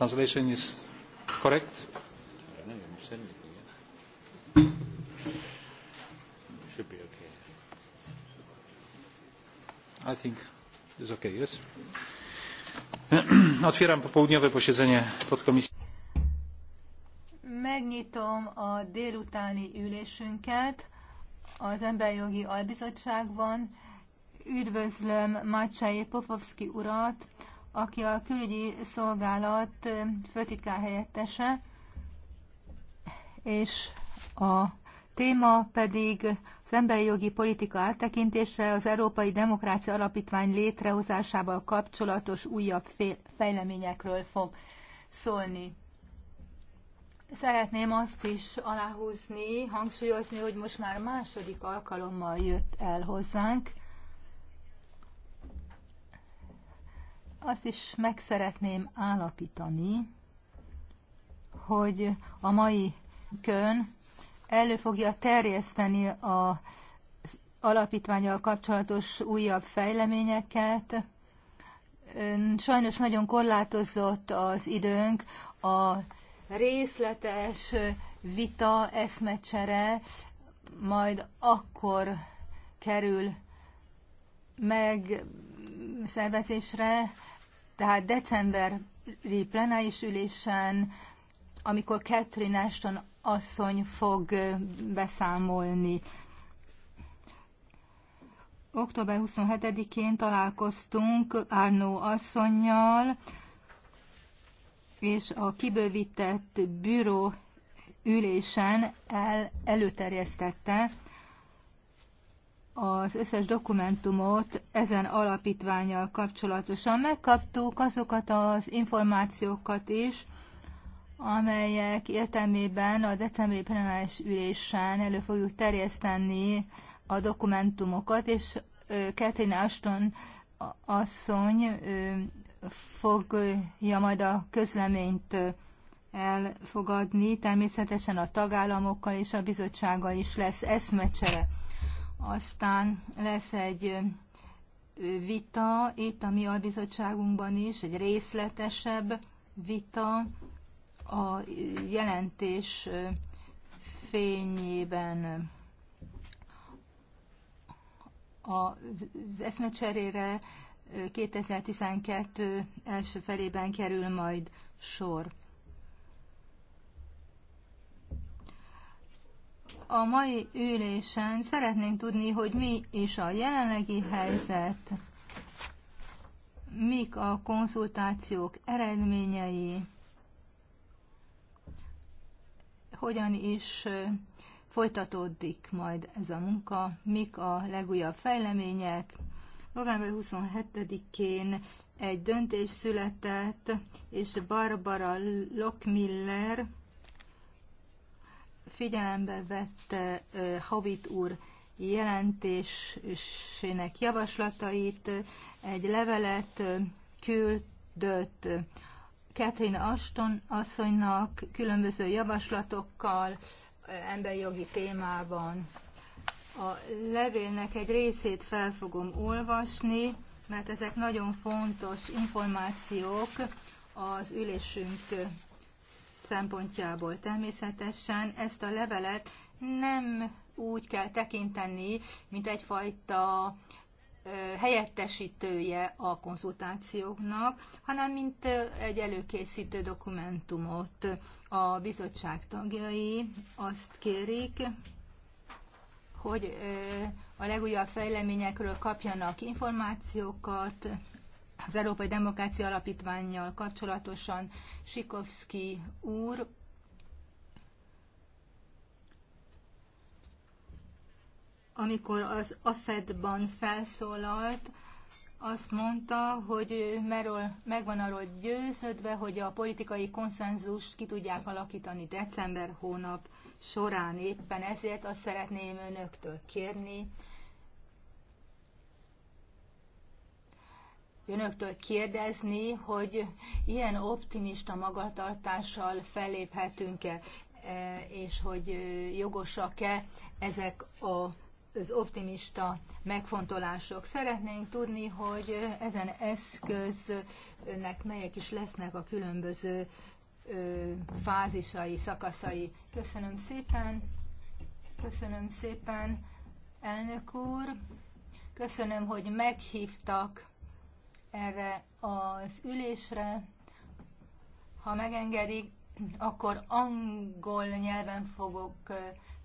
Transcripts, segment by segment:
Translation is correct? Should be okay. I think it's okay, yes? Otwieram popołudniowe posiedzenie podkomisji. Megnyitom a délutáni ülésünket az Emberjogi Albizottságban. Üdvözlöm Macsai Popovski urat, aki a külügyi szolgálat főtitkár helyettese, és a téma pedig az emberi jogi politika áttekintése az Európai Demokrácia Alapítvány létrehozásával kapcsolatos újabb fejleményekről fog szólni. Szeretném azt is aláhúzni, hangsúlyozni, hogy most már második alkalommal jött el hozzánk, Azt is meg szeretném állapítani, hogy a mai kön elő fogja terjeszteni a alapítványal kapcsolatos újabb fejleményeket. Sajnos nagyon korlátozott az időnk, a részletes vita, eszmecsere majd akkor kerül meg szervezésre, tehát decemberi plenáris ülésen, amikor Catherine Ashton asszony fog beszámolni. Október 27-én találkoztunk Árnó asszonynal, és a kibővített bűró ülésen el, előterjesztette az összes dokumentumot ezen alapítványjal kapcsolatosan. Megkaptuk azokat az információkat is, amelyek értelmében a decemberi plenáris ülésen elő fogjuk terjeszteni a dokumentumokat, és Catherine Ashton asszony fogja majd a közleményt elfogadni. Természetesen a tagállamokkal és a bizottsággal is lesz eszmecsere. Aztán lesz egy vita itt a mi albizottságunkban is, egy részletesebb vita a jelentés fényében az eszmecserére 2012 első felében kerül majd sor. a mai ülésen szeretnénk tudni, hogy mi is a jelenlegi helyzet, mik a konzultációk eredményei, hogyan is folytatódik majd ez a munka, mik a legújabb fejlemények. November 27-én egy döntés született, és Barbara Lockmiller figyelembe vette Havit úr jelentésének javaslatait, egy levelet küldött Catherine Ashton asszonynak különböző javaslatokkal emberi témában. A levélnek egy részét fel fogom olvasni, mert ezek nagyon fontos információk az ülésünk szempontjából. Természetesen ezt a levelet nem úgy kell tekinteni, mint egyfajta helyettesítője a konzultációknak, hanem mint egy előkészítő dokumentumot. A bizottság tagjai azt kérik, hogy a legújabb fejleményekről kapjanak információkat, az Európai Demokrácia Alapítványjal kapcsolatosan Sikovszki úr amikor az AFED-ban felszólalt, azt mondta, hogy Merol megvan arról győződve, hogy a politikai konszenzust ki tudják alakítani december hónap során. Éppen ezért azt szeretném önöktől kérni, önöktől kérdezni, hogy ilyen optimista magatartással felléphetünk-e, e, és hogy jogosak-e ezek a az optimista megfontolások. Szeretnénk tudni, hogy ezen eszköznek melyek is lesznek a különböző fázisai, szakaszai. Köszönöm szépen, köszönöm szépen, elnök úr, köszönöm, hogy meghívtak erre az ülésre. Ha megengedik, akkor angol nyelven fogok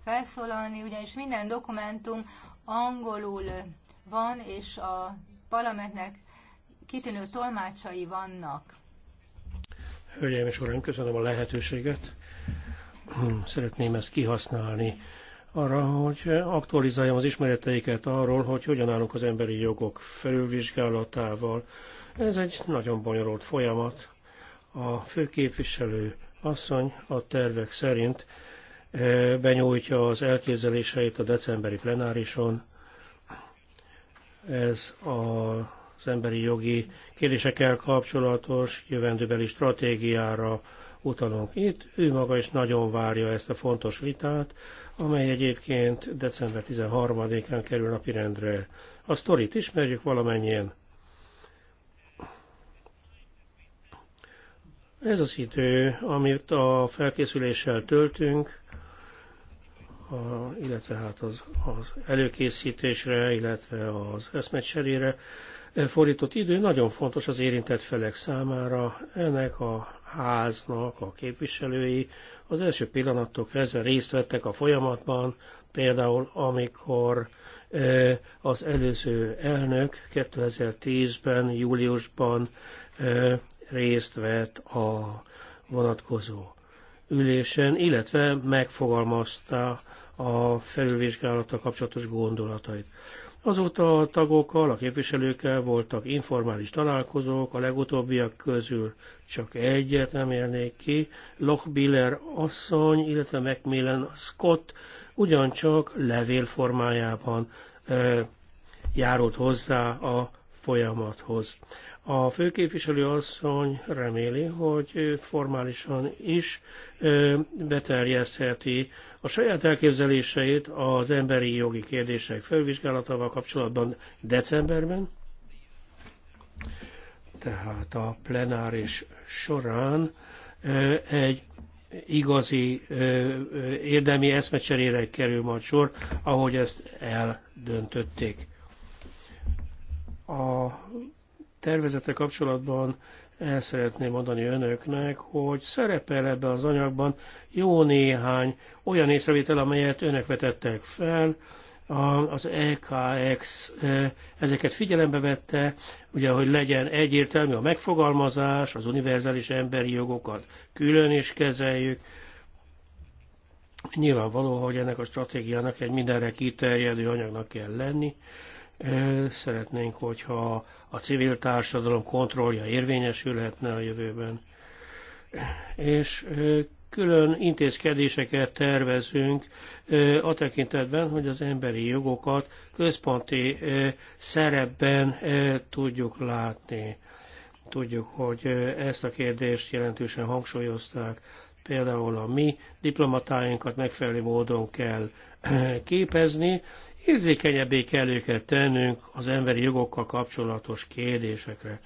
felszólalni, ugyanis minden dokumentum angolul van, és a parlamentnek kitűnő tolmácsai vannak. Hölgyeim és Uraim, köszönöm a lehetőséget. Szeretném ezt kihasználni arra, hogy aktualizáljam az ismereteiket arról, hogy hogyan állunk az emberi jogok felülvizsgálatával. Ez egy nagyon bonyolult folyamat. A főképviselő asszony a tervek szerint eh, benyújtja az elképzeléseit a decemberi plenárison. Ez az emberi jogi kérdésekkel kapcsolatos jövendőbeli stratégiára utalunk itt. Ő maga is nagyon várja ezt a fontos vitát, amely egyébként december 13-án kerül napirendre. A sztorit ismerjük valamennyien. Ez az idő, amit a felkészüléssel töltünk, a, illetve hát az, az előkészítésre, illetve az eszmecserére fordított idő nagyon fontos az érintett felek számára. Ennek a háznak a képviselői az első pillanattól kezdve részt vettek a folyamatban, például amikor az előző elnök 2010-ben, júliusban részt vett a vonatkozó ülésen, illetve megfogalmazta a felülvizsgálata kapcsolatos gondolatait. Azóta a tagokkal, a képviselőkkel voltak informális találkozók, a legutóbbiak közül csak egyet nem emelnék ki, Lochbiller asszony, illetve Macmillan Scott ugyancsak levél formájában e, járult hozzá a folyamathoz. A főképviselő asszony reméli, hogy formálisan is beterjesztheti a saját elképzeléseit az emberi jogi kérdések felvizsgálatával kapcsolatban decemberben, tehát a plenáris során egy igazi érdemi eszmecserére kerül majd sor, ahogy ezt eldöntötték. A tervezete kapcsolatban el szeretném mondani önöknek, hogy szerepel ebben az anyagban jó néhány olyan észrevétel, amelyet önök vetettek fel, az EKX e, ezeket figyelembe vette, ugye, hogy legyen egyértelmű a megfogalmazás, az univerzális emberi jogokat külön is kezeljük. Nyilvánvaló, hogy ennek a stratégiának egy mindenre kiterjedő anyagnak kell lenni. E, szeretnénk, hogyha a civil társadalom kontrollja érvényesülhetne a jövőben. És külön intézkedéseket tervezünk a tekintetben, hogy az emberi jogokat központi szerepben tudjuk látni. Tudjuk, hogy ezt a kérdést jelentősen hangsúlyozták. Például a mi diplomatáinkat megfelelő módon kell képezni, érzékenyebbé kell őket tennünk az emberi jogokkal kapcsolatos kérdésekre.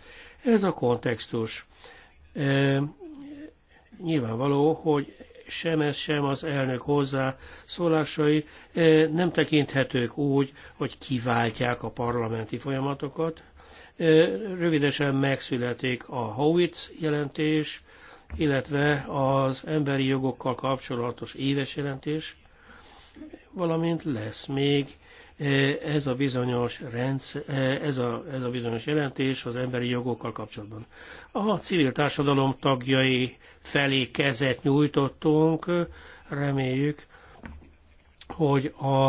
Ez a kontextus. E, nyilvánvaló, hogy sem ez, sem az elnök hozzá szólásai e, nem tekinthetők úgy, hogy kiváltják a parlamenti folyamatokat. E, rövidesen megszületik a Howitz jelentés, illetve az emberi jogokkal kapcsolatos éves jelentés, valamint lesz még ez a bizonyos, rendszer, ez a, ez a bizonyos jelentés az emberi jogokkal kapcsolatban. A civil társadalom tagjai felé kezet nyújtottunk, reméljük, hogy a,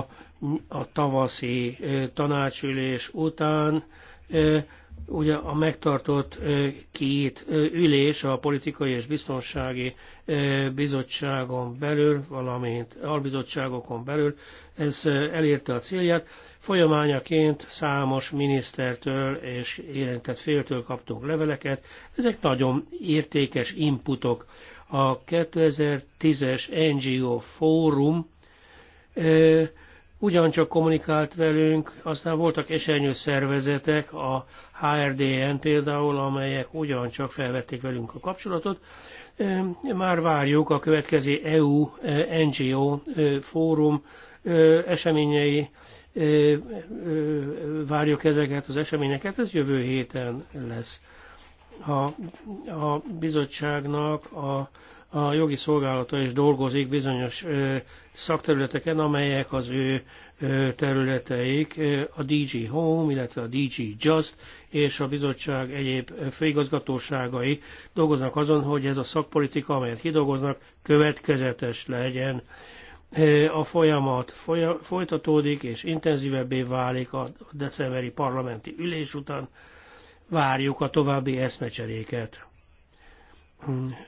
a tavaszi eh, tanácsülés után eh, Ugye a megtartott két ülés a politikai és biztonsági bizottságon belül, valamint albizottságokon belül, ez elérte a célját. Folyamányaként számos minisztertől és érintett féltől kaptunk leveleket. Ezek nagyon értékes inputok. A 2010-es NGO fórum ugyancsak kommunikált velünk, aztán voltak esernyő szervezetek, a HRDN például, amelyek ugyancsak felvették velünk a kapcsolatot. Már várjuk a következő EU NGO fórum eseményei, várjuk ezeket az eseményeket, ez jövő héten lesz. A, a bizottságnak a, a jogi szolgálata is dolgozik bizonyos ö, szakterületeken, amelyek az ő ö, területeik, ö, a DG Home, illetve a DG Just és a bizottság egyéb főigazgatóságai dolgoznak azon, hogy ez a szakpolitika, amelyet kidolgoznak, következetes legyen. A folyamat folytatódik és intenzívebbé válik a decemberi parlamenti ülés után. Várjuk a további eszmecseréket.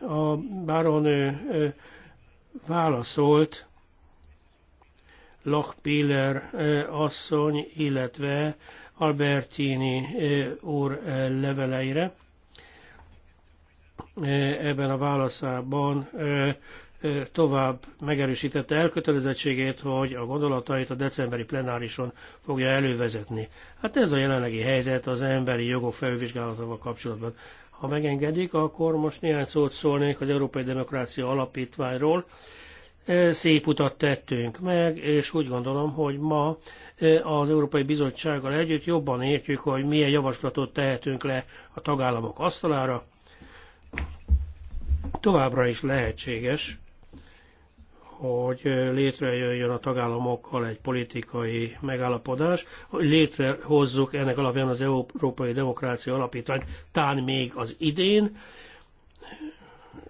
A báronő válaszolt Loch asszony, illetve Albertini úr leveleire. Ebben a válaszában tovább megerősítette elkötelezettségét, hogy a gondolatait a decemberi plenárison fogja elővezetni. Hát ez a jelenlegi helyzet az emberi jogok felvizsgálatával kapcsolatban. Ha megengedik, akkor most néhány szót szólnék az Európai Demokrácia Alapítványról, Szép utat tettünk meg, és úgy gondolom, hogy ma az Európai Bizottsággal együtt jobban értjük, hogy milyen javaslatot tehetünk le a tagállamok asztalára. Továbbra is lehetséges, hogy létrejöjjön a tagállamokkal egy politikai megállapodás, hogy létrehozzuk ennek alapján az Európai Demokrácia Alapítványt, tán még az idén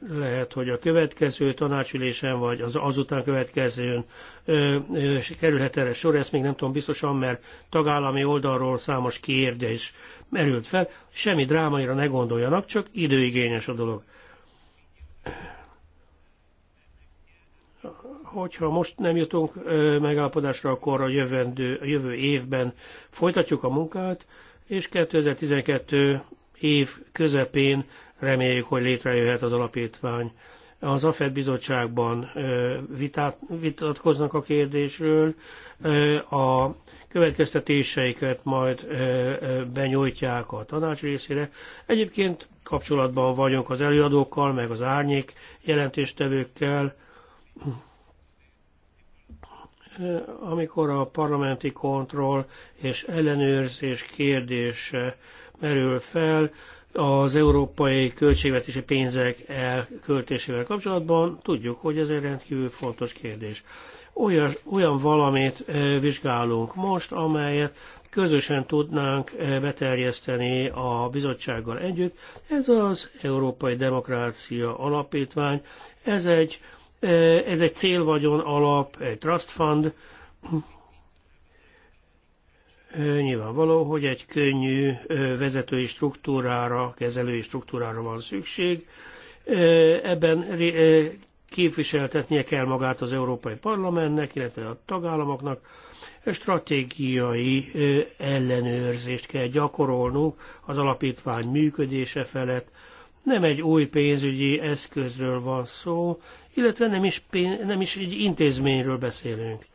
lehet, hogy a következő tanácsülésen, vagy az azután következőn ö, ö, kerülhet erre sor, ezt még nem tudom biztosan, mert tagállami oldalról számos kérdés merült fel. Semmi drámaira ne gondoljanak, csak időigényes a dolog. Hogyha most nem jutunk ö, megállapodásra, akkor a, jövendő, a jövő évben folytatjuk a munkát, és 2012 év közepén Reméljük, hogy létrejöhet az alapítvány. Az AFED bizottságban vitát, vitatkoznak a kérdésről, a következtetéseiket majd benyújtják a tanács részére. Egyébként kapcsolatban vagyunk az előadókkal, meg az árnyék jelentéstevőkkel. Amikor a parlamenti kontroll és ellenőrzés kérdése merül fel, az európai költségvetési pénzek elköltésével kapcsolatban tudjuk, hogy ez egy rendkívül fontos kérdés. Olyan, olyan valamit vizsgálunk most, amelyet közösen tudnánk beterjeszteni a bizottsággal együtt. Ez az Európai Demokrácia Alapítvány. Ez egy, ez egy célvagyon alap, egy trust fund, Nyilvánvaló, hogy egy könnyű vezetői struktúrára, kezelői struktúrára van szükség. Ebben képviseltetnie kell magát az Európai Parlamentnek, illetve a tagállamoknak. Stratégiai ellenőrzést kell gyakorolnunk az alapítvány működése felett. Nem egy új pénzügyi eszközről van szó, illetve nem is, pénz, nem is egy intézményről beszélünk.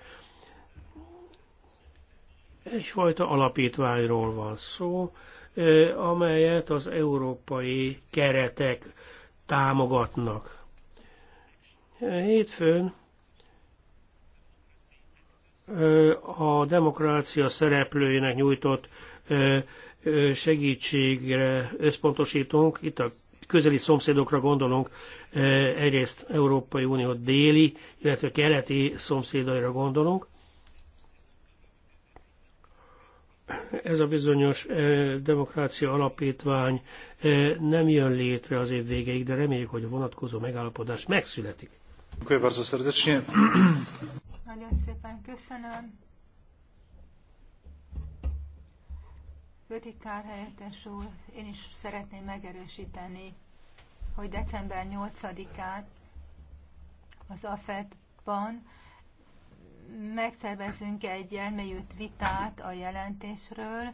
Egyfajta alapítványról van szó, eh, amelyet az európai keretek támogatnak. Eh, hétfőn eh, a demokrácia szereplőinek nyújtott segítségre összpontosítunk. Itt a közeli szomszédokra gondolunk, egyrészt Európai Unió déli, illetve keleti szomszédaira gondolunk. ez a bizonyos eh, demokrácia alapítvány eh, nem jön létre az év végéig, de reméljük, hogy a vonatkozó megállapodás megszületik. Köszönöm Nagyon szépen köszönöm. Bötikár helyettes úr, én is szeretném megerősíteni, hogy december 8-án az AFED-ban megszervezünk egy elmélyült vitát a jelentésről,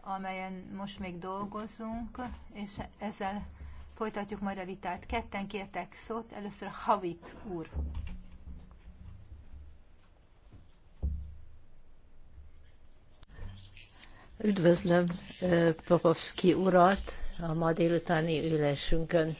amelyen most még dolgozunk, és ezzel folytatjuk majd a vitát. Ketten kértek szót, először Havit úr. Üdvözlöm Popovski urat a ma délutáni ülésünkön.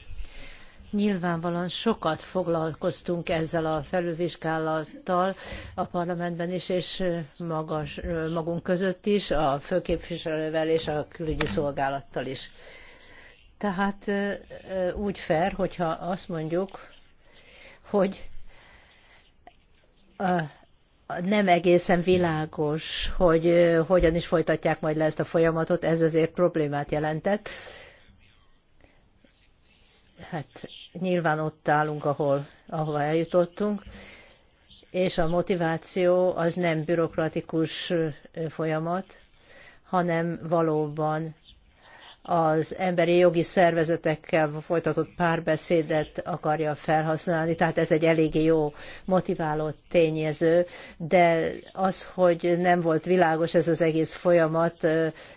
Nyilvánvalóan sokat foglalkoztunk ezzel a felülvizsgálattal a parlamentben is, és magas, magunk között is, a főképviselővel és a külügyi szolgálattal is. Tehát úgy fair, hogyha azt mondjuk, hogy nem egészen világos, hogy hogyan is folytatják majd le ezt a folyamatot, ez azért problémát jelentett hát nyilván ott állunk, ahol, ahova eljutottunk, és a motiváció az nem bürokratikus folyamat, hanem valóban az emberi jogi szervezetekkel folytatott párbeszédet akarja felhasználni, tehát ez egy eléggé jó motiváló tényező, de az, hogy nem volt világos ez az egész folyamat,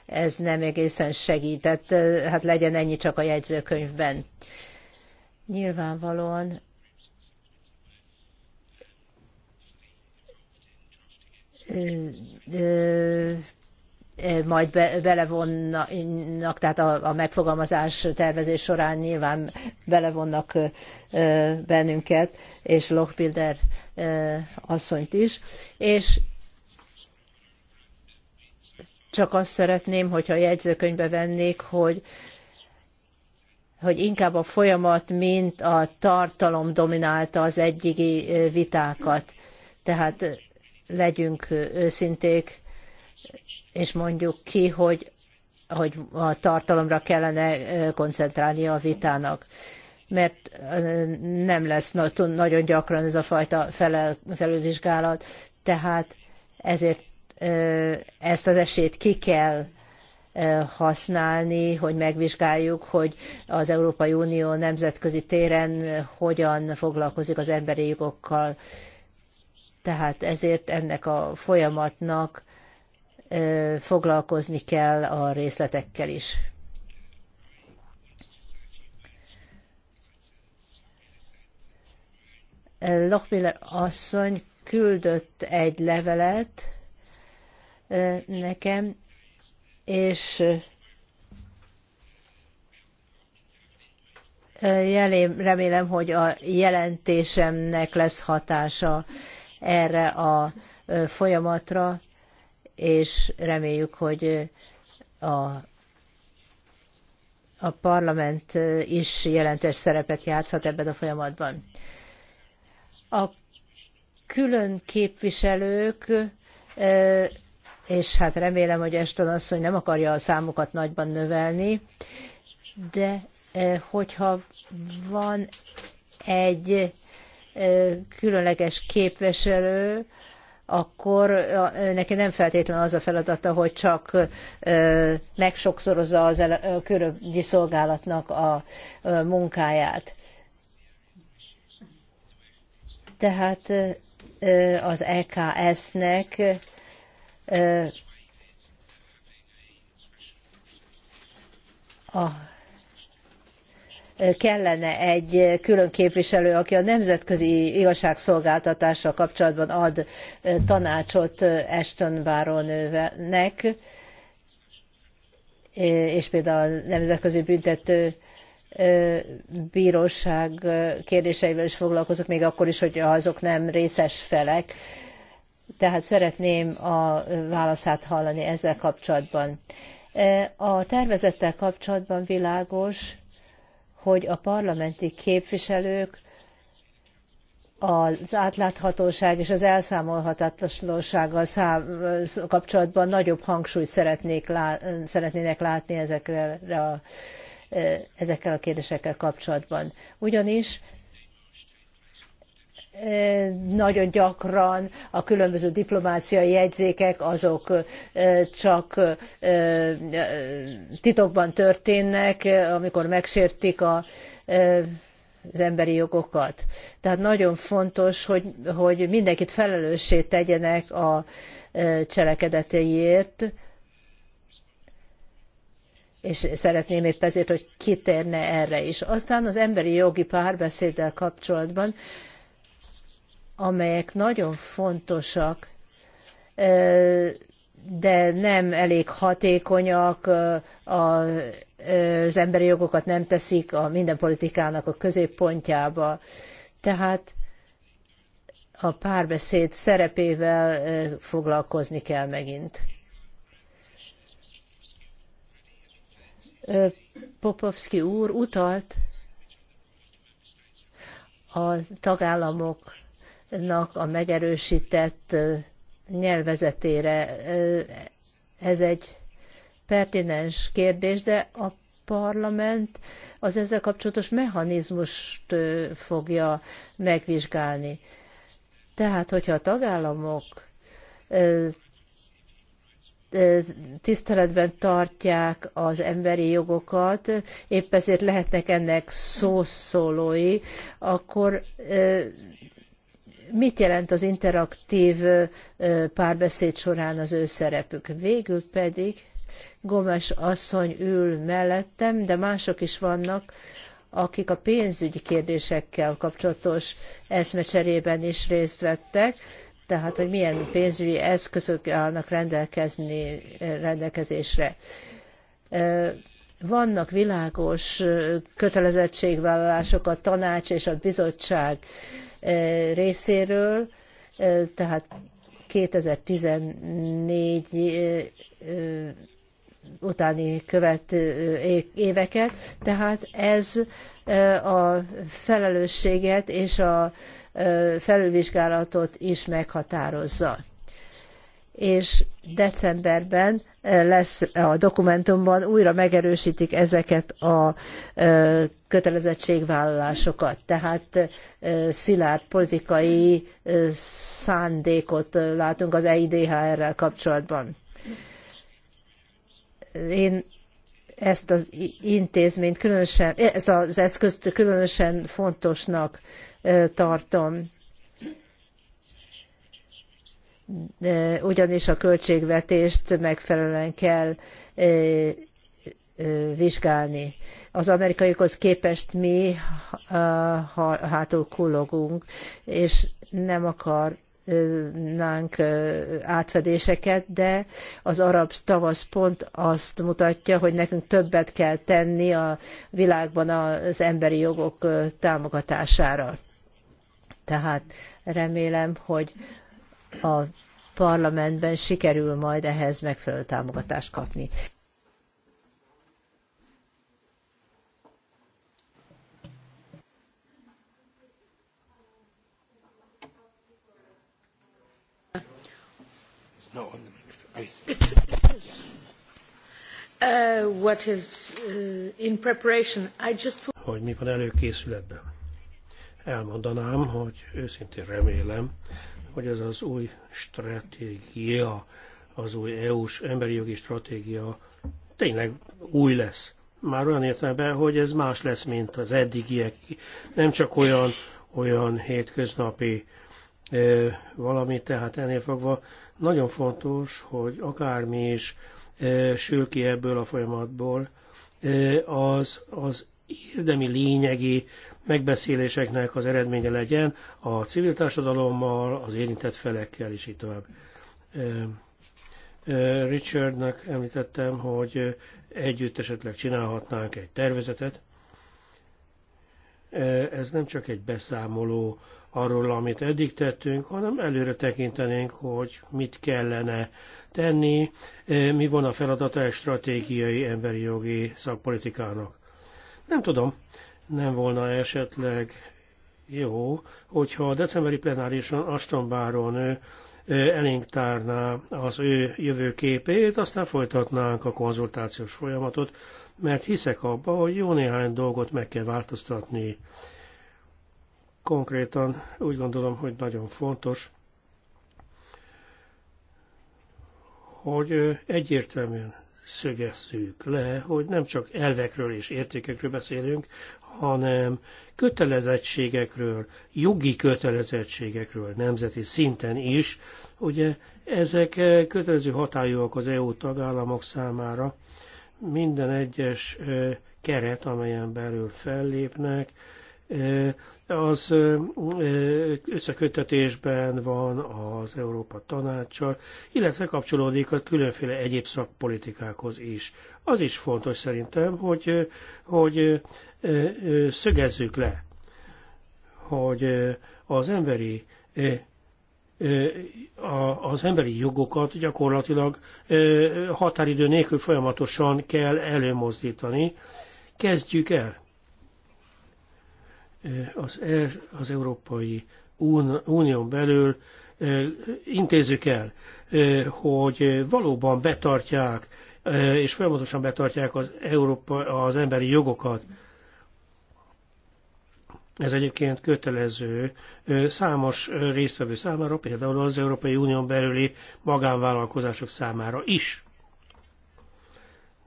ez nem egészen segített, hát legyen ennyi csak a jegyzőkönyvben nyilvánvalóan ö, ö, majd be, belevonnak, tehát a, a megfogalmazás tervezés során nyilván belevonnak ö, bennünket, és Lochbilder ö, asszonyt is, és csak azt szeretném, hogyha a jegyzőkönyvbe vennék, hogy hogy inkább a folyamat, mint a tartalom dominálta az eddigi vitákat. Tehát legyünk őszinték, és mondjuk ki, hogy, hogy a tartalomra kellene koncentrálnia a vitának mert nem lesz nagyon gyakran ez a fajta felel, felülvizsgálat, tehát ezért ezt az esélyt ki kell használni, hogy megvizsgáljuk, hogy az Európai Unió nemzetközi téren hogyan foglalkozik az emberi jogokkal. Tehát ezért ennek a folyamatnak foglalkozni kell a részletekkel is. Lochmiller asszony küldött egy levelet nekem, és jelém, remélem, hogy a jelentésemnek lesz hatása erre a folyamatra, és reméljük, hogy a, a parlament is jelentős szerepet játszhat ebben a folyamatban. A külön képviselők és hát remélem, hogy Eston asszony nem akarja a számokat nagyban növelni, de e, hogyha van egy e, különleges képviselő, akkor neki nem feltétlenül az a feladata, hogy csak e, megsokszorozza az külügyi szolgálatnak a munkáját. Tehát az EKS-nek a kellene egy külön képviselő, aki a nemzetközi igazságszolgáltatással kapcsolatban ad tanácsot Ashton Baronőnek, és például a Nemzetközi Büntető Bíróság kérdéseivel is foglalkozok, még akkor is, hogy azok nem részes felek tehát szeretném a válaszát hallani ezzel kapcsolatban. E, a tervezettel kapcsolatban világos, hogy a parlamenti képviselők az átláthatóság és az elszámolhatatlansággal kapcsolatban nagyobb hangsúlyt szeretnék lá, szeretnének látni ezekre a, e, ezekkel a kérdésekkel kapcsolatban. Ugyanis nagyon gyakran a különböző diplomáciai jegyzékek azok csak titokban történnek, amikor megsértik a az emberi jogokat. Tehát nagyon fontos, hogy, hogy mindenkit felelőssé tegyenek a cselekedeteiért, és szeretném épp ezért, hogy kitérne erre is. Aztán az emberi jogi párbeszéddel kapcsolatban amelyek nagyon fontosak, de nem elég hatékonyak, az emberi jogokat nem teszik a minden politikának a középpontjába. Tehát a párbeszéd szerepével foglalkozni kell megint. Popovski úr utalt a tagállamok nak a megerősített nyelvezetére. Ez egy pertinens kérdés, de a parlament az ezzel kapcsolatos mechanizmust fogja megvizsgálni. Tehát, hogyha a tagállamok tiszteletben tartják az emberi jogokat, épp ezért lehetnek ennek szószólói, akkor mit jelent az interaktív párbeszéd során az ő szerepük. Végül pedig Gomes asszony ül mellettem, de mások is vannak, akik a pénzügyi kérdésekkel kapcsolatos eszmecserében is részt vettek, tehát hogy milyen pénzügyi eszközök állnak rendelkezni, rendelkezésre. Vannak világos kötelezettségvállalások a tanács és a bizottság részéről, tehát 2014 utáni követ éveket, tehát ez a felelősséget és a felülvizsgálatot is meghatározza és decemberben eh, lesz a dokumentumban újra megerősítik ezeket a eh, kötelezettségvállalásokat. Tehát eh, szilárd politikai szándékot látunk az EIDHR-rel kapcsolatban. Én ezt az intézményt különösen, ezt az eszközt különösen fontosnak tartom ugyanis a költségvetést megfelelően kell vizsgálni. Az amerikaiakhoz képest mi hátul kullogunk, és nem akar nánk átfedéseket, de az arab tavasz pont azt mutatja, hogy nekünk többet kell tenni a világban az emberi jogok támogatására. Tehát remélem, hogy a parlamentben sikerül majd ehhez megfelelő támogatást kapni. Uh, what is uh, in preparation. I just... Hogy mi van előkészületben? Elmondanám, hogy őszintén remélem, hogy ez az új stratégia, az új EU-s emberi jogi stratégia tényleg új lesz. Már olyan értelemben, hogy ez más lesz, mint az eddigiek. Nem csak olyan, olyan hétköznapi ö, valami, tehát ennél fogva nagyon fontos, hogy akármi is ö, sül ki ebből a folyamatból, ö, az, az érdemi lényegi megbeszéléseknek az eredménye legyen a civil társadalommal, az érintett felekkel is így tovább. Richardnak említettem, hogy együtt esetleg csinálhatnánk egy tervezetet. Ez nem csak egy beszámoló arról, amit eddig tettünk, hanem előre tekintenénk, hogy mit kellene tenni, mi van a feladata egy stratégiai emberi jogi szakpolitikának. Nem tudom, nem volna esetleg jó, hogyha a decemberi plenárison Aston Baron elénk tárná az ő jövőképét, aztán folytatnánk a konzultációs folyamatot, mert hiszek abba, hogy jó néhány dolgot meg kell változtatni. Konkrétan úgy gondolom, hogy nagyon fontos, hogy egyértelműen szögezzük le, hogy nem csak elvekről és értékekről beszélünk, hanem kötelezettségekről, jogi kötelezettségekről nemzeti szinten is. Ugye ezek kötelező hatályúak az EU tagállamok számára. Minden egyes keret, amelyen belül fellépnek, az összeköttetésben van az Európa Tanácssal, illetve kapcsolódik a különféle egyéb szakpolitikákhoz is. Az is fontos szerintem, hogy, hogy szögezzük le, hogy az emberi az emberi jogokat gyakorlatilag határidő nélkül folyamatosan kell előmozdítani. Kezdjük el! az, e, az Európai Unión belül e, intézzük el, e, hogy valóban betartják és folyamatosan betartják az, Európa, az emberi jogokat. Ez egyébként kötelező számos résztvevő számára, például az Európai Unión belüli magánvállalkozások számára is.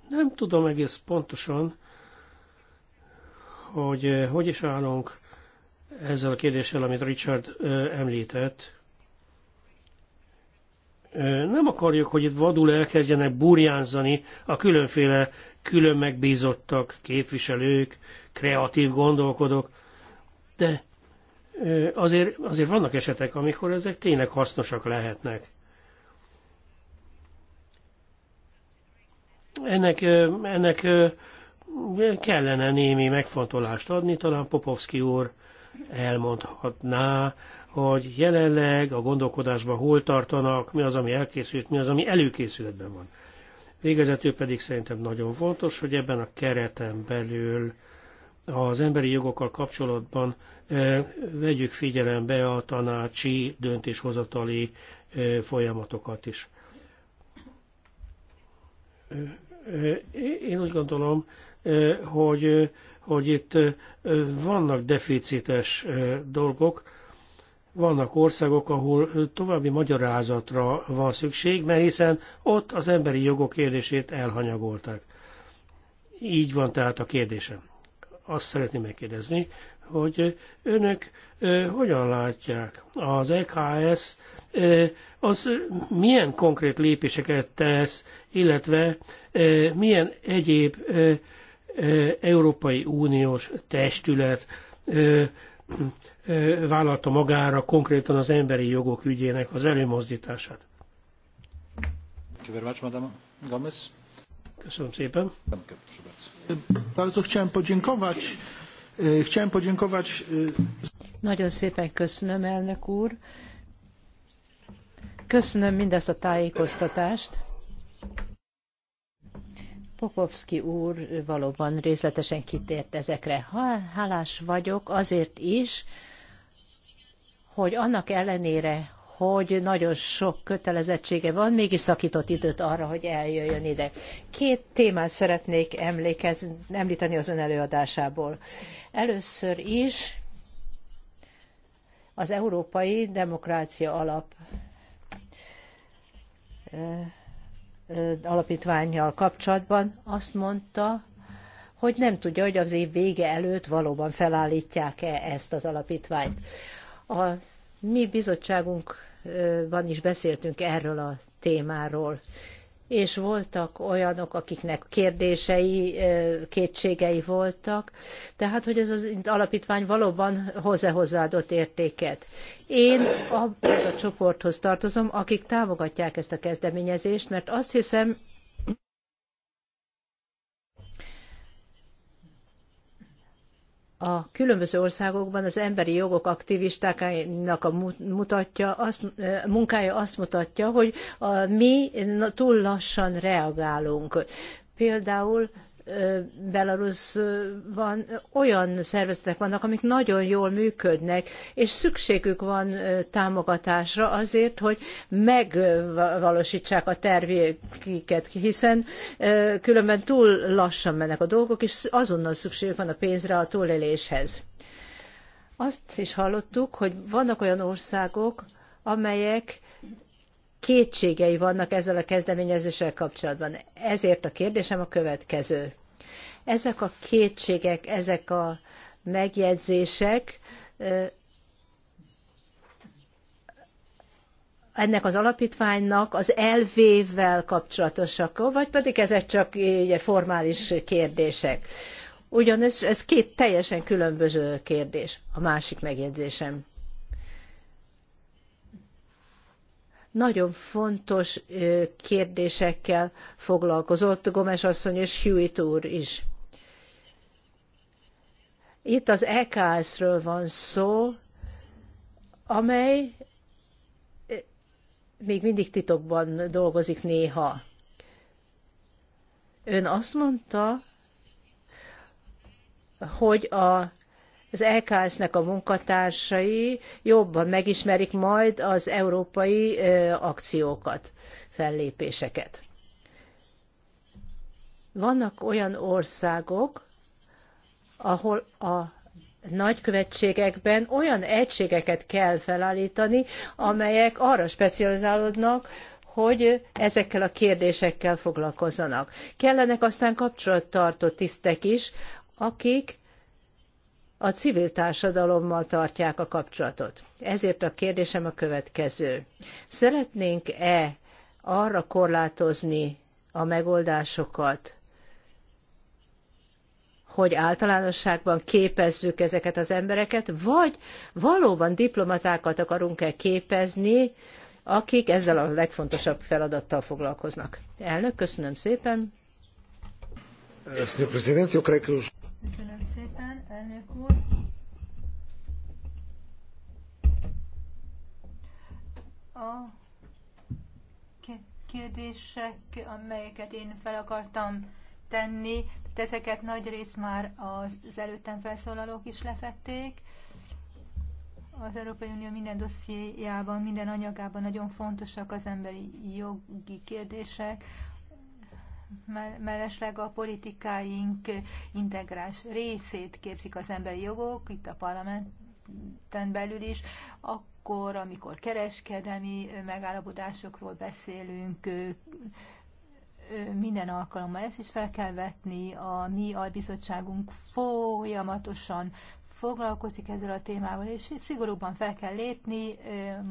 Nem tudom egész pontosan, hogy eh, hogy is állunk ezzel a kérdéssel, amit Richard eh, említett. Eh, nem akarjuk, hogy itt vadul elkezdjenek burjánzani a különféle külön megbízottak, képviselők, kreatív gondolkodók, de azért, azért vannak esetek, amikor ezek tényleg hasznosak lehetnek. Ennek, ennek kellene némi megfontolást adni, talán Popovski úr elmondhatná, hogy jelenleg a gondolkodásban hol tartanak, mi az, ami elkészült, mi az, ami előkészületben van. Végezetül pedig szerintem nagyon fontos, hogy ebben a kereten belül az emberi jogokkal kapcsolatban eh, vegyük figyelembe a tanácsi döntéshozatali eh, folyamatokat is. Eh, én úgy gondolom, hogy, hogy itt vannak deficites dolgok, vannak országok, ahol további magyarázatra van szükség, mert hiszen ott az emberi jogok kérdését elhanyagolták. Így van tehát a kérdésem. Azt szeretném megkérdezni, hogy önök hogyan látják az EKS, az milyen konkrét lépéseket tesz, illetve milyen egyéb Európai Uniós testület vállalta magára konkrétan az emberi jogok ügyének az előmozdítását. Köszönöm szépen. Nagyon szépen köszönöm, elnök úr. Köszönöm mindezt a tájékoztatást. Popovski úr valóban részletesen kitért ezekre. Hálás vagyok azért is, hogy annak ellenére, hogy nagyon sok kötelezettsége van, mégis szakított időt arra, hogy eljöjjön ide. Két témát szeretnék emlékez, említeni az ön előadásából. Először is az Európai Demokrácia Alap alapítványjal kapcsolatban azt mondta, hogy nem tudja, hogy az év vége előtt valóban felállítják-e ezt az alapítványt. A mi bizottságunkban is beszéltünk erről a témáról, és voltak olyanok, akiknek kérdései, kétségei voltak, tehát hogy ez az alapítvány valóban hozzá hozzáadott értéket. Én ahhoz a csoporthoz tartozom, akik támogatják ezt a kezdeményezést, mert azt hiszem, a különböző országokban az emberi jogok aktivistáknak a mutatja, azt, eh, munkája azt mutatja, hogy mi túl lassan reagálunk. Például Belarusban olyan szervezetek vannak, amik nagyon jól működnek, és szükségük van támogatásra azért, hogy megvalósítsák a tervjéket, hiszen különben túl lassan mennek a dolgok, és azonnal szükségük van a pénzre a túléléshez. Azt is hallottuk, hogy vannak olyan országok, amelyek kétségei vannak ezzel a kezdeményezéssel kapcsolatban. Ezért a kérdésem a következő. Ezek a kétségek, ezek a megjegyzések ennek az alapítványnak az elvével kapcsolatosak, vagy pedig ezek csak formális kérdések. Ugyanez ez két teljesen különböző kérdés. A másik megjegyzésem. nagyon fontos kérdésekkel foglalkozott Gomes asszony és Hewitt úr is. Itt az EKS-ről van szó, amely még mindig titokban dolgozik néha. Ön azt mondta, hogy a az EKS-nek a munkatársai jobban megismerik majd az európai akciókat, fellépéseket. Vannak olyan országok, ahol a nagykövetségekben olyan egységeket kell felállítani, amelyek arra specializálódnak, hogy ezekkel a kérdésekkel foglalkozzanak. Kellenek aztán kapcsolattartó tisztek is, akik a civil társadalommal tartják a kapcsolatot. Ezért a kérdésem a következő. Szeretnénk-e arra korlátozni a megoldásokat, hogy általánosságban képezzük ezeket az embereket, vagy valóban diplomatákat akarunk-e képezni, akik ezzel a legfontosabb feladattal foglalkoznak. Elnök, köszönöm szépen. Senhor Köszönöm szépen, elnök úr. A kérdések, amelyeket én fel akartam tenni, ezeket nagy rész már az előttem felszólalók is lefették. Az Európai Unió minden dossziéjában, minden anyagában nagyon fontosak az emberi jogi kérdések, mellesleg a politikáink integrás részét képzik az emberi jogok, itt a parlamenten belül is, akkor, amikor kereskedelmi megállapodásokról beszélünk, minden alkalommal ezt is fel kell vetni, a mi albizottságunk folyamatosan foglalkozik ezzel a témával, és szigorúban fel kell lépni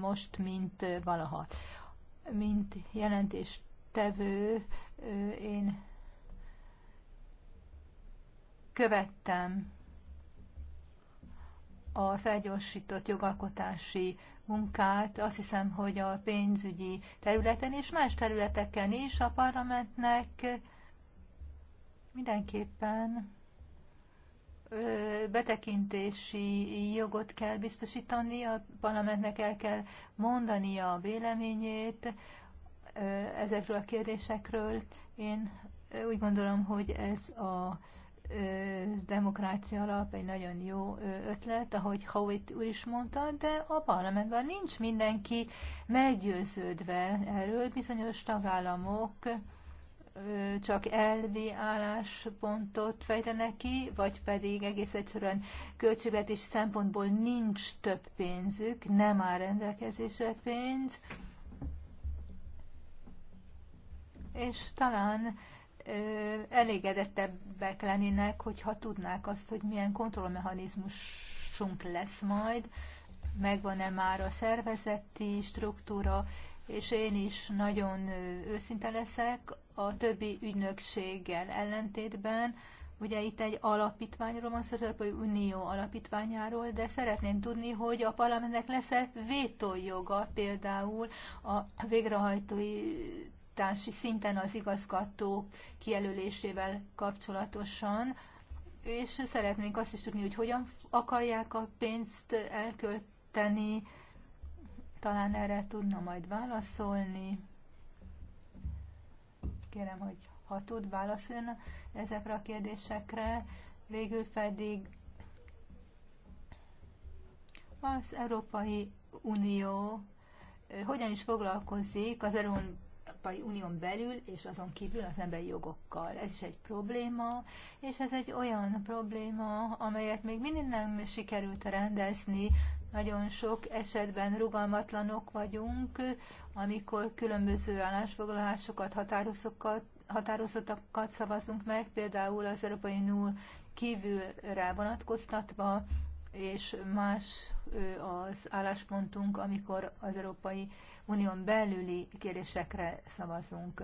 most, mint valaha. Mint jelentés jelentéstevő, én követtem a felgyorsított jogalkotási munkát, azt hiszem, hogy a pénzügyi területen és más területeken is a parlamentnek mindenképpen betekintési jogot kell biztosítani, a parlamentnek el kell mondani a véleményét ezekről a kérdésekről. Én úgy gondolom, hogy ez a demokrácia alap egy nagyon jó ötlet, ahogy Howitt úr is mondta, de a parlamentben nincs mindenki meggyőződve erről. Bizonyos tagállamok csak elvi álláspontot fejtenek ki, vagy pedig egész egyszerűen költségvetés szempontból nincs több pénzük, nem áll rendelkezésre pénz, és talán elégedettebbek lennének, hogyha tudnák azt, hogy milyen kontrollmechanizmusunk lesz majd, megvan-e már a szervezeti struktúra, és én is nagyon őszinte leszek a többi ügynökséggel ellentétben. Ugye itt egy alapítványról van szó, az Európai Unió alapítványáról, de szeretném tudni, hogy a parlamentnek lesz-e vétójoga például a végrehajtói irányítási szinten az igazgatók kijelölésével kapcsolatosan, és szeretnénk azt is tudni, hogy hogyan akarják a pénzt elkölteni, talán erre tudna majd válaszolni. Kérem, hogy ha tud, válaszoljon ezekre a kérdésekre. Végül pedig az Európai Unió hogyan is foglalkozik az Európai Európai Unión belül és azon kívül az emberi jogokkal. Ez is egy probléma, és ez egy olyan probléma, amelyet még mindig nem sikerült rendezni. Nagyon sok esetben rugalmatlanok vagyunk, amikor különböző állásfoglalásokat, határozokat, határozatokat szavazunk meg, például az Európai Unió kívülre vonatkoztatva, és más az álláspontunk, amikor az Európai unión belüli kérdésekre szavazunk.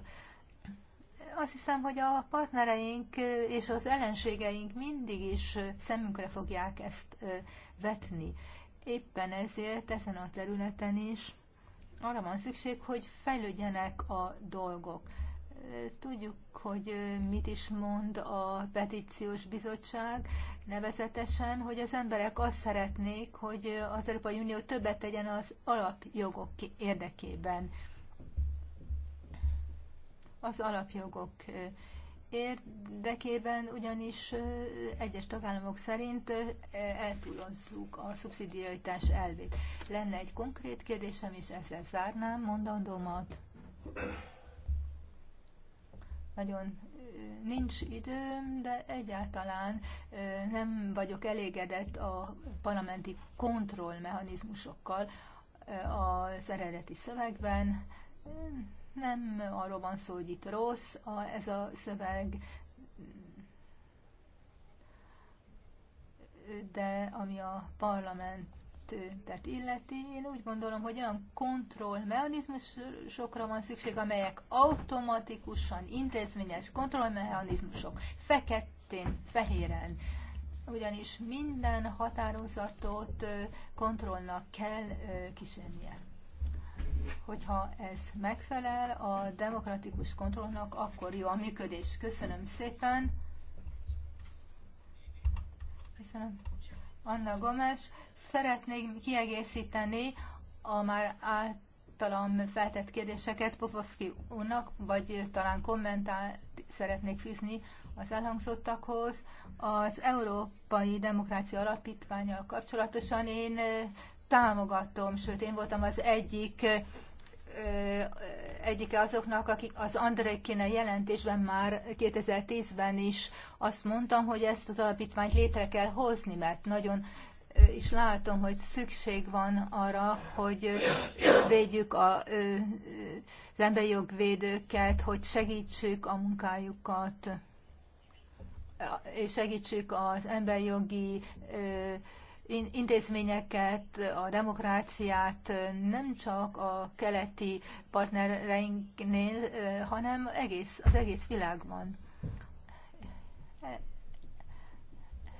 Azt hiszem, hogy a partnereink és az ellenségeink mindig is szemünkre fogják ezt vetni. Éppen ezért ezen a területen is arra van szükség, hogy fejlődjenek a dolgok. Tudjuk, hogy mit is mond a petíciós bizottság, nevezetesen, hogy az emberek azt szeretnék, hogy az Európai Unió többet tegyen az alapjogok érdekében. Az alapjogok érdekében ugyanis egyes tagállamok szerint eltúlozzuk a szubszidiaritás elvét. Lenne egy konkrét kérdésem, és ezzel zárnám mondandómat nagyon nincs időm, de egyáltalán nem vagyok elégedett a parlamenti kontrollmechanizmusokkal az eredeti szövegben. Nem arról van szó, hogy itt rossz a, ez a szöveg, de ami a parlament tüntet illeti, én úgy gondolom, hogy olyan kontrollmechanizmusokra van szükség, amelyek automatikusan intézményes kontrollmechanizmusok, feketén, fehéren, ugyanis minden határozatot kontrollnak kell kísérnie. Hogyha ez megfelel a demokratikus kontrollnak, akkor jó a működés. Köszönöm szépen! Köszönöm. Anna Gomes, Szeretnék kiegészíteni a már általam feltett kérdéseket Popovszki úrnak, vagy talán kommentált szeretnék fűzni az elhangzottakhoz. Az Európai Demokrácia Alapítványal kapcsolatosan én támogatom, sőt én voltam az egyik egyike azoknak, akik az Andrekine jelentésben már 2010-ben is azt mondtam, hogy ezt az alapítványt létre kell hozni, mert nagyon is látom, hogy szükség van arra, hogy védjük a, az emberi jogvédőket, hogy segítsük a munkájukat, és segítsük az emberi jogi intézményeket, a demokráciát nem csak a keleti partnereinknél, hanem egész, az egész világban.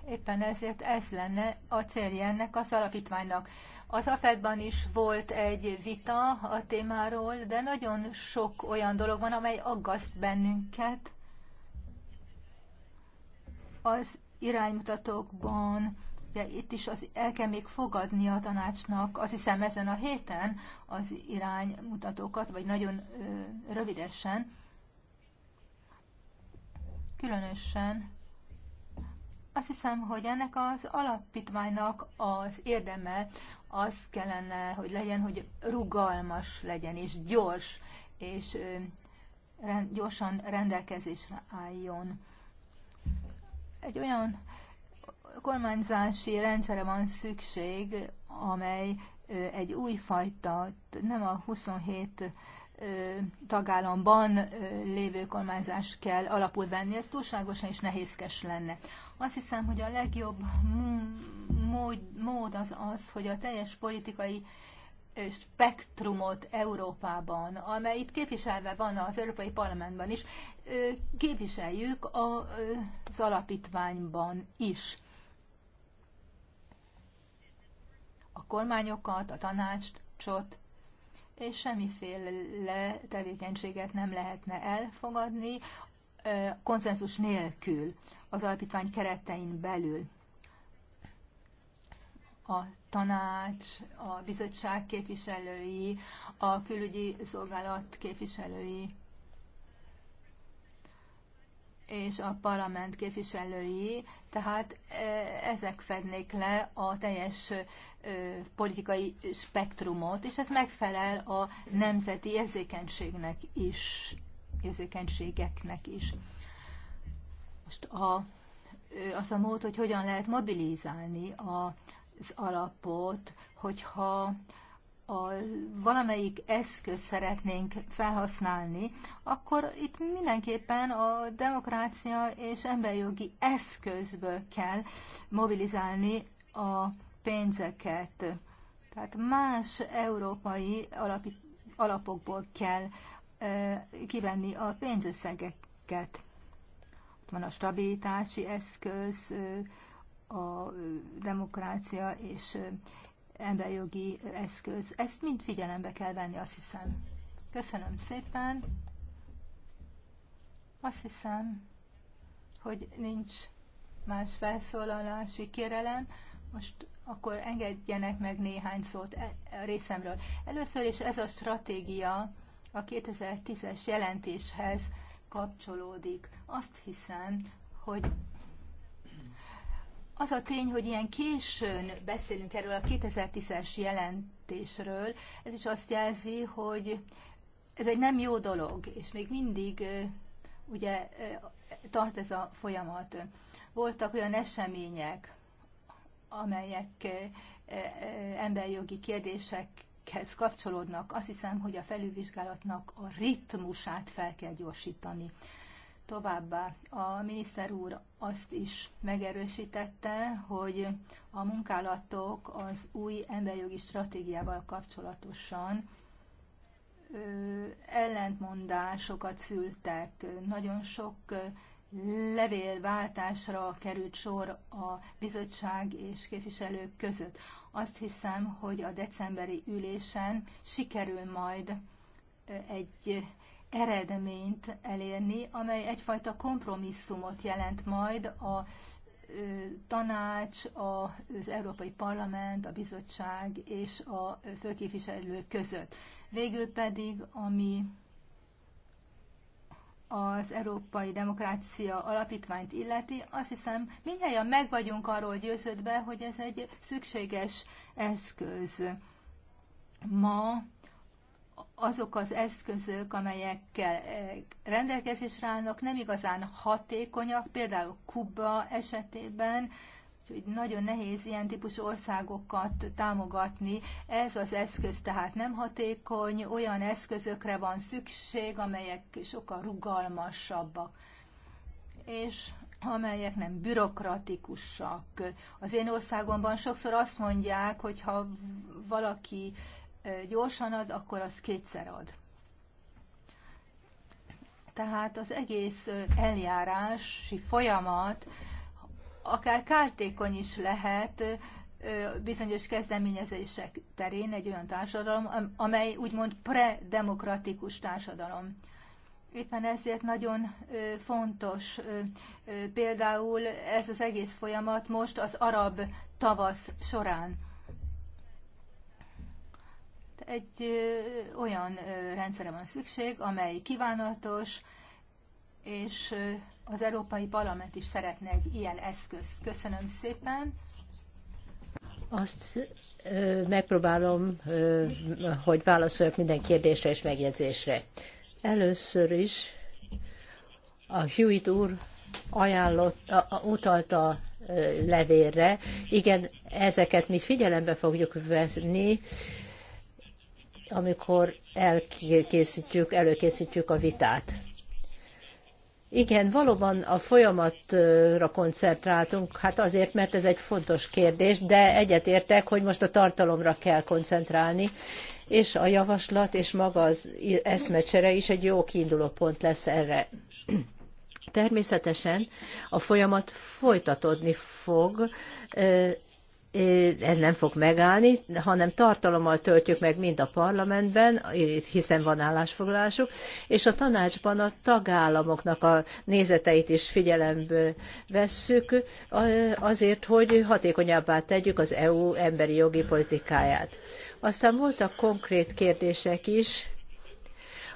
Éppen ezért ez lenne a célja ennek az alapítványnak. Az AFED-ban is volt egy vita a témáról, de nagyon sok olyan dolog van, amely aggaszt bennünket. Az iránymutatókban, De itt is az, el kell még fogadni a tanácsnak, azt hiszem ezen a héten az iránymutatókat, vagy nagyon ö, rövidesen, különösen azt hiszem, hogy ennek az alapítványnak az érdeme az kellene, hogy legyen, hogy rugalmas legyen, és gyors, és rend, gyorsan rendelkezésre álljon. Egy olyan kormányzási rendszere van szükség, amely egy újfajta, nem a 27 tagállamban lévő kormányzás kell alapul venni, ez túlságosan is nehézkes lenne. Azt hiszem, hogy a legjobb mód, mód az az, hogy a teljes politikai spektrumot Európában, amely itt képviselve van az Európai Parlamentben is, képviseljük az alapítványban is. A kormányokat, a tanácsot, és semmiféle tevékenységet nem lehetne elfogadni, konszenzus nélkül az alapítvány keretein belül. A tanács, a bizottság képviselői, a külügyi szolgálat képviselői és a parlament képviselői, tehát ezek fednék le a teljes politikai spektrumot, és ez megfelel a nemzeti érzékenységnek is érzékenységeknek is. Most a, az a mód, hogy hogyan lehet mobilizálni a, az alapot, hogyha a valamelyik eszköz szeretnénk felhasználni, akkor itt mindenképpen a demokrácia és emberjogi eszközből kell mobilizálni a pénzeket. Tehát más európai alapokból kell kivenni a pénzösszegeket. Ott van a stabilitási eszköz, a demokrácia és emberjogi eszköz. Ezt mind figyelembe kell venni, azt hiszem. Köszönöm szépen. Azt hiszem, hogy nincs más felszólalási kérelem. Most akkor engedjenek meg néhány szót e, a részemről. Először is ez a stratégia, a 2010-es jelentéshez kapcsolódik. Azt hiszem, hogy az a tény, hogy ilyen későn beszélünk erről a 2010-es jelentésről, ez is azt jelzi, hogy ez egy nem jó dolog, és még mindig ugye tart ez a folyamat. Voltak olyan események, amelyek emberjogi kérdések ügyekhez kapcsolódnak. Azt hiszem, hogy a felülvizsgálatnak a ritmusát fel kell gyorsítani. Továbbá a miniszter úr azt is megerősítette, hogy a munkálatok az új emberjogi stratégiával kapcsolatosan ö, ellentmondásokat szültek. Nagyon sok levélváltásra került sor a bizottság és képviselők között. Azt hiszem, hogy a decemberi ülésen sikerül majd egy eredményt elérni, amely egyfajta kompromisszumot jelent majd a tanács, az Európai Parlament, a bizottság és a főképviselő között. Végül pedig, ami az Európai Demokrácia Alapítványt illeti, azt hiszem mindjárt meg vagyunk arról győződve, hogy ez egy szükséges eszköz. Ma azok az eszközök, amelyekkel eh, rendelkezésre állnak, nem igazán hatékonyak, például Kuba esetében Úgyhogy nagyon nehéz ilyen típusú országokat támogatni. Ez az eszköz tehát nem hatékony, olyan eszközökre van szükség, amelyek sokkal rugalmasabbak, és amelyek nem bürokratikusak. Az én országomban sokszor azt mondják, hogy ha valaki gyorsan ad, akkor az kétszer ad. Tehát az egész eljárási folyamat, akár kártékony is lehet bizonyos kezdeményezések terén egy olyan társadalom, amely úgymond predemokratikus társadalom. Éppen ezért nagyon fontos például ez az egész folyamat most az arab tavasz során. Egy olyan rendszere van szükség, amely kívánatos, és az Európai Parlament is szeretne egy ilyen eszközt. Köszönöm szépen. Azt ö, megpróbálom, ö, hogy válaszoljak minden kérdésre és megjegyzésre. Először is a Hewitt úr ajánlott, a, utalta levélre. Igen, ezeket mi figyelembe fogjuk venni, amikor elkészítjük, előkészítjük a vitát. Igen, valóban a folyamatra koncentráltunk, hát azért, mert ez egy fontos kérdés, de egyetértek, hogy most a tartalomra kell koncentrálni, és a javaslat és maga az eszmecsere is egy jó kiinduló pont lesz erre. Természetesen a folyamat folytatódni fog, ez nem fog megállni, hanem tartalommal töltjük meg mind a parlamentben, hiszen van állásfoglalásuk, és a tanácsban a tagállamoknak a nézeteit is figyelembe vesszük, azért, hogy hatékonyabbá tegyük az EU emberi jogi politikáját. Aztán voltak konkrét kérdések is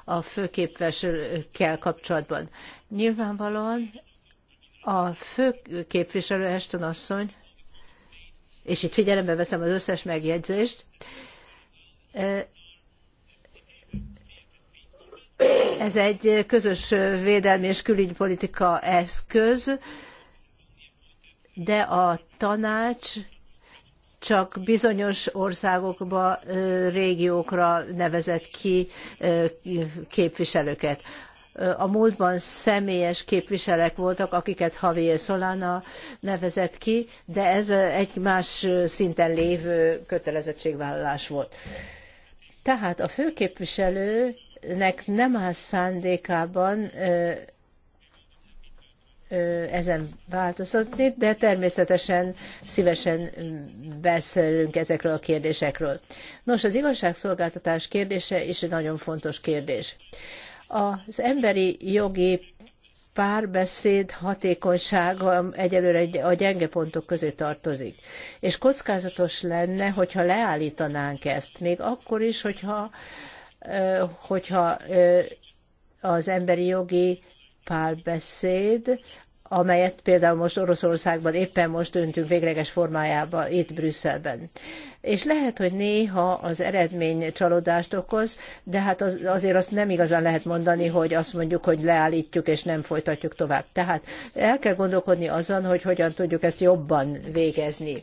a főképviselőkkel kapcsolatban. Nyilvánvalóan a főképviselő Eston asszony és itt figyelembe veszem az összes megjegyzést, ez egy közös védelmi és külügypolitika eszköz, de a tanács csak bizonyos országokba, régiókra nevezett ki képviselőket a múltban személyes képviselek voltak, akiket Javier Solana nevezett ki, de ez egy más szinten lévő kötelezettségvállalás volt. Tehát a főképviselőnek nem áll szándékában ezen változtatni, de természetesen szívesen beszélünk ezekről a kérdésekről. Nos, az igazságszolgáltatás kérdése is egy nagyon fontos kérdés. Az emberi jogi párbeszéd hatékonysága egyelőre a gyenge pontok közé tartozik. És kockázatos lenne, hogyha leállítanánk ezt, még akkor is, hogyha, hogyha az emberi jogi párbeszéd, amelyet például most Oroszországban éppen most döntünk végleges formájába itt Brüsszelben és lehet, hogy néha az eredmény csalódást okoz, de hát az, azért azt nem igazán lehet mondani, hogy azt mondjuk, hogy leállítjuk és nem folytatjuk tovább. Tehát el kell gondolkodni azon, hogy hogyan tudjuk ezt jobban végezni,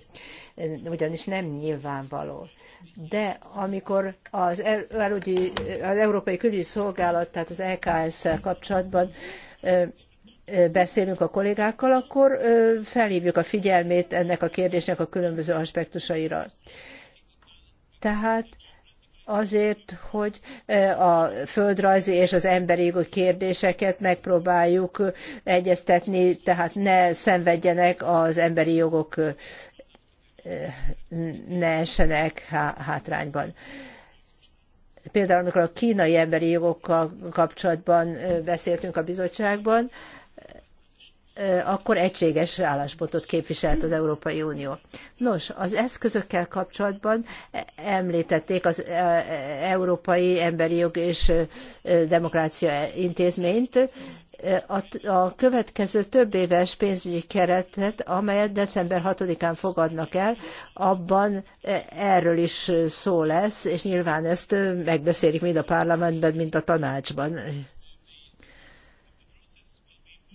ugyanis nem nyilvánvaló de amikor az, elúgyi, az Európai Külügyi Szolgálat, tehát az EKS-szel kapcsolatban beszélünk a kollégákkal, akkor felhívjuk a figyelmét ennek a kérdésnek a különböző aspektusaira. Tehát azért, hogy e, a földrajzi és az emberi jogok kérdéseket megpróbáljuk egyeztetni, tehát ne szenvedjenek az emberi jogok, e, ne essenek hátrányban. Például, amikor a kínai emberi jogokkal kapcsolatban e, beszéltünk a bizottságban, akkor egységes álláspontot képviselt az Európai Unió. Nos, az eszközökkel kapcsolatban e, említették az e, e, Európai Emberi Jog és Demokrácia Intézményt, a, következő több éves pénzügyi keretet, amelyet december 6-án fogadnak el, abban erről is szó lesz, és nyilván ezt megbeszélik mind a parlamentben, mind a tanácsban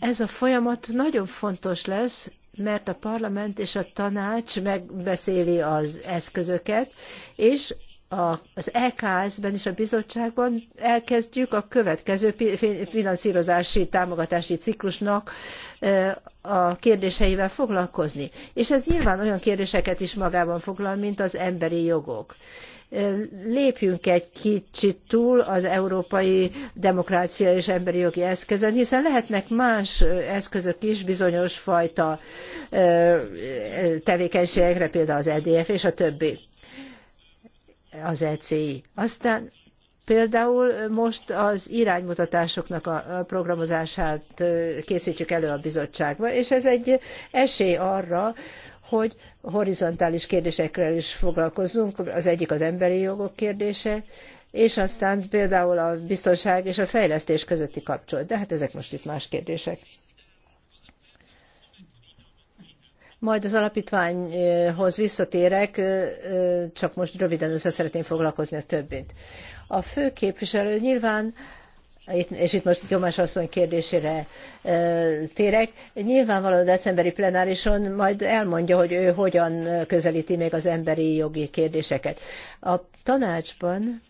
ez a folyamat nagyon fontos lesz, mert a parlament és a tanács megbeszéli az eszközöket, és az EKS-ben és a bizottságban elkezdjük a következő finanszírozási támogatási ciklusnak a kérdéseivel foglalkozni. És ez nyilván olyan kérdéseket is magában foglal, mint az emberi jogok lépjünk egy kicsit túl az európai demokrácia és emberi jogi eszközön, hiszen lehetnek más eszközök is bizonyos fajta tevékenységekre, például az EDF és a többi, az ECI. Aztán Például most az iránymutatásoknak a programozását készítjük elő a bizottságba, és ez egy esély arra, hogy horizontális kérdésekkel is foglalkozzunk, az egyik az emberi jogok kérdése, és aztán például a biztonság és a fejlesztés közötti kapcsolat. De hát ezek most itt más kérdések. Majd az alapítványhoz visszatérek, csak most röviden össze szeretném foglalkozni a többit. A fő képviselő nyilván és itt most Gyomás asszony kérdésére térek, nyilvánvalóan a decemberi plenárison majd elmondja, hogy ő hogyan közelíti meg az emberi jogi kérdéseket. A tanácsban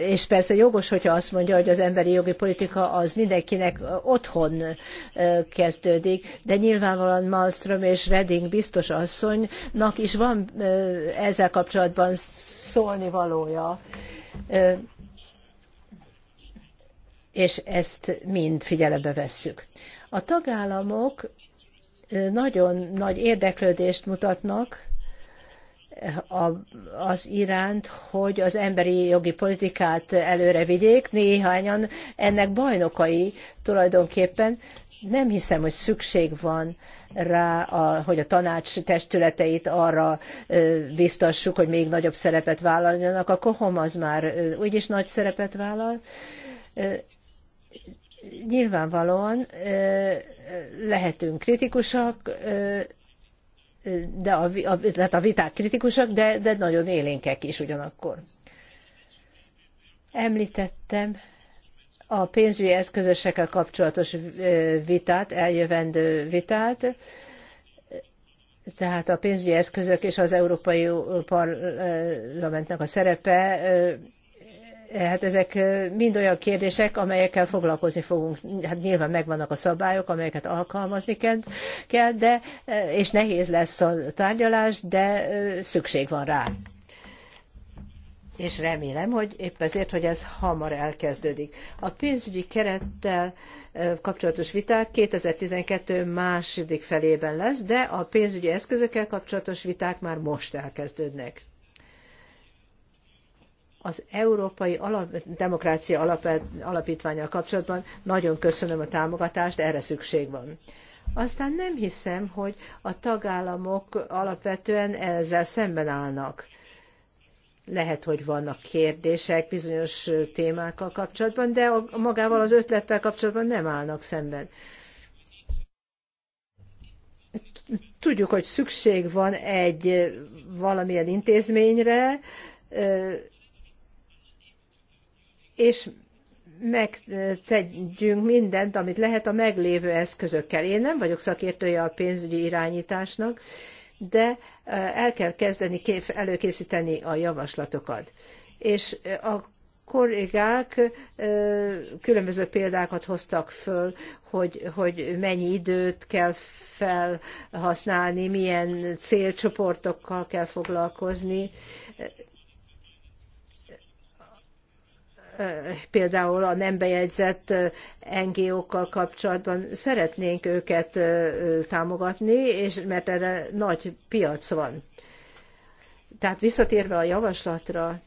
és persze jogos, hogyha azt mondja, hogy az emberi jogi politika az mindenkinek otthon kezdődik, de nyilvánvalóan Malmström és Reding biztos asszonynak is van ezzel kapcsolatban szólni valója. És ezt mind figyelembe vesszük. A tagállamok nagyon nagy érdeklődést mutatnak az iránt, hogy az emberi jogi politikát előre vigyék, néhányan ennek bajnokai tulajdonképpen. Nem hiszem, hogy szükség van rá, a, hogy a tanács testületeit arra ö, biztassuk, hogy még nagyobb szerepet vállaljanak. A kohom az már ö, úgyis nagy szerepet vállal. Ö, nyilvánvalóan lehetünk kritikusak, de a, a, tehát a viták kritikusak, de, de nagyon élénkek is ugyanakkor. Említettem a pénzügyi eszközösekkel kapcsolatos vitát, eljövendő vitát, tehát a pénzügyi eszközök és az Európai Parlamentnek a szerepe hát ezek mind olyan kérdések, amelyekkel foglalkozni fogunk. Hát nyilván megvannak a szabályok, amelyeket alkalmazni kell, de, és nehéz lesz a tárgyalás, de szükség van rá. És remélem, hogy épp ezért, hogy ez hamar elkezdődik. A pénzügyi kerettel kapcsolatos viták 2012 második felében lesz, de a pénzügyi eszközökkel kapcsolatos viták már most elkezdődnek az Európai Alap, Demokrácia Alap, Alapítványal kapcsolatban nagyon köszönöm a támogatást, erre szükség van. Aztán nem hiszem, hogy a tagállamok alapvetően ezzel szemben állnak. Lehet, hogy vannak kérdések bizonyos témákkal kapcsolatban, de magával az ötlettel kapcsolatban nem állnak szemben tudjuk, hogy szükség van egy valamilyen intézményre, és megtegyünk mindent, amit lehet a meglévő eszközökkel. Én nem vagyok szakértője a pénzügyi irányításnak, de el kell kezdeni előkészíteni a javaslatokat. És a kollégák különböző példákat hoztak föl, hogy, hogy mennyi időt kell felhasználni, milyen célcsoportokkal kell foglalkozni. például a nem bejegyzett eh, NGO-kkal kapcsolatban szeretnénk őket eh, támogatni, és mert erre nagy piac van. Tehát visszatérve a javaslatra,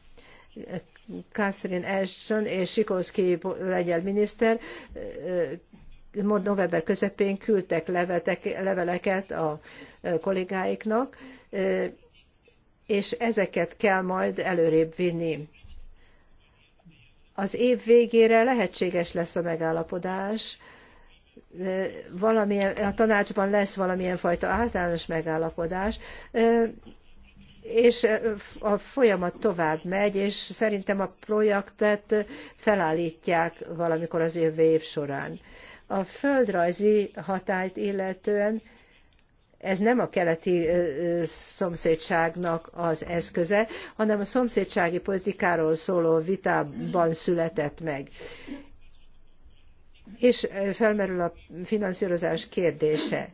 Catherine Ashton és Sikorski legyen miniszter, eh, november közepén küldtek levetek, leveleket a kollégáiknak, és ezeket kell majd előrébb vinni. Az év végére lehetséges lesz a megállapodás, valamilyen, a tanácsban lesz valamilyen fajta általános megállapodás, és a folyamat tovább megy, és szerintem a projektet felállítják valamikor az jövő év során. A földrajzi hatályt illetően ez nem a keleti szomszédságnak az eszköze, hanem a szomszédsági politikáról szóló vitában született meg. És felmerül a finanszírozás kérdése.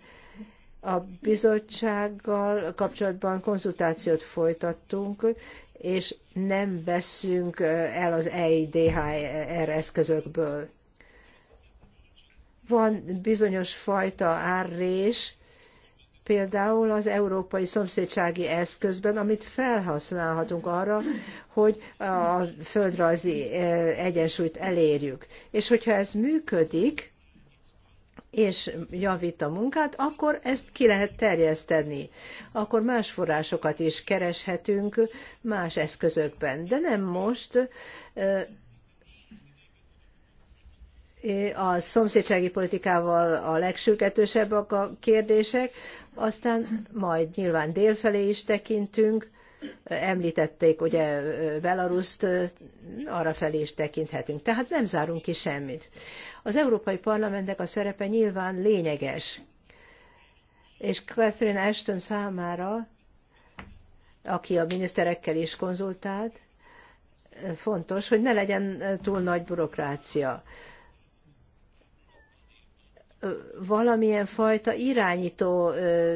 A bizottsággal kapcsolatban konzultációt folytattunk, és nem veszünk el az EIDHR eszközökből. Van bizonyos fajta árrés, például az európai szomszédsági eszközben, amit felhasználhatunk arra, hogy a földrajzi eh, egyensúlyt elérjük. És hogyha ez működik, és javít a munkát, akkor ezt ki lehet terjeszteni. Akkor más forrásokat is kereshetünk más eszközökben. De nem most, eh, a szomszédsági politikával a legsürgetősebbek a kérdések, aztán majd nyilván délfelé is tekintünk, említették ugye Belaruszt, arra felé is tekinthetünk. Tehát nem zárunk ki semmit. Az Európai Parlamentnek a szerepe nyilván lényeges, és Catherine Ashton számára, aki a miniszterekkel is konzultált, fontos, hogy ne legyen túl nagy bürokrácia valamilyen fajta irányító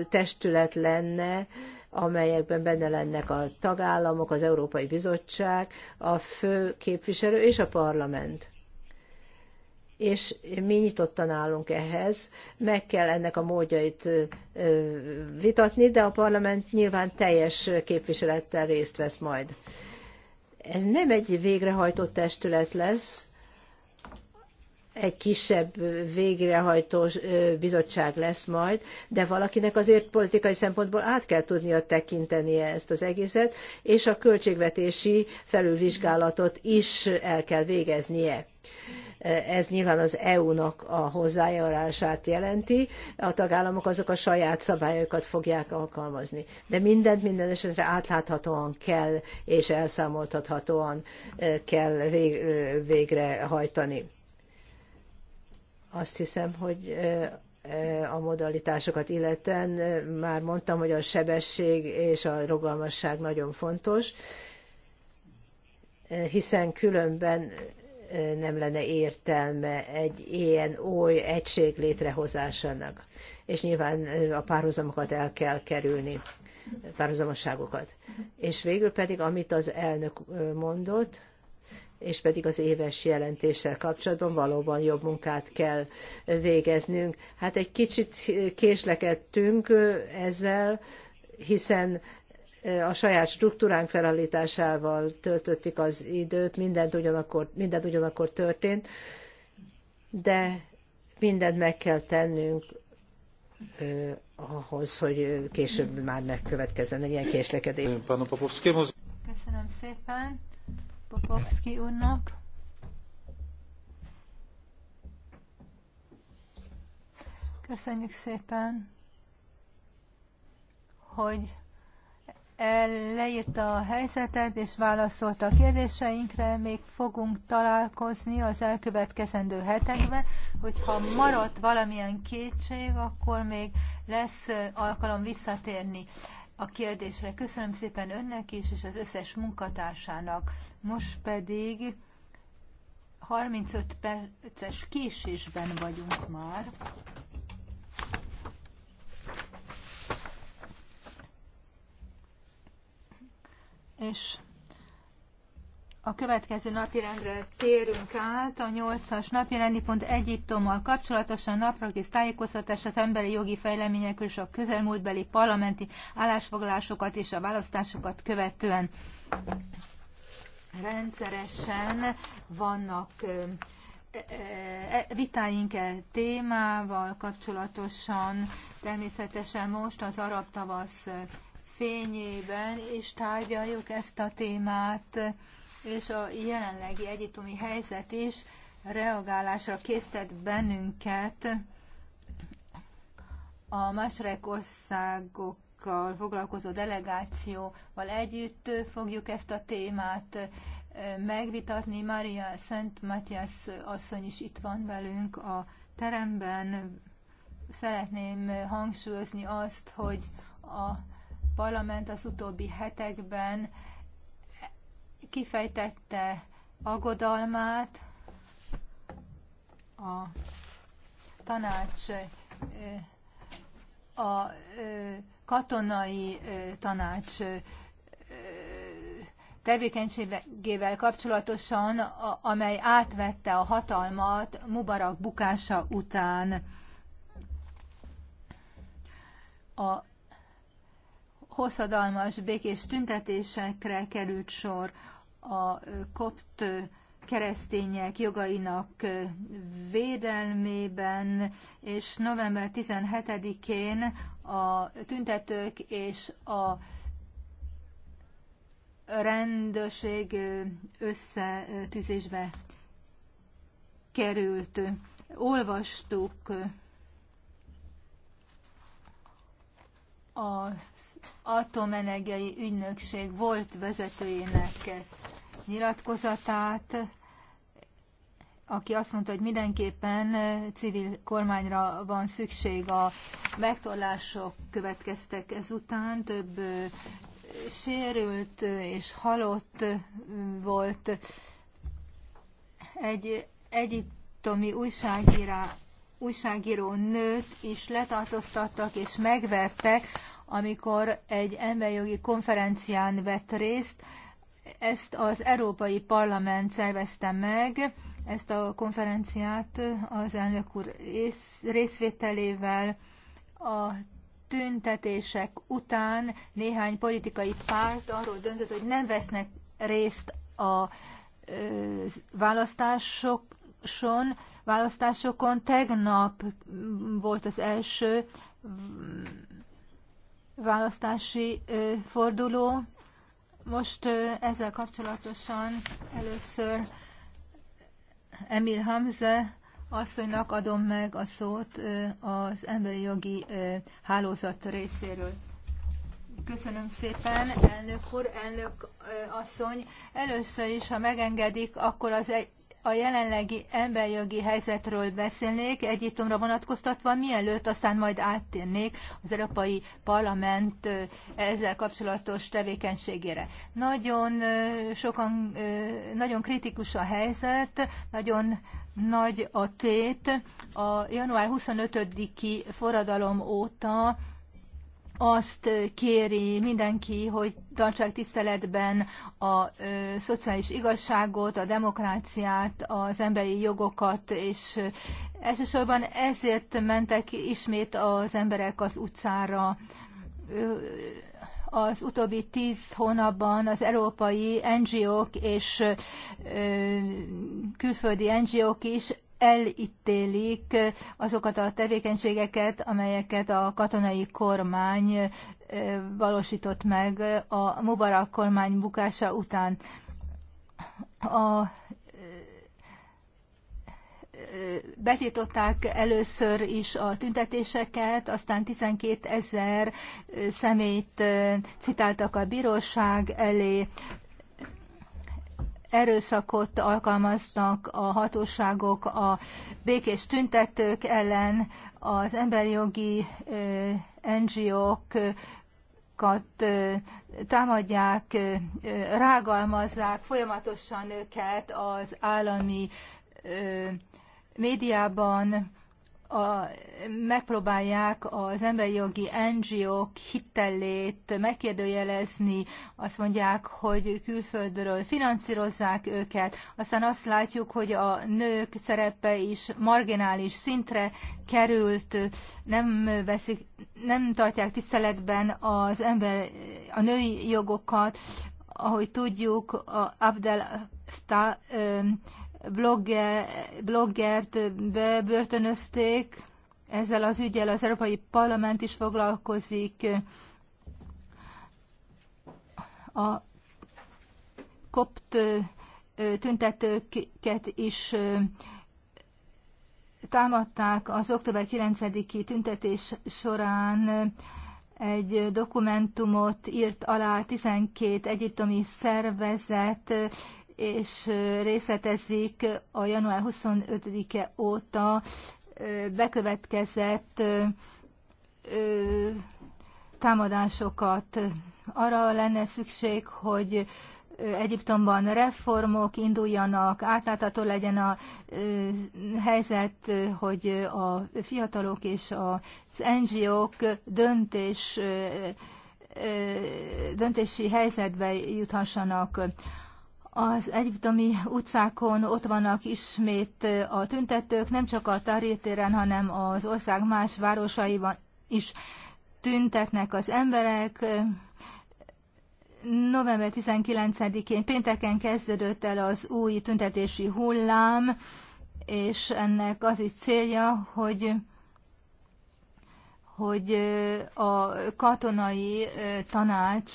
testület lenne, amelyekben benne lennek a tagállamok, az Európai Bizottság, a fő képviselő és a parlament. És mi nyitottan állunk ehhez, meg kell ennek a módjait vitatni, de a parlament nyilván teljes képviselettel részt vesz majd. Ez nem egy végrehajtott testület lesz, egy kisebb végrehajtó bizottság lesz majd, de valakinek azért politikai szempontból át kell tudnia tekintenie ezt az egészet, és a költségvetési felülvizsgálatot is el kell végeznie. Ez nyilván az EU-nak a hozzájárulását jelenti, a tagállamok azok a saját szabályokat fogják alkalmazni. De mindent minden esetre átláthatóan kell és elszámoltathatóan kell végrehajtani azt hiszem, hogy a modalitásokat illetően már mondtam, hogy a sebesség és a rugalmasság nagyon fontos, hiszen különben nem lenne értelme egy ilyen oly egység létrehozásának. És nyilván a párhuzamokat el kell kerülni, párhuzamosságokat. És végül pedig, amit az elnök mondott, és pedig az éves jelentéssel kapcsolatban valóban jobb munkát kell végeznünk. Hát egy kicsit késlekedtünk ezzel, hiszen a saját struktúránk felállításával töltöttük az időt, mindent ugyanakkor, mindent ugyanakkor történt, de mindent meg kell tennünk ahhoz, hogy később már ne következzen egy ilyen késlekedés. Köszönöm szépen. Popovski úrnak. Köszönjük szépen, hogy leírta a helyzetet és válaszolta a kérdéseinkre. Még fogunk találkozni az elkövetkezendő hetekben. Hogyha maradt valamilyen kétség, akkor még lesz alkalom visszatérni a kérdésre. Köszönöm szépen önnek is, és az összes munkatársának. Most pedig 35 perces késésben vagyunk már. És a következő napirendre térünk át, a 8-as napirendi pont Egyiptommal kapcsolatosan naprakész tájékoztatás az emberi jogi fejleményekről és a közelmúltbeli parlamenti állásfoglalásokat és a választásokat követően. Rendszeresen vannak e, vitáink -e témával kapcsolatosan, természetesen most az arab tavasz fényében is tárgyaljuk ezt a témát és a jelenlegi egyiptomi helyzet is reagálásra késztet bennünket a másrek országokkal foglalkozó delegációval együtt fogjuk ezt a témát megvitatni. Maria Szent Matthias asszony is itt van velünk a teremben. Szeretném hangsúlyozni azt, hogy a parlament az utóbbi hetekben kifejtette aggodalmát a tanács a katonai tanács tevékenységével kapcsolatosan, amely átvette a hatalmat Mubarak bukása után. A hosszadalmas békés tüntetésekre került sor a kopt keresztények jogainak védelmében, és november 17-én a tüntetők és a rendőrség összetűzésbe került. Olvastuk az atomenergiai ügynökség volt vezetőjének nyilatkozatát, aki azt mondta, hogy mindenképpen civil kormányra van szükség. A megtorlások következtek ezután, több sérült és halott volt. Egy egyiptomi újságírá, újságíró nőt is letartóztattak és megvertek, amikor egy emberjogi konferencián vett részt. Ezt az Európai Parlament szervezte meg, ezt a konferenciát az elnök úr részvételével a tüntetések után néhány politikai párt arról döntött, hogy nem vesznek részt a választásokon. választásokon. Tegnap volt az első választási forduló, most ezzel kapcsolatosan először Emil Hamze asszonynak adom meg a szót az emberi jogi hálózat részéről. Köszönöm szépen, elnök úr, elnök asszony. Először is, ha megengedik, akkor az egy, a jelenlegi emberjogi helyzetről beszélnék, Egyiptomra vonatkoztatva, mielőtt aztán majd áttérnék az Európai Parlament ezzel kapcsolatos tevékenységére. Nagyon sokan, nagyon kritikus a helyzet, nagyon nagy a tét. A január 25-i forradalom óta azt kéri mindenki, hogy tartsák tiszteletben a ö, szociális igazságot, a demokráciát, az emberi jogokat, és elsősorban ezért mentek ismét az emberek az utcára. Az utóbbi tíz hónapban az európai NGO-k és ö, külföldi NGO-k is elítélik azokat a tevékenységeket, amelyeket a katonai kormány valósított meg a Mubarak kormány bukása után. A betiltották először is a tüntetéseket, aztán 12 ezer személyt citáltak a bíróság elé, erőszakot alkalmaznak a hatóságok a békés tüntetők ellen, az emberi jogi NGO-kat támadják, rágalmazzák folyamatosan őket az állami médiában, a, megpróbálják az emberi jogi NGO-k hitellét megkérdőjelezni, azt mondják, hogy külföldről finanszírozzák őket, aztán azt látjuk, hogy a nők szerepe is marginális szintre került, nem, veszik, nem tartják tiszteletben az ember, a női jogokat, ahogy tudjuk, a Abdel Fta, blogger, bloggert bebörtönözték, ezzel az ügyel az Európai Parlament is foglalkozik. A kopt tüntetőket is támadták az október 9-i tüntetés során egy dokumentumot írt alá 12 egyiptomi szervezet, és részletezik a január 25-e óta bekövetkezett támadásokat. Arra lenne szükség, hogy Egyiptomban reformok induljanak, átlátható legyen a helyzet, hogy a fiatalok és az NGO-k döntés, döntési helyzetbe juthassanak. Az egyiptomi utcákon ott vannak ismét a tüntetők, nem csak a Tarétéren, hanem az ország más városaiban is tüntetnek az emberek. November 19-én pénteken kezdődött el az új tüntetési hullám, és ennek az is célja, hogy hogy a katonai tanács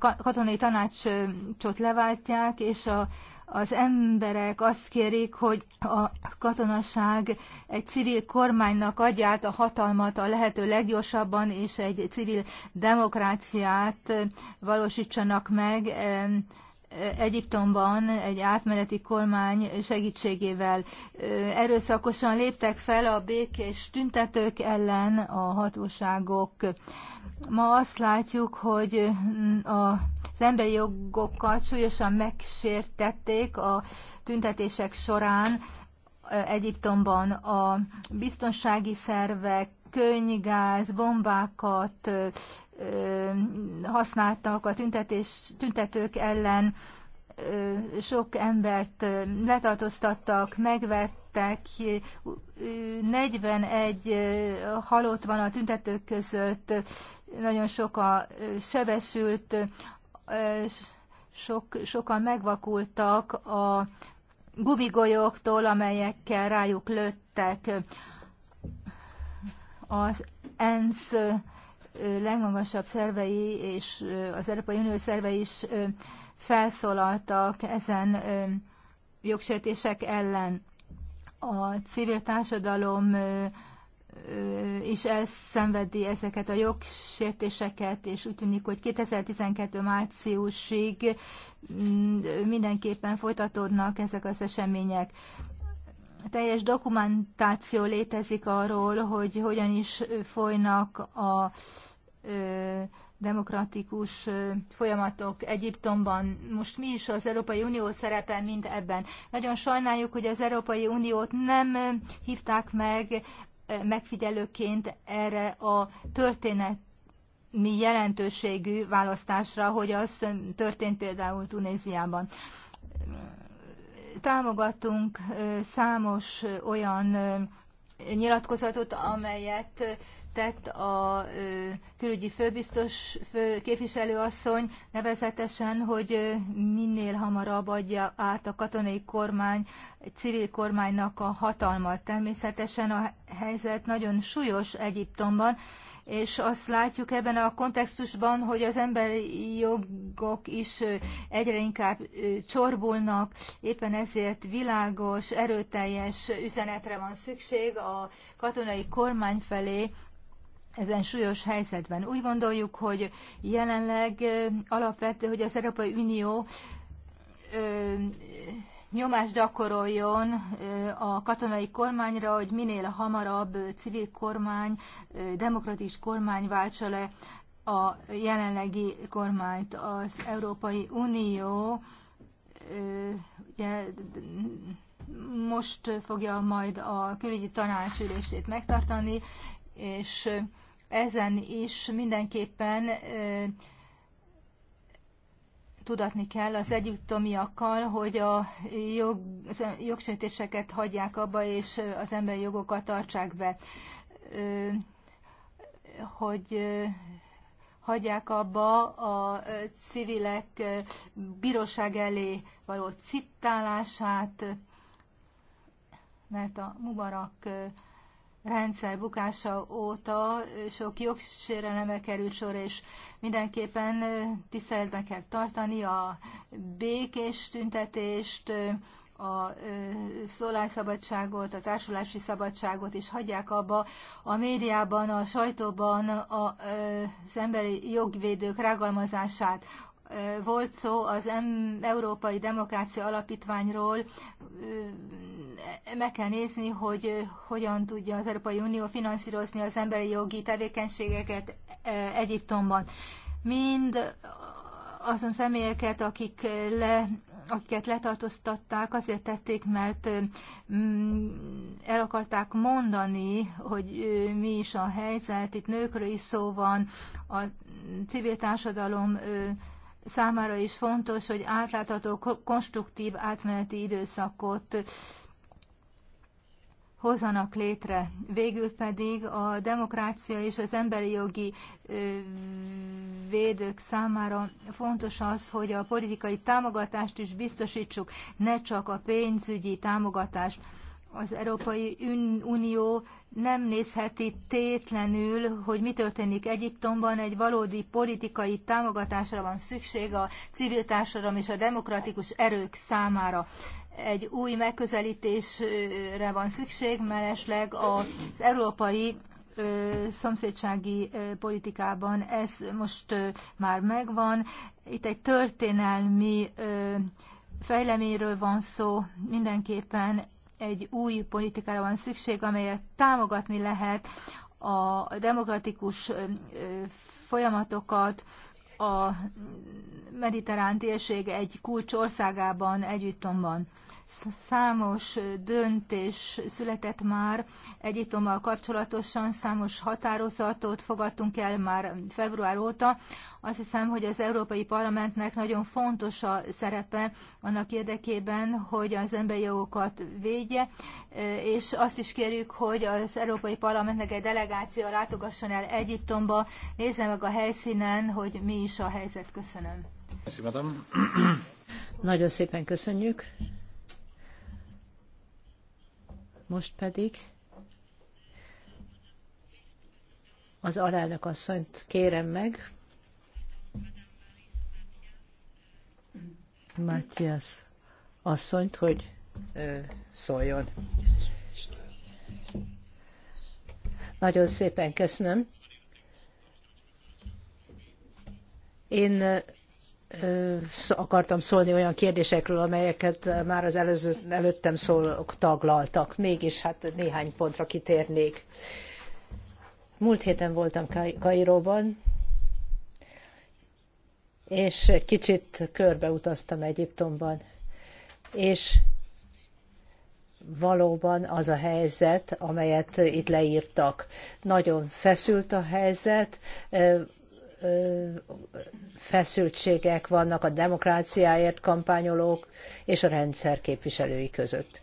katonai tanácsot leváltják, és a, az emberek azt kérik, hogy a katonaság egy civil kormánynak adja a hatalmat a lehető leggyorsabban, és egy civil demokráciát valósítsanak meg Egyiptomban egy átmeneti kormány segítségével. Erőszakosan léptek fel a békés tüntetők ellen a hatóságok. Ma azt látjuk, hogy mm, az emberi jogokat súlyosan megsértették a tüntetések során Egyiptomban a biztonsági szervek könnygáz, bombákat használtak a tüntetés, tüntetők ellen, sok embert letartóztattak, megvettek, 41 halott van a tüntetők között, nagyon sok a sebesült, sok, sokan megvakultak a gumigolyóktól, amelyekkel rájuk lőttek. Az ENSZ legmagasabb szervei és az Európai Unió szervei is felszólaltak ezen jogsértések ellen. A civil társadalom is elszenvedi ezeket a jogsértéseket, és úgy tűnik, hogy 2012 márciusig mm, mindenképpen folytatódnak ezek az események. Teljes dokumentáció létezik arról, hogy hogyan is folynak a demokratikus folyamatok Egyiptomban. Most mi is az Európai Unió szerepe mind ebben. Nagyon sajnáljuk, hogy az Európai Uniót nem hívták meg megfigyelőként erre a történet mi jelentőségű választásra, hogy az történt például Tunéziában. támogattunk számos olyan nyilatkozatot, amelyet tett a külügyi főbiztos fő képviselőasszony, nevezetesen, hogy minél hamarabb adja át a katonai kormány, civil kormánynak a hatalmat. Természetesen a helyzet nagyon súlyos Egyiptomban, és azt látjuk ebben a kontextusban, hogy az emberi jogok is egyre inkább csorbulnak, éppen ezért világos, erőteljes üzenetre van szükség a katonai kormány felé, ezen súlyos helyzetben. Úgy gondoljuk, hogy jelenleg alapvető, hogy az Európai Unió nyomást gyakoroljon a katonai kormányra, hogy minél hamarabb civil kormány, demokratikus kormány váltsa le a jelenlegi kormányt. Az Európai Unió ugye, most fogja majd a külügyi tanácsülését megtartani, és ezen is mindenképpen tudatni kell az egyiptomiakkal, hogy a jog, jogsértéseket hagyják abba, és az emberi jogokat tartsák be. Hogy hagyják abba a civilek bíróság elé való cittálását, mert a Mubarak rendszer bukása óta sok jogsérelembe került sor, és mindenképpen tiszteletben kell tartani a békés tüntetést, a szólásszabadságot, a társulási szabadságot, és hagyják abba a médiában, a sajtóban az emberi jogvédők rágalmazását volt szó az Európai Demokrácia Alapítványról, meg kell nézni, hogy hogyan tudja az Európai Unió finanszírozni az emberi jogi tevékenységeket Egyiptomban. Mind azon személyeket, akik le, akiket letartóztatták, azért tették, mert mm, el akarták mondani, hogy mi is a helyzet, itt nőkről is szó van, a civil társadalom számára is fontos, hogy átlátható, konstruktív átmeneti időszakot hozzanak létre. Végül pedig a demokrácia és az emberi jogi védők számára fontos az, hogy a politikai támogatást is biztosítsuk, ne csak a pénzügyi támogatást az Európai Unió nem nézheti tétlenül, hogy mi történik Egyiptomban, egy valódi politikai támogatásra van szükség a civil társadalom és a demokratikus erők számára. Egy új megközelítésre van szükség, mellesleg az európai szomszédsági politikában ez most már megvan. Itt egy történelmi fejleményről van szó, mindenképpen egy új politikára van szükség, amelyet támogatni lehet a demokratikus folyamatokat, a mediterrán térség egy kulcsországában, Egyiptomban. Számos döntés született már Egyiptommal kapcsolatosan, számos határozatot fogadtunk el már február óta. Azt hiszem, hogy az Európai Parlamentnek nagyon fontos a szerepe annak érdekében, hogy az emberi jogokat védje, és azt is kérjük, hogy az Európai Parlamentnek egy delegáció látogasson el Egyiptomba, nézze meg a helyszínen, hogy mi is a helyzet. Köszönöm. Köszönöm. Nagyon szépen köszönjük. Most pedig az alelnök asszonyt kérem meg. Matthias asszonyt, hogy ö, szóljon. Nagyon szépen köszönöm. Én akartam szólni olyan kérdésekről, amelyeket már az előző, előttem szólók taglaltak. Mégis hát néhány pontra kitérnék. Múlt héten voltam Kairóban, és egy kicsit körbeutaztam Egyiptomban, és valóban az a helyzet, amelyet itt leírtak. Nagyon feszült a helyzet, feszültségek vannak a demokráciáért kampányolók és a rendszer képviselői között.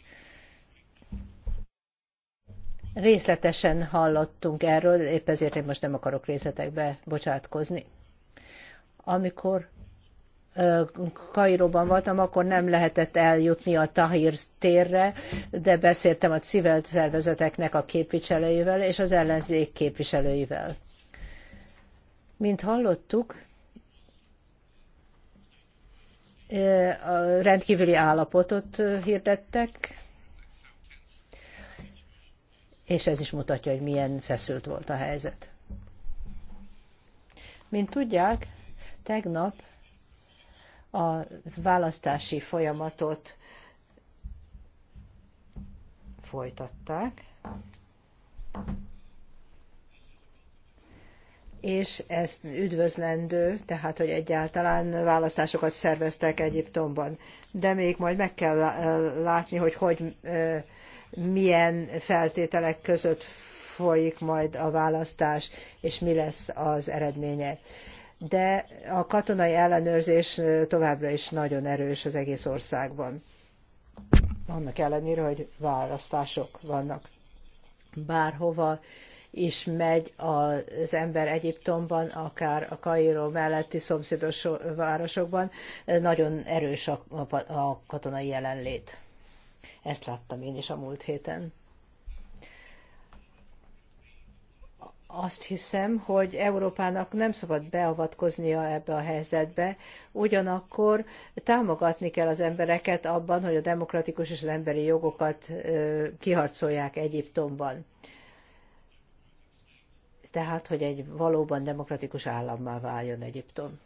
Részletesen hallottunk erről, épp ezért én most nem akarok részletekbe bocsátkozni. Amikor Kairóban voltam, akkor nem lehetett eljutni a Tahir térre, de beszéltem a civil szervezeteknek a képviselőivel és az ellenzék képviselőivel mint hallottuk, a rendkívüli állapotot hirdettek, és ez is mutatja, hogy milyen feszült volt a helyzet. Mint tudják, tegnap a választási folyamatot folytatták és ezt üdvözlendő, tehát hogy egyáltalán választásokat szerveztek Egyiptomban. De még majd meg kell látni, hogy hogy milyen feltételek között folyik majd a választás, és mi lesz az eredménye. De a katonai ellenőrzés továbbra is nagyon erős az egész országban. Annak ellenére, hogy választások vannak. Bárhova is megy az ember Egyiptomban, akár a Kairó melletti szomszédos városokban, nagyon erős a, a katonai jelenlét. Ezt láttam én is a múlt héten. azt hiszem, hogy Európának nem szabad beavatkoznia ebbe a helyzetbe, ugyanakkor támogatni kell az embereket abban, hogy a demokratikus és az emberi jogokat kiharcolják Egyiptomban tehát hogy egy valóban demokratikus állammá váljon Egyiptom.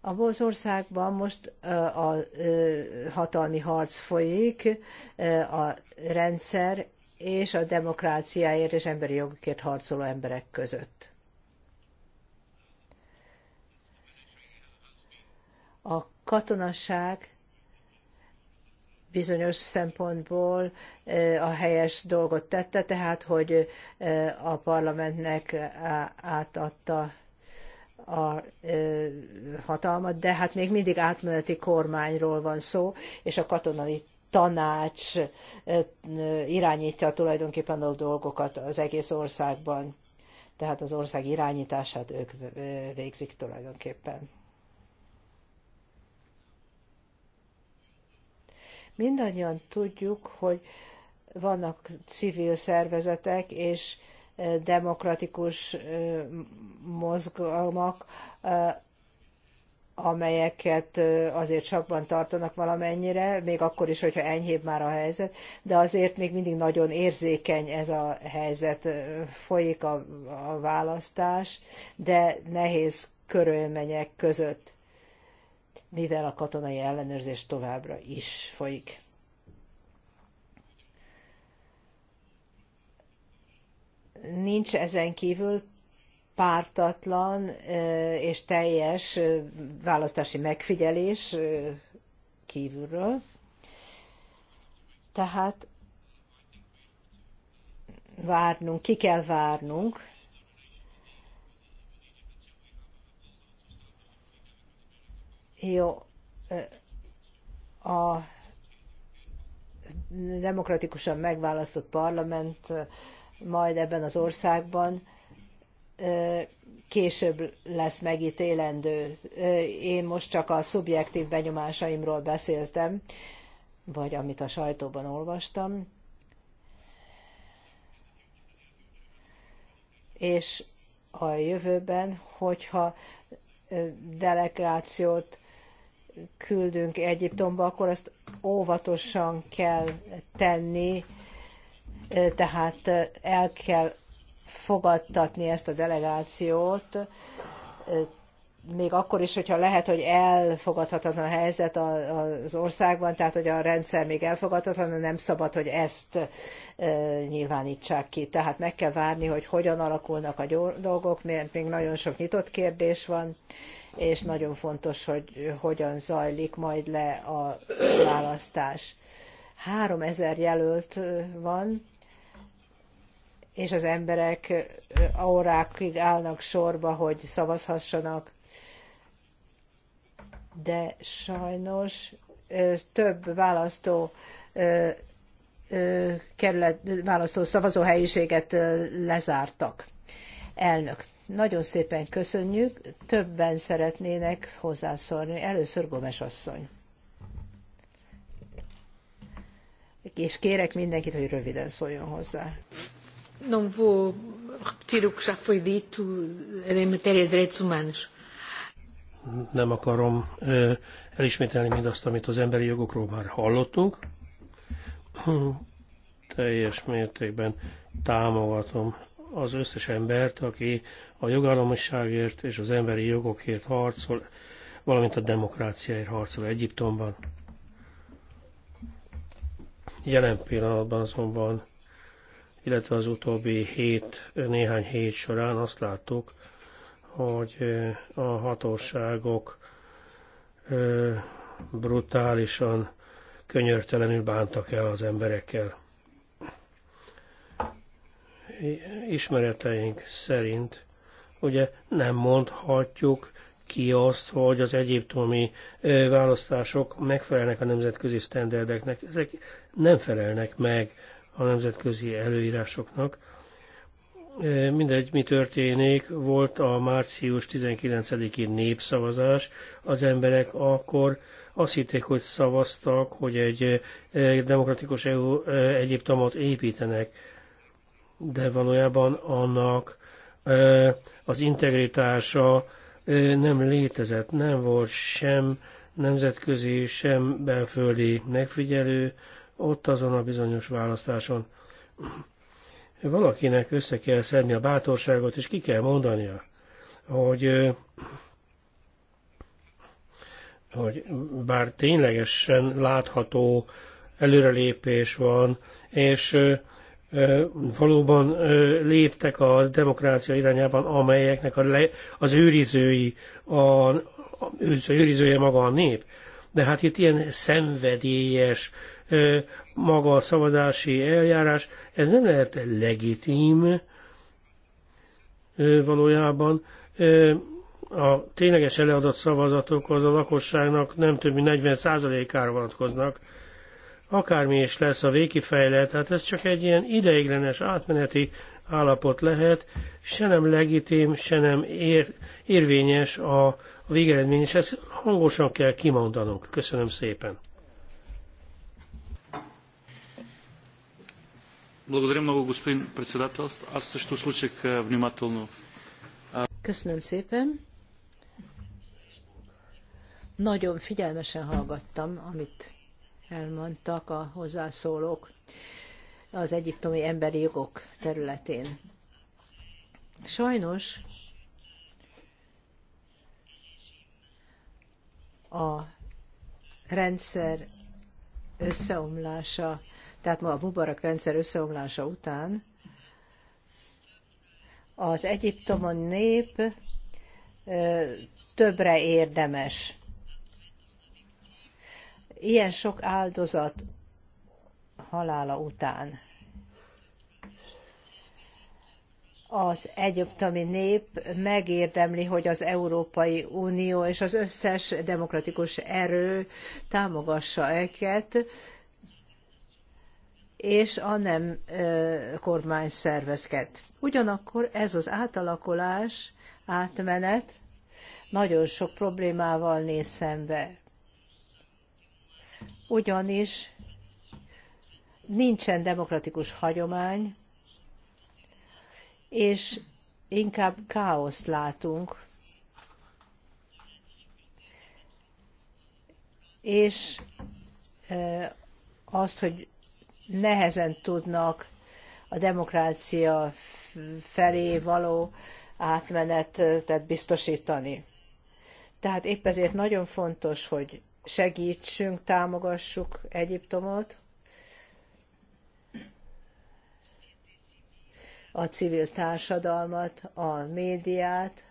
A országban most a hatalmi harc folyik, a rendszer és a demokráciáért és emberi jogokért harcoló emberek között. A katonasság bizonyos szempontból a helyes dolgot tette, tehát hogy a parlamentnek átadta a hatalmat, de hát még mindig átmeneti kormányról van szó, és a katonai tanács irányítja tulajdonképpen a dolgokat az egész országban. Tehát az ország irányítását ők végzik tulajdonképpen. Mindannyian tudjuk, hogy vannak civil szervezetek és eh, demokratikus eh, mozgalmak, eh, amelyeket azért csakban tartanak valamennyire, még akkor is, hogyha enyhébb már a helyzet, de azért még mindig nagyon érzékeny ez a helyzet, folyik a, a választás, de nehéz körülmények között mivel a katonai ellenőrzés továbbra is folyik. Nincs ezen kívül pártatlan és teljes választási megfigyelés kívülről. Tehát várnunk, ki kell várnunk, Jó, a demokratikusan megválasztott parlament majd ebben az országban később lesz megítélendő. Én most csak a szubjektív benyomásaimról beszéltem, vagy amit a sajtóban olvastam. És a jövőben, hogyha delegációt küldünk Egyiptomba, akkor azt óvatosan kell tenni, tehát el kell fogadtatni ezt a delegációt, még akkor is, hogyha lehet, hogy elfogadhatatlan a helyzet az országban, tehát hogy a rendszer még elfogadhatatlan, nem szabad, hogy ezt nyilvánítsák ki. Tehát meg kell várni, hogy hogyan alakulnak a dolgok, mert még nagyon sok nyitott kérdés van, és nagyon fontos, hogy hogyan zajlik majd le a választás. Három ezer jelölt van, és az emberek órákig állnak sorba, hogy szavazhassanak, de sajnos több választó kerület, választó szavazóhelyiséget lezártak. Elnök, nagyon szépen köszönjük, többen szeretnének hozzászólni. Először Gomes asszony. És kérek mindenkit, hogy röviden szóljon hozzá. Não vou repetir o que já foi dito em matéria de direitos humanos nem akarom elismételni mindazt, amit az emberi jogokról már hallottunk. Teljes mértékben támogatom az összes embert, aki a jogállamosságért és az emberi jogokért harcol, valamint a demokráciáért harcol Egyiptomban. Jelen pillanatban azonban, illetve az utóbbi hét, néhány hét során azt láttuk, hogy a hatóságok brutálisan, könyörtelenül bántak el az emberekkel. Ismereteink szerint ugye nem mondhatjuk ki azt, hogy az egyiptomi választások megfelelnek a nemzetközi sztenderdeknek. Ezek nem felelnek meg a nemzetközi előírásoknak mindegy, mi történik, volt a március 19-i népszavazás, az emberek akkor azt hitték, hogy szavaztak, hogy egy demokratikus EU Egyiptomot építenek, de valójában annak az integritása nem létezett, nem volt sem nemzetközi, sem belföldi megfigyelő ott azon a bizonyos választáson. Valakinek össze kell szedni a bátorságot, és ki kell mondania, hogy hogy bár ténylegesen látható előrelépés van, és valóban léptek a demokrácia irányában, amelyeknek az őrizői, a, az őrizője maga a nép. De hát itt ilyen szenvedélyes maga a szavazási eljárás, ez nem lehet legitim valójában. A tényleges eleadott szavazatok az a lakosságnak nem több mint 40%-ára vonatkoznak. Akármi is lesz a végkifejlet, hát ez csak egy ilyen ideiglenes átmeneti állapot lehet, se nem legitim, se nem ér, érvényes a, végeredmény, és ezt hangosan kell kimondanunk. Köszönöm szépen. Благодаря много, господин председател. Аз също слушах внимателно. Köszönöm szépen. Nagyon figyelmesen hallgattam, amit elmondtak a hozzászólók az egyiptomi emberi jogok területén. Sajnos a rendszer összeomlása tehát ma a Mubarak rendszer összeomlása után, az egyiptomon nép többre érdemes. Ilyen sok áldozat halála után az egyiptomi nép megérdemli, hogy az Európai Unió és az összes demokratikus erő támogassa őket, és a nem kormány szervezket. Ugyanakkor ez az átalakulás, átmenet nagyon sok problémával néz szembe. Ugyanis nincsen demokratikus hagyomány, és inkább káoszt látunk. És azt, hogy nehezen tudnak a demokrácia felé való átmenetet biztosítani. Tehát épp ezért nagyon fontos, hogy segítsünk, támogassuk Egyiptomot, a civil társadalmat, a médiát,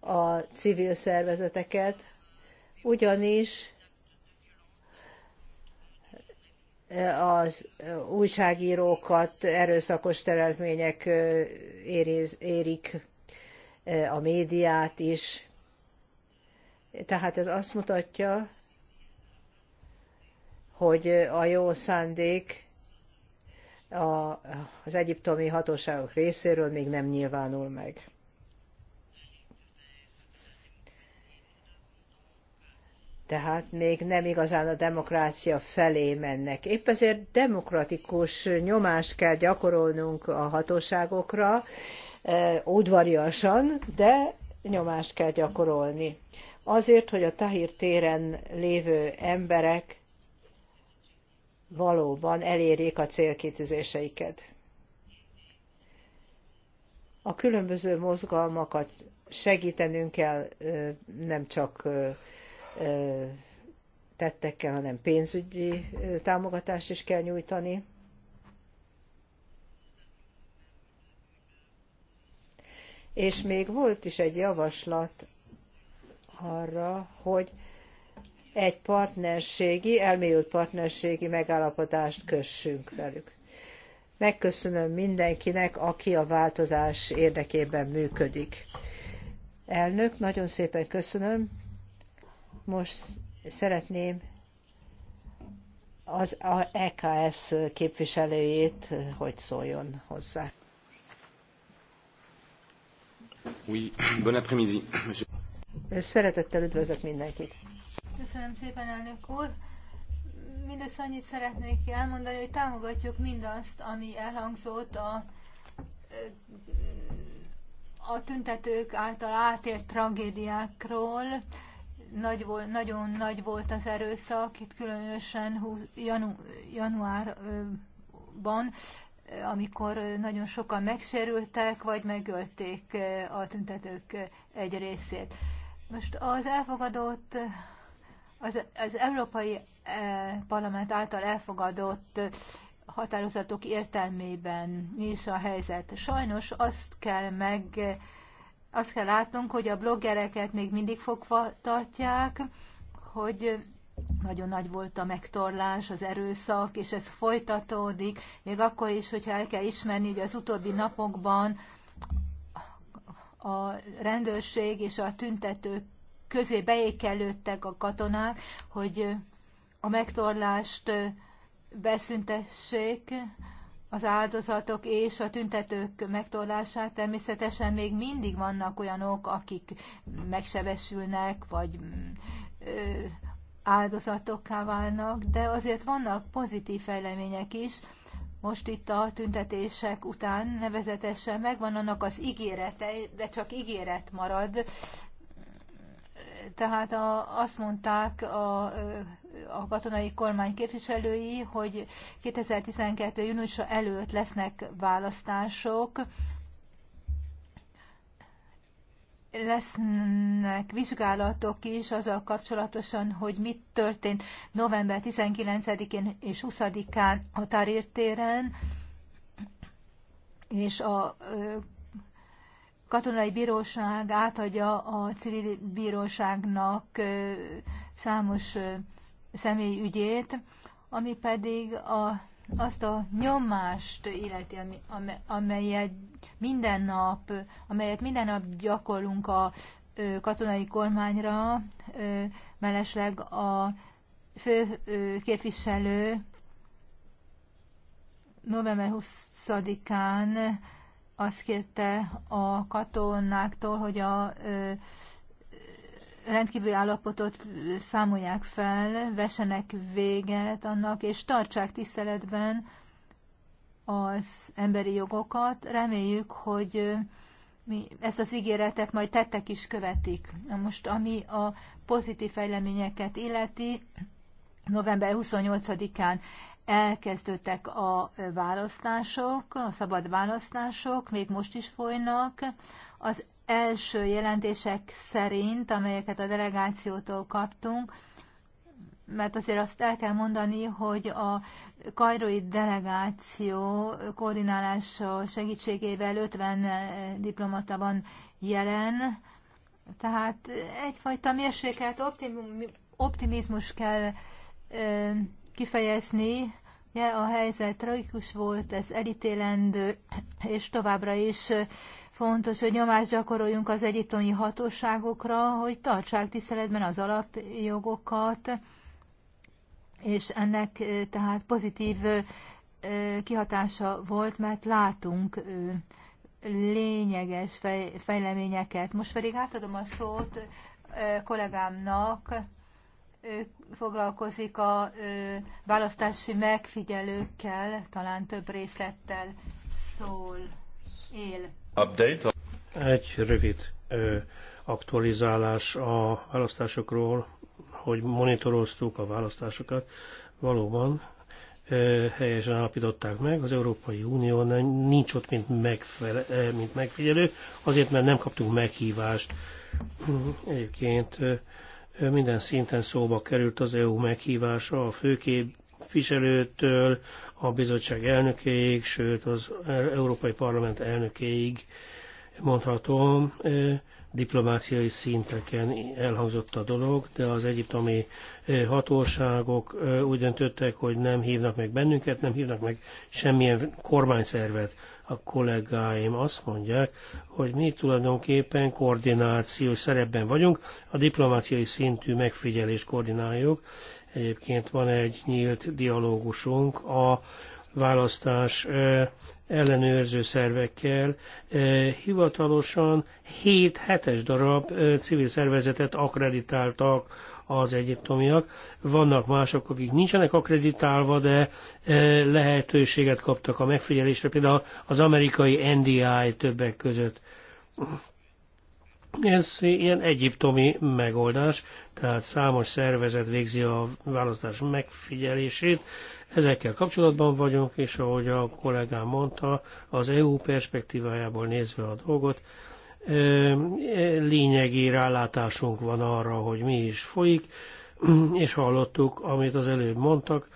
a civil szervezeteket, ugyanis az újságírókat erőszakos teremtmények érik, a médiát is. Tehát ez azt mutatja, hogy a jó szándék az egyiptomi hatóságok részéről még nem nyilvánul meg. tehát még nem igazán a demokrácia felé mennek. Épp ezért demokratikus nyomást kell gyakorolnunk a hatóságokra, e, udvariasan, de nyomást kell gyakorolni. Azért, hogy a Tahir téren lévő emberek valóban elérjék a célkitűzéseiket. A különböző mozgalmakat segítenünk kell, e, nem csak e, tettekkel, hanem pénzügyi támogatást is kell nyújtani. És még volt is egy javaslat arra, hogy egy partnerségi, elmélyült partnerségi megállapodást kössünk velük. Megköszönöm mindenkinek, aki a változás érdekében működik. Elnök, nagyon szépen köszönöm. Most szeretném az EKS képviselőjét, hogy szóljon hozzá. Oui, bon après-midi. Szeretettel üdvözlök mindenkit. Köszönöm szépen, elnök úr. Mindössze annyit szeretnék elmondani, hogy támogatjuk mindazt, ami elhangzott a, a tüntetők által átélt tragédiákról nagy volt, nagyon nagy volt az erőszak, itt különösen janu, januárban, amikor nagyon sokan megsérültek, vagy megölték a tüntetők egy részét. Most az elfogadott, az, az Európai Parlament által elfogadott határozatok értelmében mi is a helyzet. Sajnos azt kell meg azt kell látnunk, hogy a bloggereket még mindig fogva tartják, hogy nagyon nagy volt a megtorlás, az erőszak, és ez folytatódik, még akkor is, hogyha el kell ismerni, hogy az utóbbi napokban a rendőrség és a tüntetők közé beékelődtek a katonák, hogy a megtorlást beszüntessék, az áldozatok és a tüntetők megtorlását. Természetesen még mindig vannak olyanok, akik megsebesülnek, vagy mm, áldozatokká válnak, de azért vannak pozitív fejlemények is. Most itt a tüntetések után nevezetesen megvan annak az ígérete, de csak ígéret marad, tehát a, azt mondták a, a katonai kormány képviselői, hogy 2012. júniusa előtt lesznek választások, lesznek vizsgálatok is azzal kapcsolatosan, hogy mit történt november 19-én és 20-án a és a katonai bíróság átadja a civil bíróságnak számos személy ügyét, ami pedig a, azt a nyomást illeti, amelyet minden nap, amelyet minden nap gyakorlunk a katonai kormányra, mellesleg a fő képviselő november 20-án azt kérte a katonáktól, hogy a rendkívül állapotot számolják fel, vessenek véget annak, és tartsák tiszteletben az emberi jogokat. Reméljük, hogy mi ezt az ígéretet majd tettek is követik. Na most, ami a pozitív fejleményeket illeti, november 28-án elkezdődtek a választások, a szabad választások, még most is folynak. Az első jelentések szerint, amelyeket a delegációtól kaptunk, mert azért azt el kell mondani, hogy a kajrói delegáció koordinálása segítségével 50 diplomata van jelen, tehát egyfajta mérsékelt optimizmus kell kifejezni. Ja, a helyzet tragikus volt, ez elítélendő, és továbbra is fontos, hogy nyomást gyakoroljunk az egyiptomi hatóságokra, hogy tartsák tiszteletben az alapjogokat, és ennek eh, tehát pozitív eh, kihatása volt, mert látunk eh, lényeges fejleményeket. Most pedig átadom a szót kollégámnak, foglalkozik a választási megfigyelőkkel, talán több részlettel szól, él. Update. Egy rövid aktualizálás a választásokról, hogy monitoroztuk a választásokat. Valóban helyesen állapították meg, az Európai Unió nincs ott, mint, megfele, mint megfigyelő, azért, mert nem kaptunk meghívást. Egyébként minden szinten szóba került az EU meghívása a főképviselőtől, a bizottság elnökéig, sőt az Európai Parlament elnökéig mondhatom, diplomáciai szinteken elhangzott a dolog, de az egyiptomi hatóságok úgy döntöttek, hogy nem hívnak meg bennünket, nem hívnak meg semmilyen kormányszervet a kollégáim azt mondják, hogy mi tulajdonképpen koordinációs szerepben vagyunk, a diplomáciai szintű megfigyelés koordináljuk. Egyébként van egy nyílt dialógusunk a választás ellenőrző szervekkel. Hivatalosan 7 hetes darab civil szervezetet akreditáltak az egyiptomiak. Vannak mások, akik nincsenek akreditálva, de e, lehetőséget kaptak a megfigyelésre, például az amerikai NDI többek között. Ez ilyen egyiptomi megoldás, tehát számos szervezet végzi a választás megfigyelését. Ezekkel kapcsolatban vagyunk, és ahogy a kollégám mondta, az EU perspektívájából nézve a dolgot, lényegi rálátásunk van arra, hogy mi is folyik, és hallottuk, amit az előbb mondtak,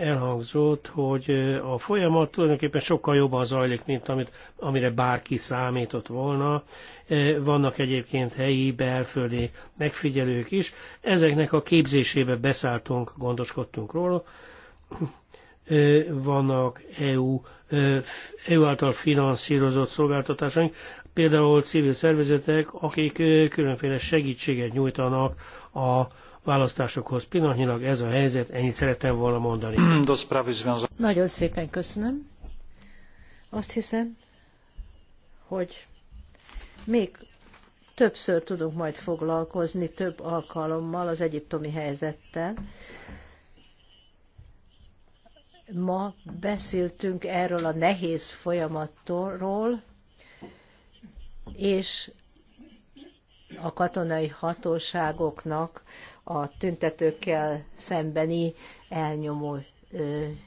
elhangzott, hogy a folyamat tulajdonképpen sokkal jobban zajlik, mint amit, amire bárki számított volna. Vannak egyébként helyi, belföldi megfigyelők is. Ezeknek a képzésébe beszálltunk, gondoskodtunk róla. Vannak EU, EU által finanszírozott szolgáltatásaink, például civil szervezetek, akik különféle segítséget nyújtanak a választásokhoz. Pillanatnyilag ez a helyzet, ennyit szerettem volna mondani. Nagyon szépen köszönöm. Azt hiszem, hogy még többször tudunk majd foglalkozni több alkalommal az egyiptomi helyzettel. Ma beszéltünk erről a nehéz folyamatról, és a katonai hatóságoknak a tüntetőkkel szembeni elnyomó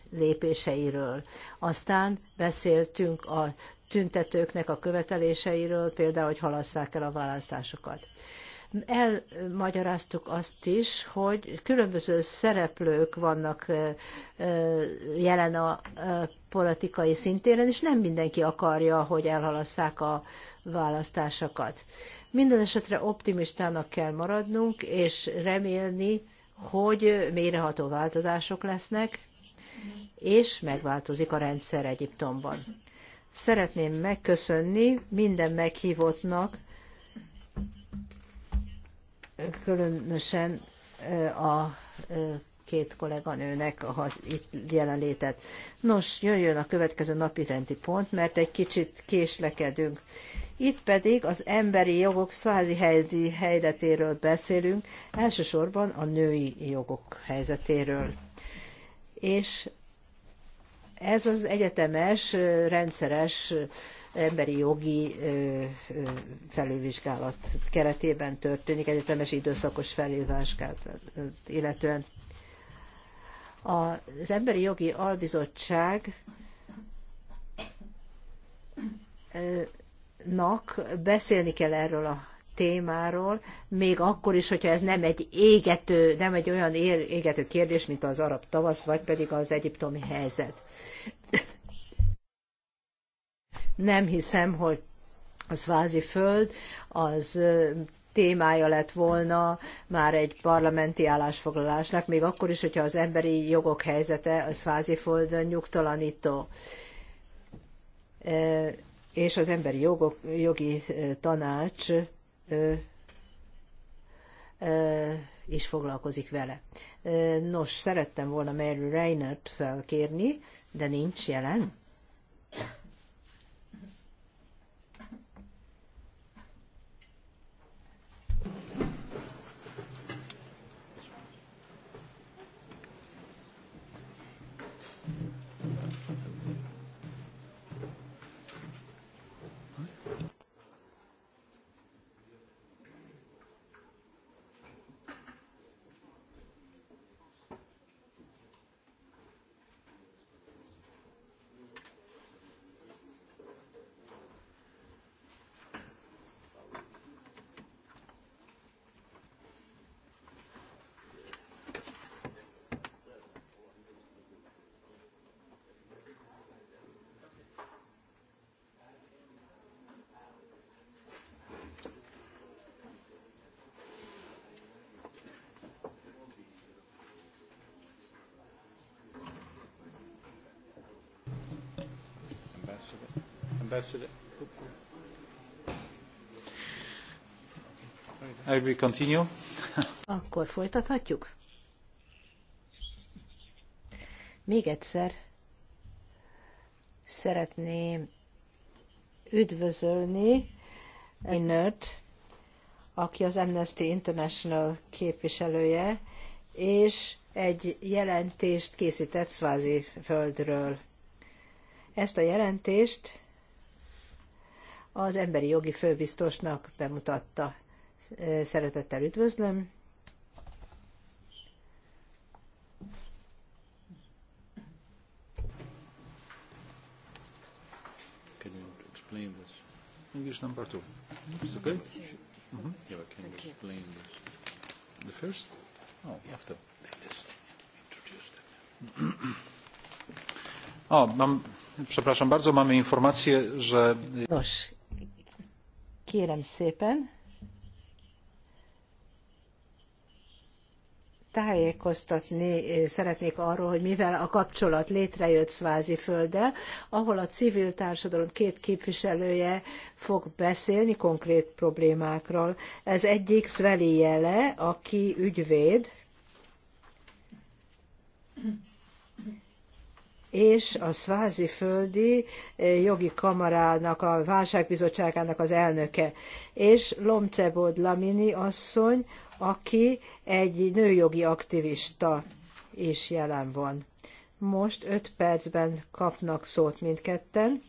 lépéseiről. Aztán beszéltünk a tüntetőknek a követeléseiről, például, hogy halasszák el a választásokat. Elmagyaráztuk azt is, hogy különböző szereplők vannak jelen a politikai szintéren, és nem mindenki akarja, hogy elhalasszák a választásokat. Minden esetre optimistának kell maradnunk, és remélni, hogy méreható változások lesznek, és megváltozik a rendszer Egyiptomban. Szeretném megköszönni minden meghívottnak, különösen a két kolléganőnek az itt jelenlétet. Nos, jöjjön a következő napi rendi pont, mert egy kicsit késlekedünk. Itt pedig az emberi jogok százi helyzetéről beszélünk, elsősorban a női jogok helyzetéről. És ez az egyetemes, rendszeres emberi jogi felülvizsgálat keretében történik, egyetemes időszakos felülvizsgálat illetően. Az Emberi Jogi Albizottság nak beszélni kell erről a témáról, még akkor is, hogyha ez nem egy égető, nem egy olyan égető kérdés, mint az arab tavasz, vagy pedig az egyiptomi helyzet. Nem hiszem, hogy a szvázi föld az témája lett volna már egy parlamenti állásfoglalásnak, még akkor is, hogyha az emberi jogok helyzete a szvázi földön nyugtalanító és az emberi jogok, jogi tanács is foglalkozik vele. Nos, szerettem volna Mary Reinert felkérni, de nincs jelen. I will continue. Akkor folytathatjuk? Még egyszer szeretném üdvözölni Inert, aki az Amnesty International képviselője, és egy jelentést készített Szvázi földről. Ezt a jelentést az emberi jogi főbiztosnak bemutatta. Szeretettel üdvözlöm. English number two. It's okay? Mm-hmm. Yeah, can you explain this? The first? Oh, O, mam, przepraszam bardzo, mamy informację, że... Nos, Kérem szépen, tájékoztatni eh, szeretnék arról, hogy mivel a kapcsolat létrejött Szvázi földdel, ahol a civil társadalom két képviselője fog beszélni konkrét problémákról. Ez egyik Sveli Jele, aki ügyvéd, és a szvázi földi eh, jogi kamarának, a válságbizottságának az elnöke, és Lomcebod Lamini asszony, aki egy nőjogi aktivista is jelen van. Most öt percben kapnak szót mindketten,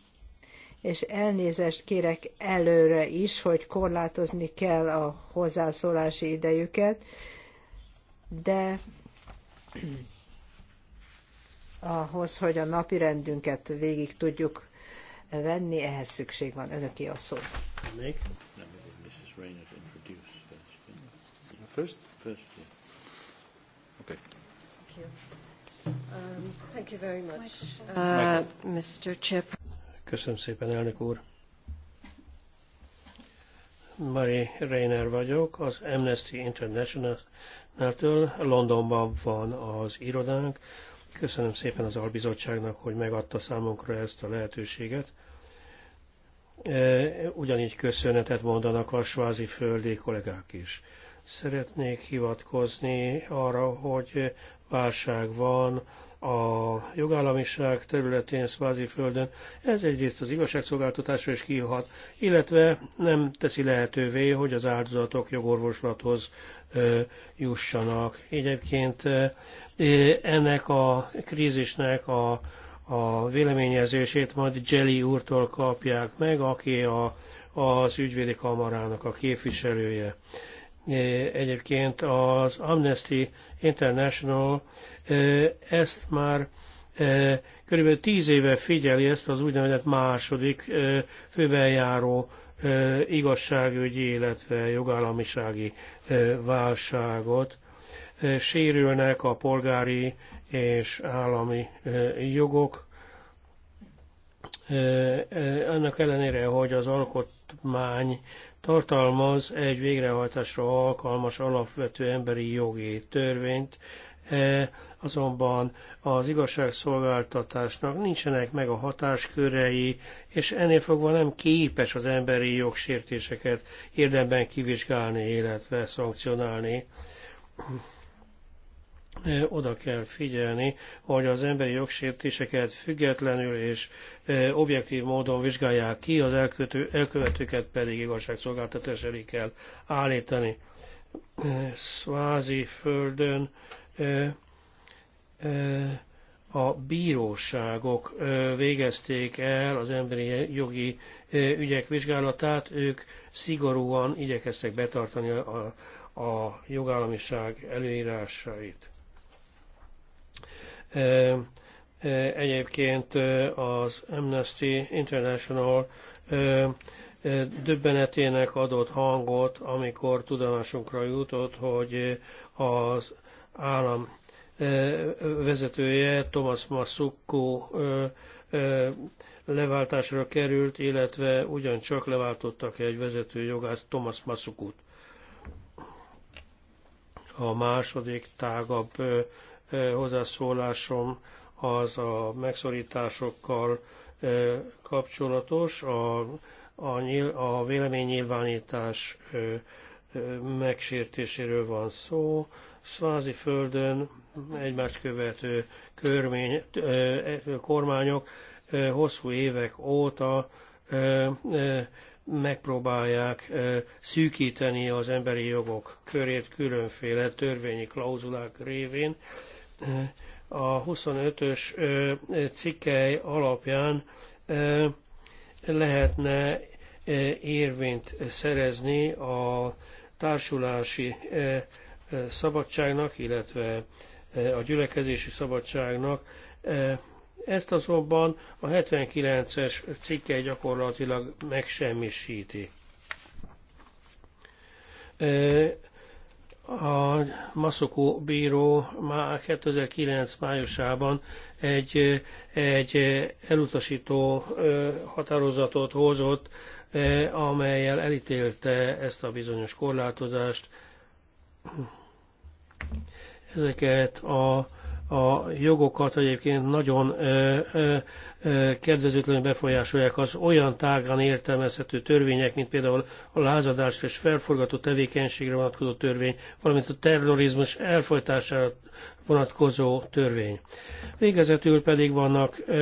és elnézést kérek előre is, hogy korlátozni kell a hozzászólási idejüket, de ahhoz, hogy a napi rendünket végig tudjuk venni, ehhez szükség van. Önöké a szó. First? First, Okay. Thank you. Um, thank you very much, Mr. Uh, Chip. Köszönöm szépen, elnök úr. Mari Reiner vagyok, az Amnesty International-től. Londonban van az irodánk, Köszönöm szépen az albizottságnak, hogy megadta számunkra ezt a lehetőséget. E, ugyanígy köszönetet mondanak a svázi földi kollégák is. Szeretnék hivatkozni arra, hogy válság van a jogállamiság területén, szvázi földön. Ez egyrészt az igazságszolgáltatásra is kihat, illetve nem teszi lehetővé, hogy az áldozatok jogorvoslathoz e, jussanak. Egyébként e, ennek a krízisnek a, a véleményezését majd Jelly úrtól kapják meg, aki a, az ügyvédi kamarának a képviselője. Egyébként az Amnesty International ezt már körülbelül tíz éve figyeli ezt az úgynevezett második főbejáró igazságügyi, illetve jogállamisági válságot sérülnek a polgári és állami jogok. Annak ellenére, hogy az alkotmány tartalmaz egy végrehajtásra alkalmas alapvető emberi jogi törvényt, azonban az igazságszolgáltatásnak nincsenek meg a hatáskörei, és ennél fogva nem képes az emberi jogsértéseket érdemben kivizsgálni, illetve szankcionálni oda kell figyelni, hogy az emberi jogsértéseket függetlenül és objektív módon vizsgálják ki, az elkötő, elkövetőket pedig igazságszolgáltatás elé kell állítani. Szvázi földön a bíróságok végezték el az emberi jogi ügyek vizsgálatát, ők szigorúan igyekeztek betartani a, a jogállamiság előírásait. Egyébként az Amnesty International döbbenetének adott hangot, amikor tudomásunkra jutott, hogy az állam vezetője Thomas Massukko leváltásra került, illetve ugyancsak leváltottak egy vezető jogász Thomas Massukut. A második tágabb hozzászólásom az a megszorításokkal kapcsolatos, a, a, nyil, a véleménynyilvánítás megsértéséről van szó. Szvázi földön egymást követő körmény, kormányok hosszú évek óta megpróbálják szűkíteni az emberi jogok körét különféle törvényi klauzulák révén a 25-ös cikkely alapján lehetne érvényt szerezni a társulási szabadságnak, illetve a gyülekezési szabadságnak. Ezt azonban a 79-es cikke gyakorlatilag megsemmisíti a Maszokó bíró már 2009 májusában egy, egy elutasító határozatot hozott, amelyel elítélte ezt a bizonyos korlátozást. Ezeket a a jogokat egyébként nagyon ö, ö, ö, kedvezőtlenül befolyásolják az olyan tágan értelmezhető törvények, mint például a lázadás és felforgató tevékenységre vonatkozó törvény, valamint a terrorizmus elfolytására vonatkozó törvény. Végezetül pedig vannak ö,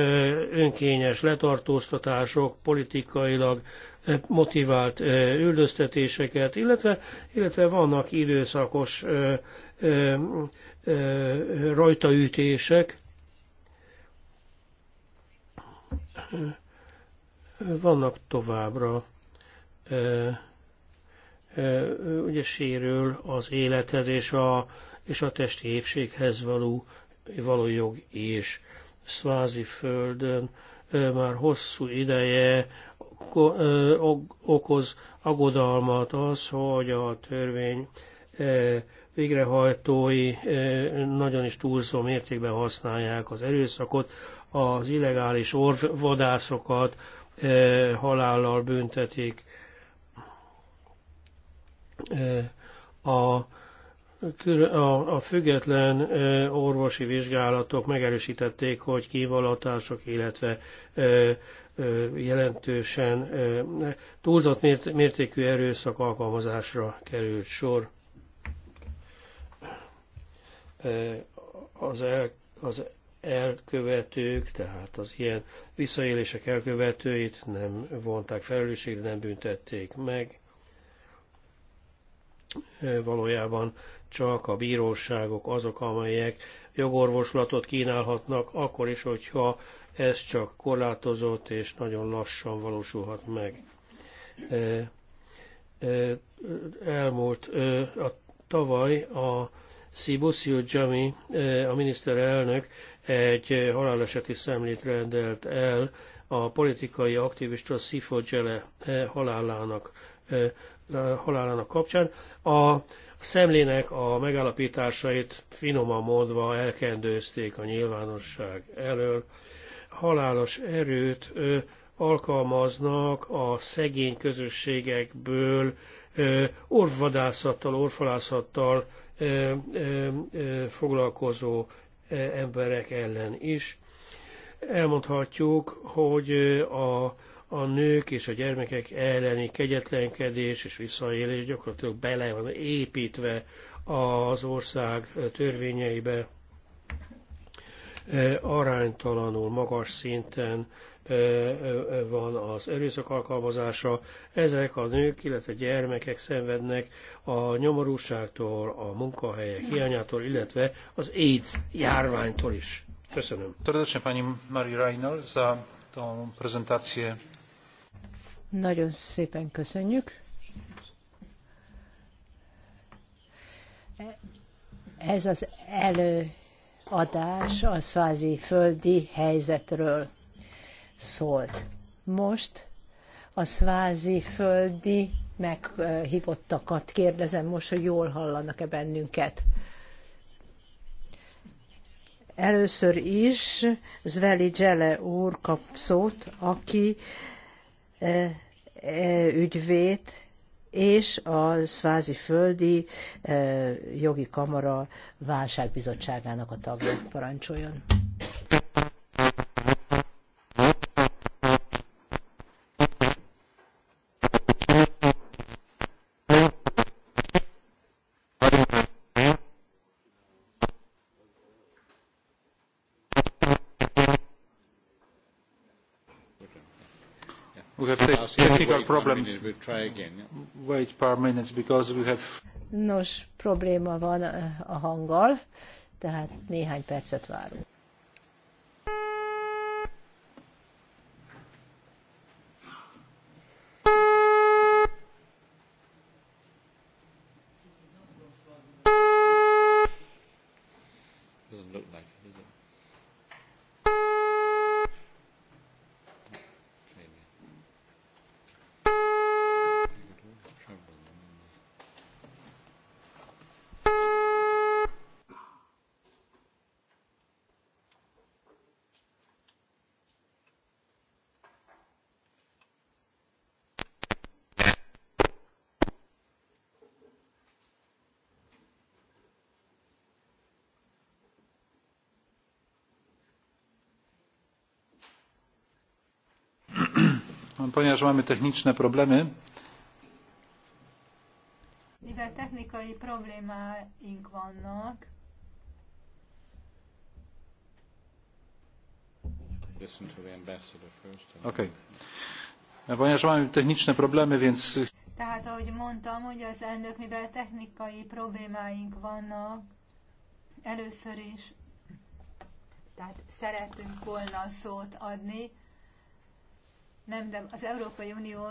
önkényes letartóztatások, politikailag motivált üldöztetéseket, illetve, illetve vannak időszakos rajtaütések. Vannak továbbra ugye sérül az élethez és a, és a testi épséghez való, való jog és Szvázi földön már hosszú ideje okoz aggodalmat az, hogy a törvény végrehajtói eh, nagyon is túlszó mértékben használják az erőszakot, az illegális orvvadászokat eh, halállal büntetik. Eh, a, a, a független orvosi vizsgálatok megerősítették, hogy kivalatások, illetve jelentősen túlzott mértékű erőszak alkalmazásra került sor az, el, az elkövetők, tehát az ilyen visszaélések elkövetőit nem vonták felelősségre, nem büntették meg. Valójában csak a bíróságok azok, amelyek jogorvoslatot kínálhatnak, akkor is, hogyha ez csak korlátozott és nagyon lassan valósulhat meg. Elmúlt a tavaly a Szibuszio Jami, eh, a miniszterelnök egy eh, haláleseti szemlét rendelt el a politikai aktivista Szifo Jele eh, halálának, halálának kapcsán. A szemlének a megállapításait finoman mondva elkendőzték a nyilvánosság elől. Halálos erőt alkalmaznak a szegény közösségekből orvadászattal, orfalászattal foglalkozó emberek ellen is. Elmondhatjuk, hogy a, a nők és a gyermekek elleni kegyetlenkedés és visszaélés gyakorlatilag bele van építve az ország törvényeibe aránytalanul magas szinten van az erőszak alkalmazása. Ezek a nők, illetve gyermekek szenvednek a nyomorúságtól, a munkahelyek hiányától, illetve az AIDS járványtól is. Köszönöm. Serdecznie pani Mari Reinal za tą prezentację. Nagyon szépen köszönjük. Ez az előadás a szvázi földi helyzetről szólt. Most a szvázi földi meghívottakat kérdezem most, hogy jól hallanak-e bennünket. Először is Zveli Jele úr kap szót, aki e, e, ügyvéd és a Szvázi Földi e, Jogi Kamara Válságbizottságának a tagja. Parancsoljon! We have technical problems. Wait minutes because we have... Nos, probléma van eh, a hanggal, tehát néhány percet várunk. ponieważ mamy techniczne problemy. Mivel technikai problémáink vannak, Listen to the ambassador first. Okay. E, ponieważ mamy techniczne problemy, więc... Tehát, ahogy mondtam, hogy az elnök, mivel technikai problémáink vannak, először is, tehát szeretünk volna szót adni nem, de az Európai Unió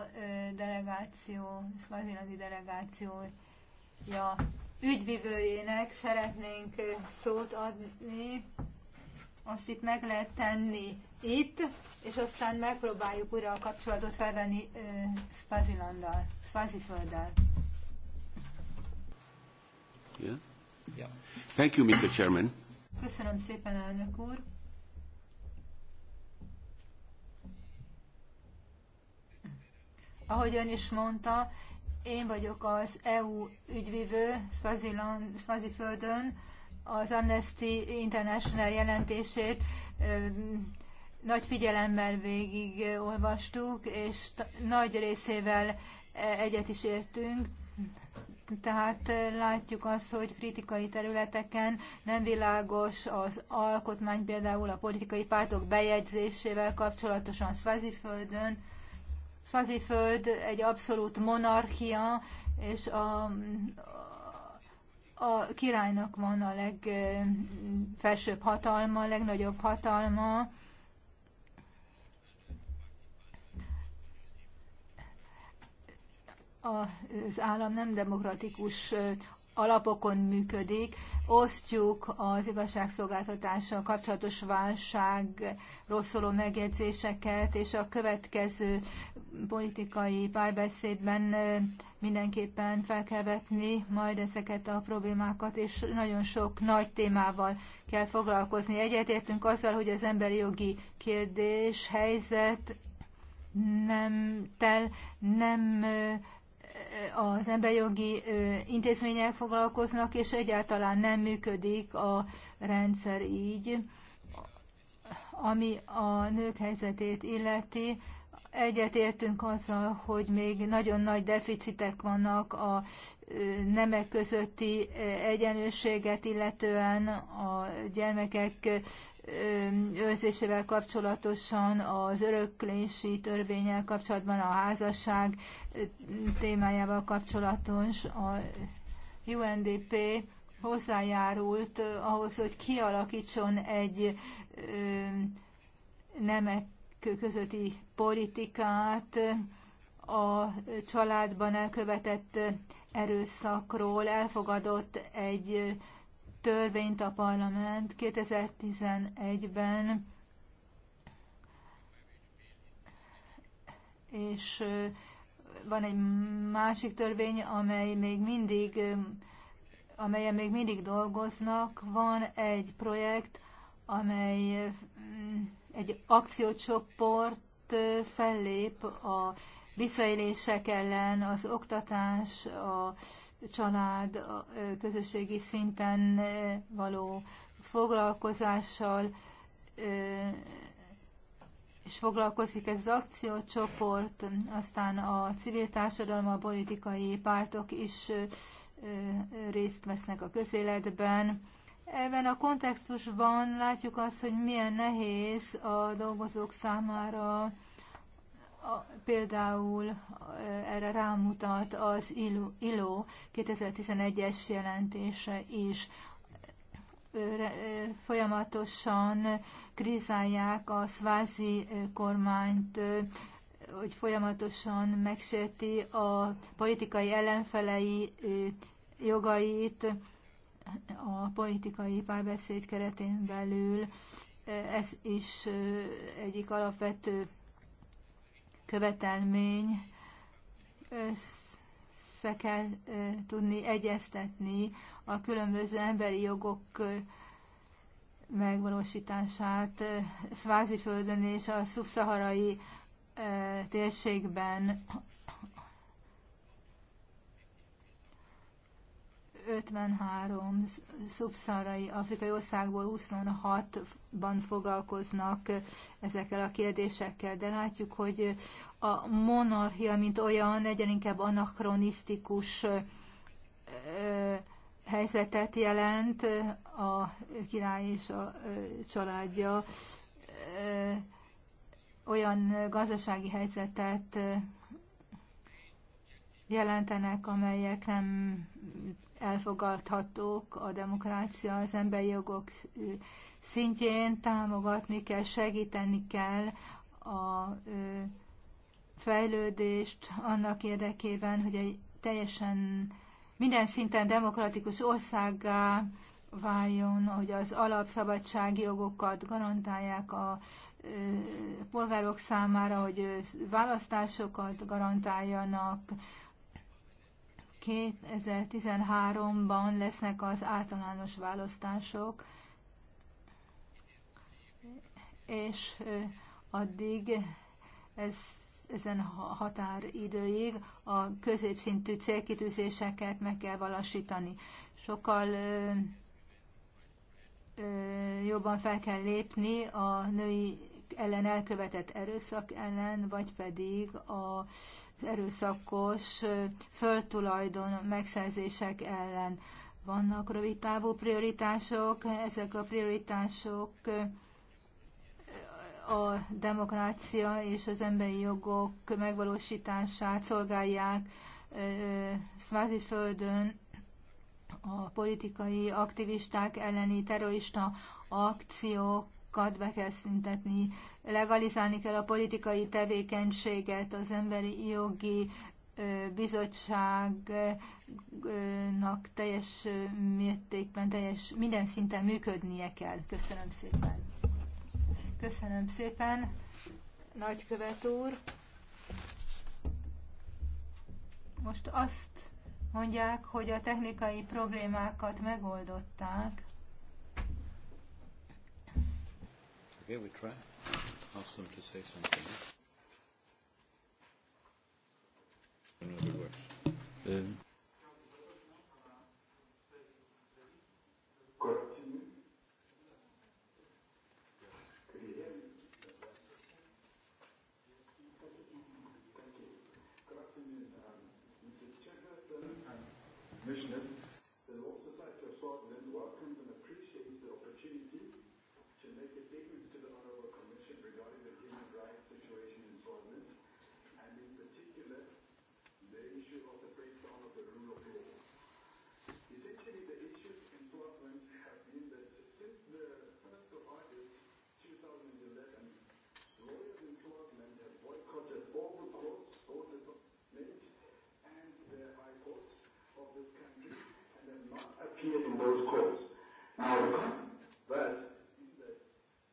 delegáció, szvazilandi delegációja ügyvivőjének szeretnénk szót adni. Azt itt meg lehet tenni itt, és aztán megpróbáljuk újra a kapcsolatot felvenni Svazilanddal, Svazifölddel. Yeah. Yeah. Thank you, Mr. Chairman. Köszönöm szépen, elnök úr. Ahogy ön is mondta, én vagyok az EU ügyvivő Svaziföldön, az Amnesty International jelentését nagy figyelemmel olvastuk és nagy részével e, egyet is értünk, tehát e, látjuk azt, hogy kritikai területeken nem világos az alkotmány, például a politikai pártok bejegyzésével kapcsolatosan Svaziföldön, Svaziföld egy abszolút monarchia, és a, a királynak van a legfelsőbb hatalma, a legnagyobb hatalma. Az állam nem demokratikus alapokon működik. Osztjuk az igazságszolgáltatással kapcsolatos válság rosszoló megjegyzéseket, és a következő politikai párbeszédben mindenképpen fel kell vetni majd ezeket a problémákat, és nagyon sok nagy témával kell foglalkozni. Egyetértünk azzal, hogy az emberi jogi kérdés, helyzet nem tel, nem az emberi jogi intézmények foglalkoznak, és egyáltalán nem működik a rendszer így. Ami a nők helyzetét illeti, Egyetértünk azzal, hogy még nagyon nagy deficitek vannak a nemek közötti egyenlőséget, illetően a gyermekek őrzésével kapcsolatosan, az öröklési törvényel kapcsolatban, a házasság témájával kapcsolatos a UNDP hozzájárult ahhoz, hogy kialakítson egy nemek közötti politikát, a családban elkövetett erőszakról elfogadott egy törvényt a parlament 2011-ben, és van egy másik törvény, amely még mindig, amelyen még mindig dolgoznak. Van egy projekt, amely egy akciócsoport fellép a visszaélések ellen, az oktatás, a család, a közösségi szinten való foglalkozással, és foglalkozik ez az akciócsoport, aztán a civil társadalom, a politikai pártok is részt vesznek a közéletben. Ebben a kontextusban látjuk azt, hogy milyen nehéz a dolgozók számára a, például eh, erre rámutat az ILO 2011-es jelentése is. Folyamatosan krizálják a szvázi eh, kormányt, hogy folyamatosan megsérti a politikai ellenfelei eh, jogait, a politikai párbeszéd keretén belül e, ez is e, egyik alapvető követelmény. Össze kell e, tudni egyeztetni a különböző emberi jogok megvalósítását Szváziföldön és a szubszaharai térségben 53 szubszarai afrikai országból 26-ban foglalkoznak ezekkel a kérdésekkel, de látjuk, hogy a monarchia, mint olyan, egyre inkább anachronisztikus helyzetet jelent a király és a családja olyan gazdasági helyzetet jelentenek, amelyek nem elfogadhatók a demokrácia, az emberi jogok szintjén, támogatni kell, segíteni kell a fejlődést annak érdekében, hogy egy teljesen minden szinten demokratikus országgá váljon, hogy az alapszabadsági jogokat garantálják a polgárok számára, hogy választásokat garantáljanak, 2013-ban lesznek az általános választások, és addig ez, ezen a határidőig a középszintű célkitűzéseket meg kell valósítani. Sokkal jobban fel kell lépni a női ellen elkövetett erőszak ellen, vagy pedig az erőszakos föltulajdon megszerzések ellen. Vannak távú prioritások, ezek a prioritások a demokrácia és az emberi jogok megvalósítását szolgálják földön a politikai aktivisták elleni terrorista akciók erőszakat be kell szüntetni, legalizálni kell a politikai tevékenységet, az emberi jogi bizottságnak teljes mértékben, teljes minden szinten működnie kell. Köszönöm szépen. Köszönöm szépen, nagykövet úr. Most azt mondják, hogy a technikai problémákat megoldották. Okay, we try. Ask them to say something. Another word. Um. appeared in those courts. Now, the that that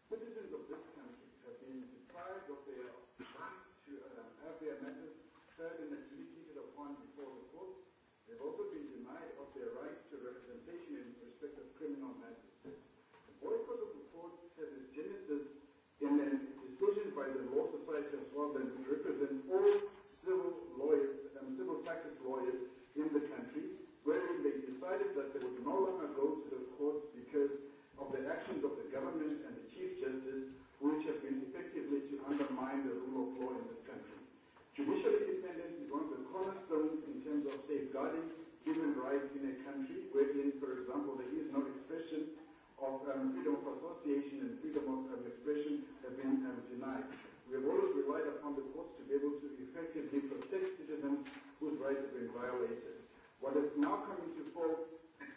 citizens of this country have been deprived of their right to um, have their matters heard and adjudicated upon before the court. They've also been denied of their right to representation in respect of criminal matters. The boycott of the court has its genesis in a decision by the Law Society of Swaziland, to represent all civil lawyers and um, civil practice lawyers in the country decided that they would no longer go to the court because of the actions of the government and the Chief Justice, which have been effectively to undermine the rule of law in this country. Judicial independence is one of the cornerstones in terms of safeguarding human rights in a country wherein, for example, there is no expression of um, freedom of association and freedom of um, expression have been um, denied. We have always relied upon the courts to be able to effectively protect citizens whose rights have been violated. What is now coming to fall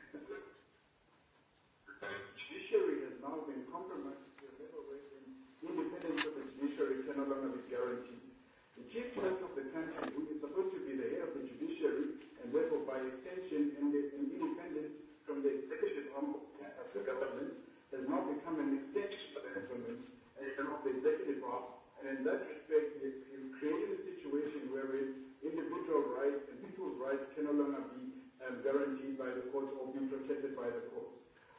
judiciary has now been compromised to a level where the independence of the judiciary can no longer be guaranteed. The chief judge of the country, who is supposed to be the head of the judiciary, and therefore by extension and, the, and independent from the executive arm of the government, has now become an extension of the government and of the executive arm. And in that respect, you create a situation wherein individual rights rights can no longer be um, guaranteed by the court or be protected by the court.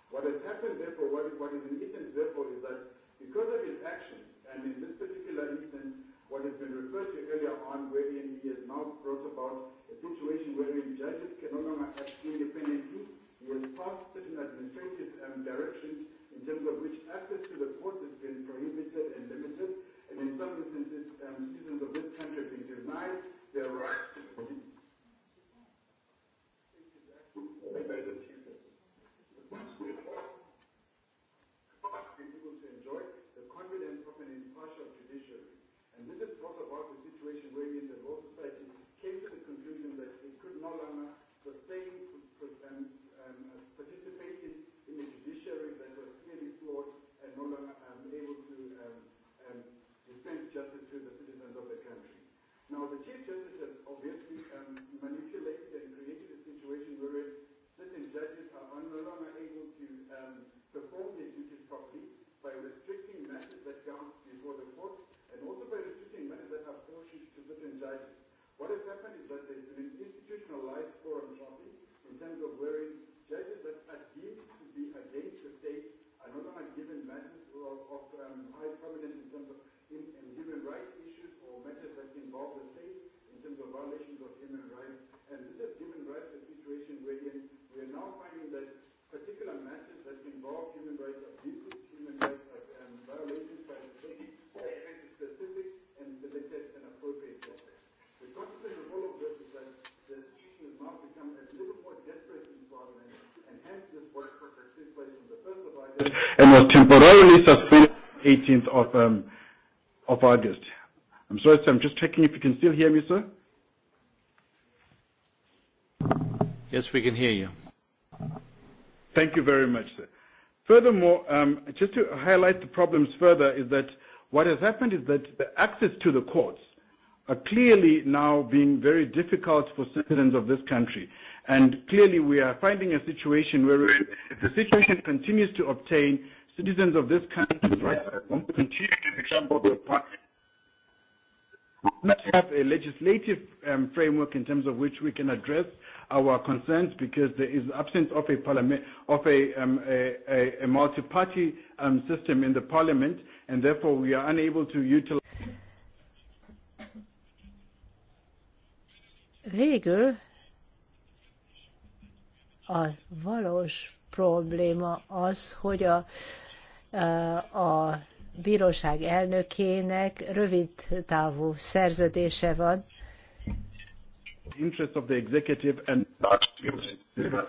What has happened, therefore, what, is, what is in essence, therefore, is that because of his actions, and in this particular instance, what has been referred to earlier on, wherein he has now brought about a situation wherein judges can no longer act independently, he has passed certain administrative um, directions in terms of which access to the court has been prohibited and limited, and in some instances, um, citizens of this country have been denied their rights politicians have obviously um, manipulated and created a situation where certain judges are no longer able to um, perform their duties properly by restricting matters that come before the court and also by restricting matters that are portioned to certain judges. What has happened is that there's been an institutionalized forum shopping in terms of where judges that are deemed to be against the state are no longer given matters of, of um, high prominence in terms of in, in human rights issues or matters that involve the state violations of human rights. And this human rights, a situation wherein we are now finding that particular matters that involve human rights abuses, human rights um, violations by the state, are specific and selected and appropriate process. The consequence of all of this is that the situation has now become a little more desperate in Parliament, and hence this boycott that took place on the first of August and was temporarily suspended 18th of, um, of August. I'm sorry, sir. I'm just checking if you can still hear me, sir. Yes, we can hear you. Thank you very much, sir. Furthermore, um, just to highlight the problems further is that what has happened is that the access to the courts are clearly now being very difficult for citizens of this country. And clearly we are finding a situation where if the situation continues to obtain, citizens of this country rights continue to be trampled upon not have a legislative um, framework in terms of which we can address our concerns because there is absence of a parliament of a, um, a, a, a multi-party um, system in the parliament, and therefore we are unable to utilize. Végül a valós probléma az, hogy a, a, a bíróság elnökének rövid távú szerződése van, the interests of the executive and judiciary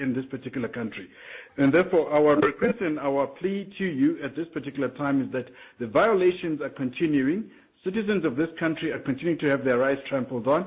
in this particular country. And therefore, our request and our plea to you at this particular time is that the violations are continuing. Citizens of this country are continuing to have their rights trampled on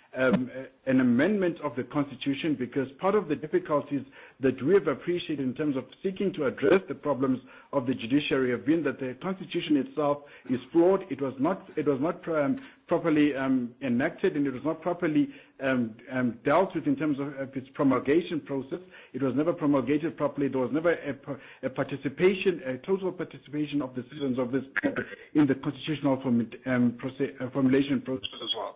Um, an amendment of the Constitution because part of the difficulties that we have appreciated in terms of seeking to address the problems of the judiciary have been that the Constitution itself is flawed. It was not, it was not um, properly um, enacted and it was not properly um, um, dealt with in terms of its promulgation process. It was never promulgated properly. There was never a, a participation, a total participation of the citizens of this in the constitutional form, um, uh, formulation process as well.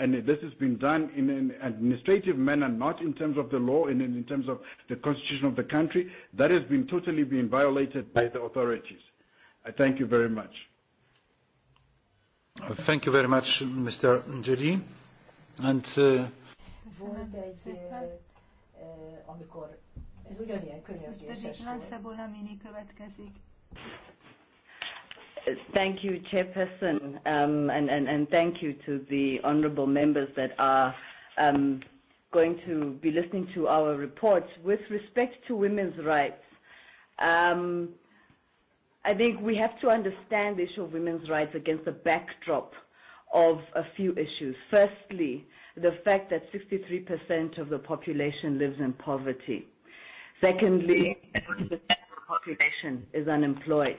And this has been done in an administrative manner, not in terms of the law and in terms of the constitution of the country. That has been totally been violated by the authorities. I thank you very much. Thank you very much, Mr. Njeri. And, uh... Volt egy, uh, amikor ez ugyanilyen könyörgéses volt. pedig következik. Thank you, Chairperson, um, and, and, and thank you to the honourable members that are um, going to be listening to our report. With respect to women's rights, um, I think we have to understand the issue of women's rights against the backdrop of a few issues. Firstly, the fact that 63% of the population lives in poverty. Secondly, 40% of the population is unemployed.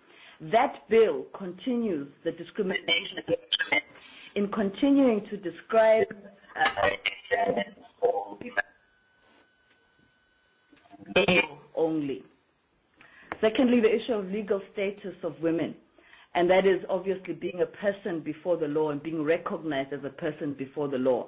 That bill continues the discrimination in continuing to describe uh, only. Secondly, the issue of legal status of women, and that is obviously being a person before the law and being recognized as a person before the law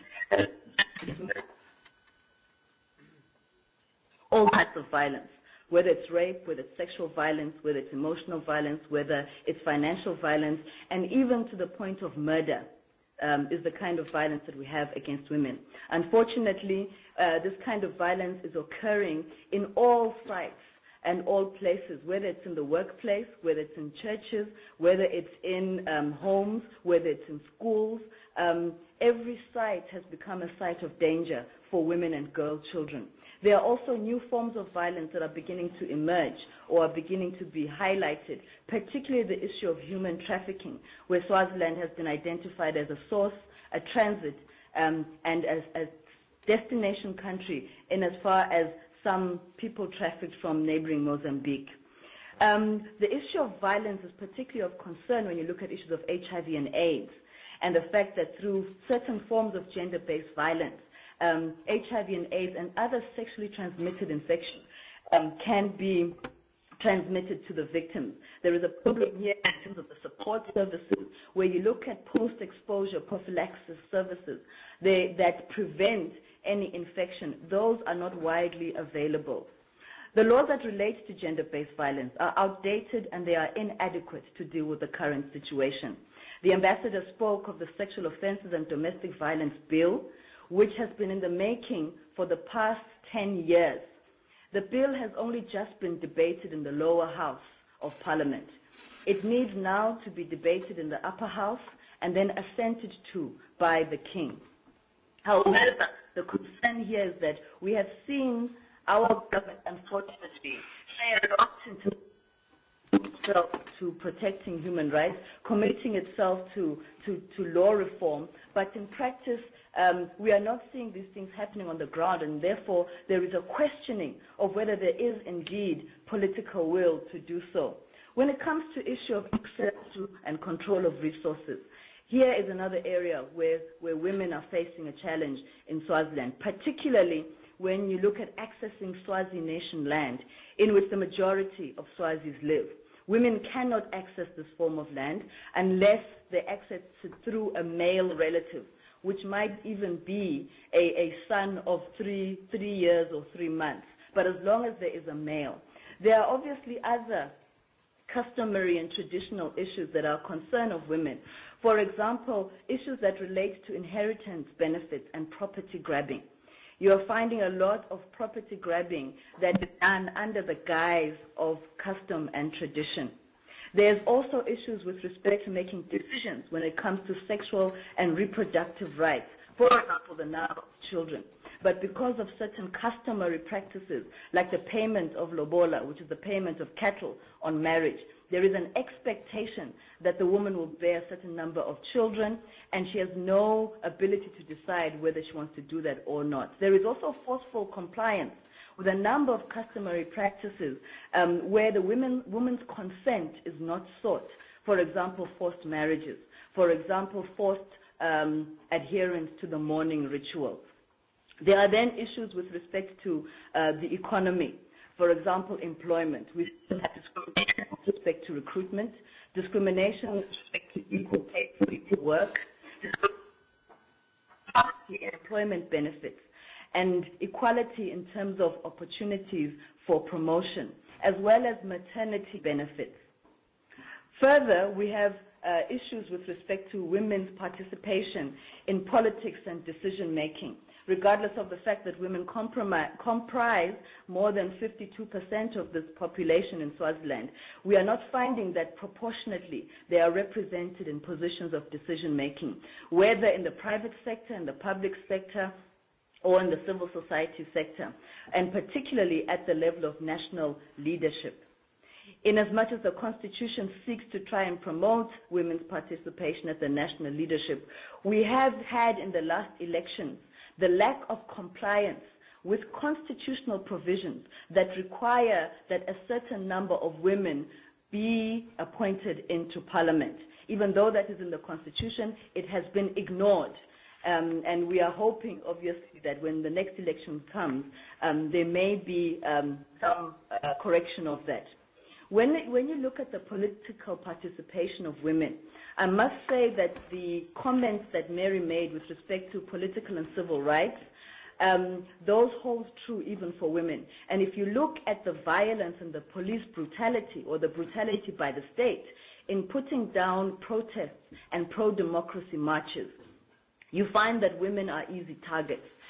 all types of violence, whether it's rape, whether it's sexual violence, whether it's emotional violence, whether it's financial violence, and even to the point of murder um, is the kind of violence that we have against women. Unfortunately, uh, this kind of violence is occurring in all sites and all places, whether it's in the workplace, whether it's in churches, whether it's in um, homes, whether it's in schools. Um, Every site has become a site of danger for women and girl children. There are also new forms of violence that are beginning to emerge or are beginning to be highlighted, particularly the issue of human trafficking, where Swaziland has been identified as a source, a transit, um, and as a destination country in as far as some people trafficked from neighboring Mozambique. Um, the issue of violence is particularly of concern when you look at issues of HIV and AIDS and the fact that through certain forms of gender-based violence, um, HIV and AIDS and other sexually transmitted infections um, can be transmitted to the victims. There is a problem here in terms of the support services, where you look at post-exposure prophylaxis services they, that prevent any infection. Those are not widely available. The laws that relate to gender-based violence are outdated and they are inadequate to deal with the current situation. The ambassador spoke of the Sexual Offences and Domestic Violence Bill, which has been in the making for the past 10 years. The bill has only just been debated in the lower house of parliament. It needs now to be debated in the upper house and then assented to by the king. However, the concern here is that we have seen our government, unfortunately, say a lot to itself to protecting human rights, committing itself to, to, to law reform. But in practice, um, we are not seeing these things happening on the ground, and therefore there is a questioning of whether there is indeed political will to do so. When it comes to issue of access to and control of resources, here is another area where, where women are facing a challenge in Swaziland, particularly when you look at accessing Swazi nation land in which the majority of Swazis live. Women cannot access this form of land unless they access it through a male relative, which might even be a, a son of three, three years or three months, but as long as there is a male. There are obviously other customary and traditional issues that are a concern of women. For example, issues that relate to inheritance benefits and property grabbing You are finding a lot of property grabbing that is done under the guise of custom and tradition. There's also issues with respect to making decisions when it comes to sexual and reproductive rights, for example, the now of children. But because of certain customary practices, like the payment of lobola, which is the payment of cattle on marriage, there is an expectation that the woman will bear a certain number of children and she has no ability to decide whether she wants to do that or not. There is also forceful compliance with a number of customary practices um, where the women, woman's consent is not sought. For example, forced marriages. For example, forced um, adherence to the mourning ritual. There are then issues with respect to uh, the economy. For example, employment. We have discrimination with respect to recruitment, discrimination with respect to equal pay for equal work, employment benefits and equality in terms of opportunities for promotion, as well as maternity benefits. Further, we have uh, issues with respect to women's participation in politics and decision making regardless of the fact that women comprise more than 52% of this population in Swaziland. We are not finding that proportionately they are represented in positions of decision making, whether in the private sector, and the public sector, or in the civil society sector, and particularly at the level of national leadership. Inasmuch as the Constitution seeks to try and promote women's participation at the national leadership, we have had in the last elections the lack of compliance with constitutional provisions that require that a certain number of women be appointed into parliament. Even though that is in the constitution, it has been ignored. Um, and we are hoping, obviously, that when the next election comes, um, there may be um, some uh, correction of that. When, when you look at the political participation of women, I must say that the comments that Mary made with respect to political and civil rights, um, those hold true even for women. And if you look at the violence and the police brutality or the brutality by the state in putting down protests and pro-democracy marches, you find that women are easy targets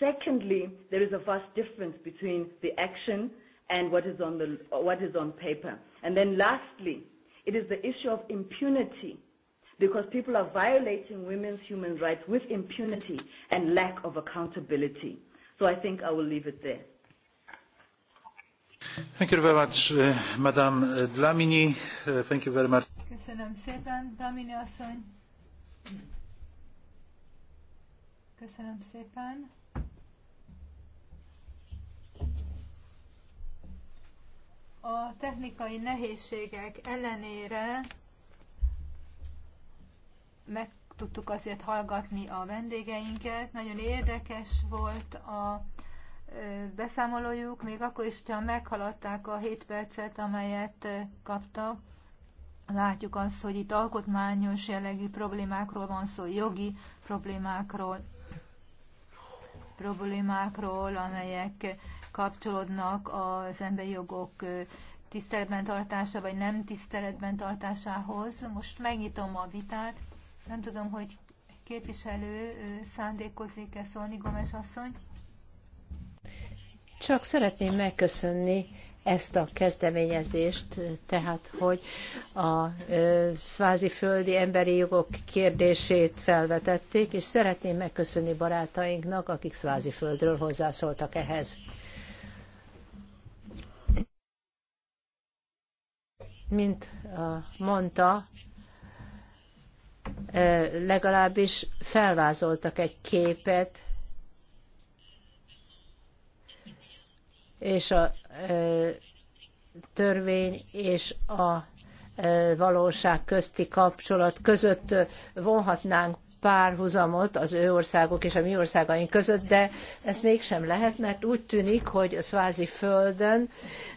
Secondly, there is a vast difference between the action and what is on, the, what is on paper. And then lastly, it is the issue of impunity because people are violating women's human rights with impunity and lack of accountability. So I think I will leave it there. Thank you very much, uh, Madame Dlamini. Uh, thank you very much. Köszönöm szépen, Dlamini asszony. Köszönöm szépen. A technikai nehézségek ellenére meg tudtuk azért hallgatni a vendégeinket. Nagyon érdekes volt a beszámolójuk, még akkor is, ha meghaladták a 7 percet, amelyet kaptak. Látjuk azt, hogy itt alkotmányos jellegű problémákról van szó, jogi problémákról, problémákról, amelyek kapcsolódnak az emberi jogok tiszteletben tartása vagy nem tiszteletben tartásához. Most megnyitom a vitát. Nem tudom, hogy képviselő szándékozik-e szólni, Gomes asszony? Csak szeretném megköszönni ezt a kezdeményezést, tehát hogy a szvázi földi emberi jogok kérdését felvetették, és szeretném megköszönni barátainknak, akik szvázi földről hozzászóltak ehhez. mint mondta, legalábbis felvázoltak egy képet, és a törvény és a valóság közti kapcsolat között vonhatnánk párhuzamot az ő országok és a mi országaink között, de ez mégsem lehet, mert úgy tűnik, hogy a szvázi földön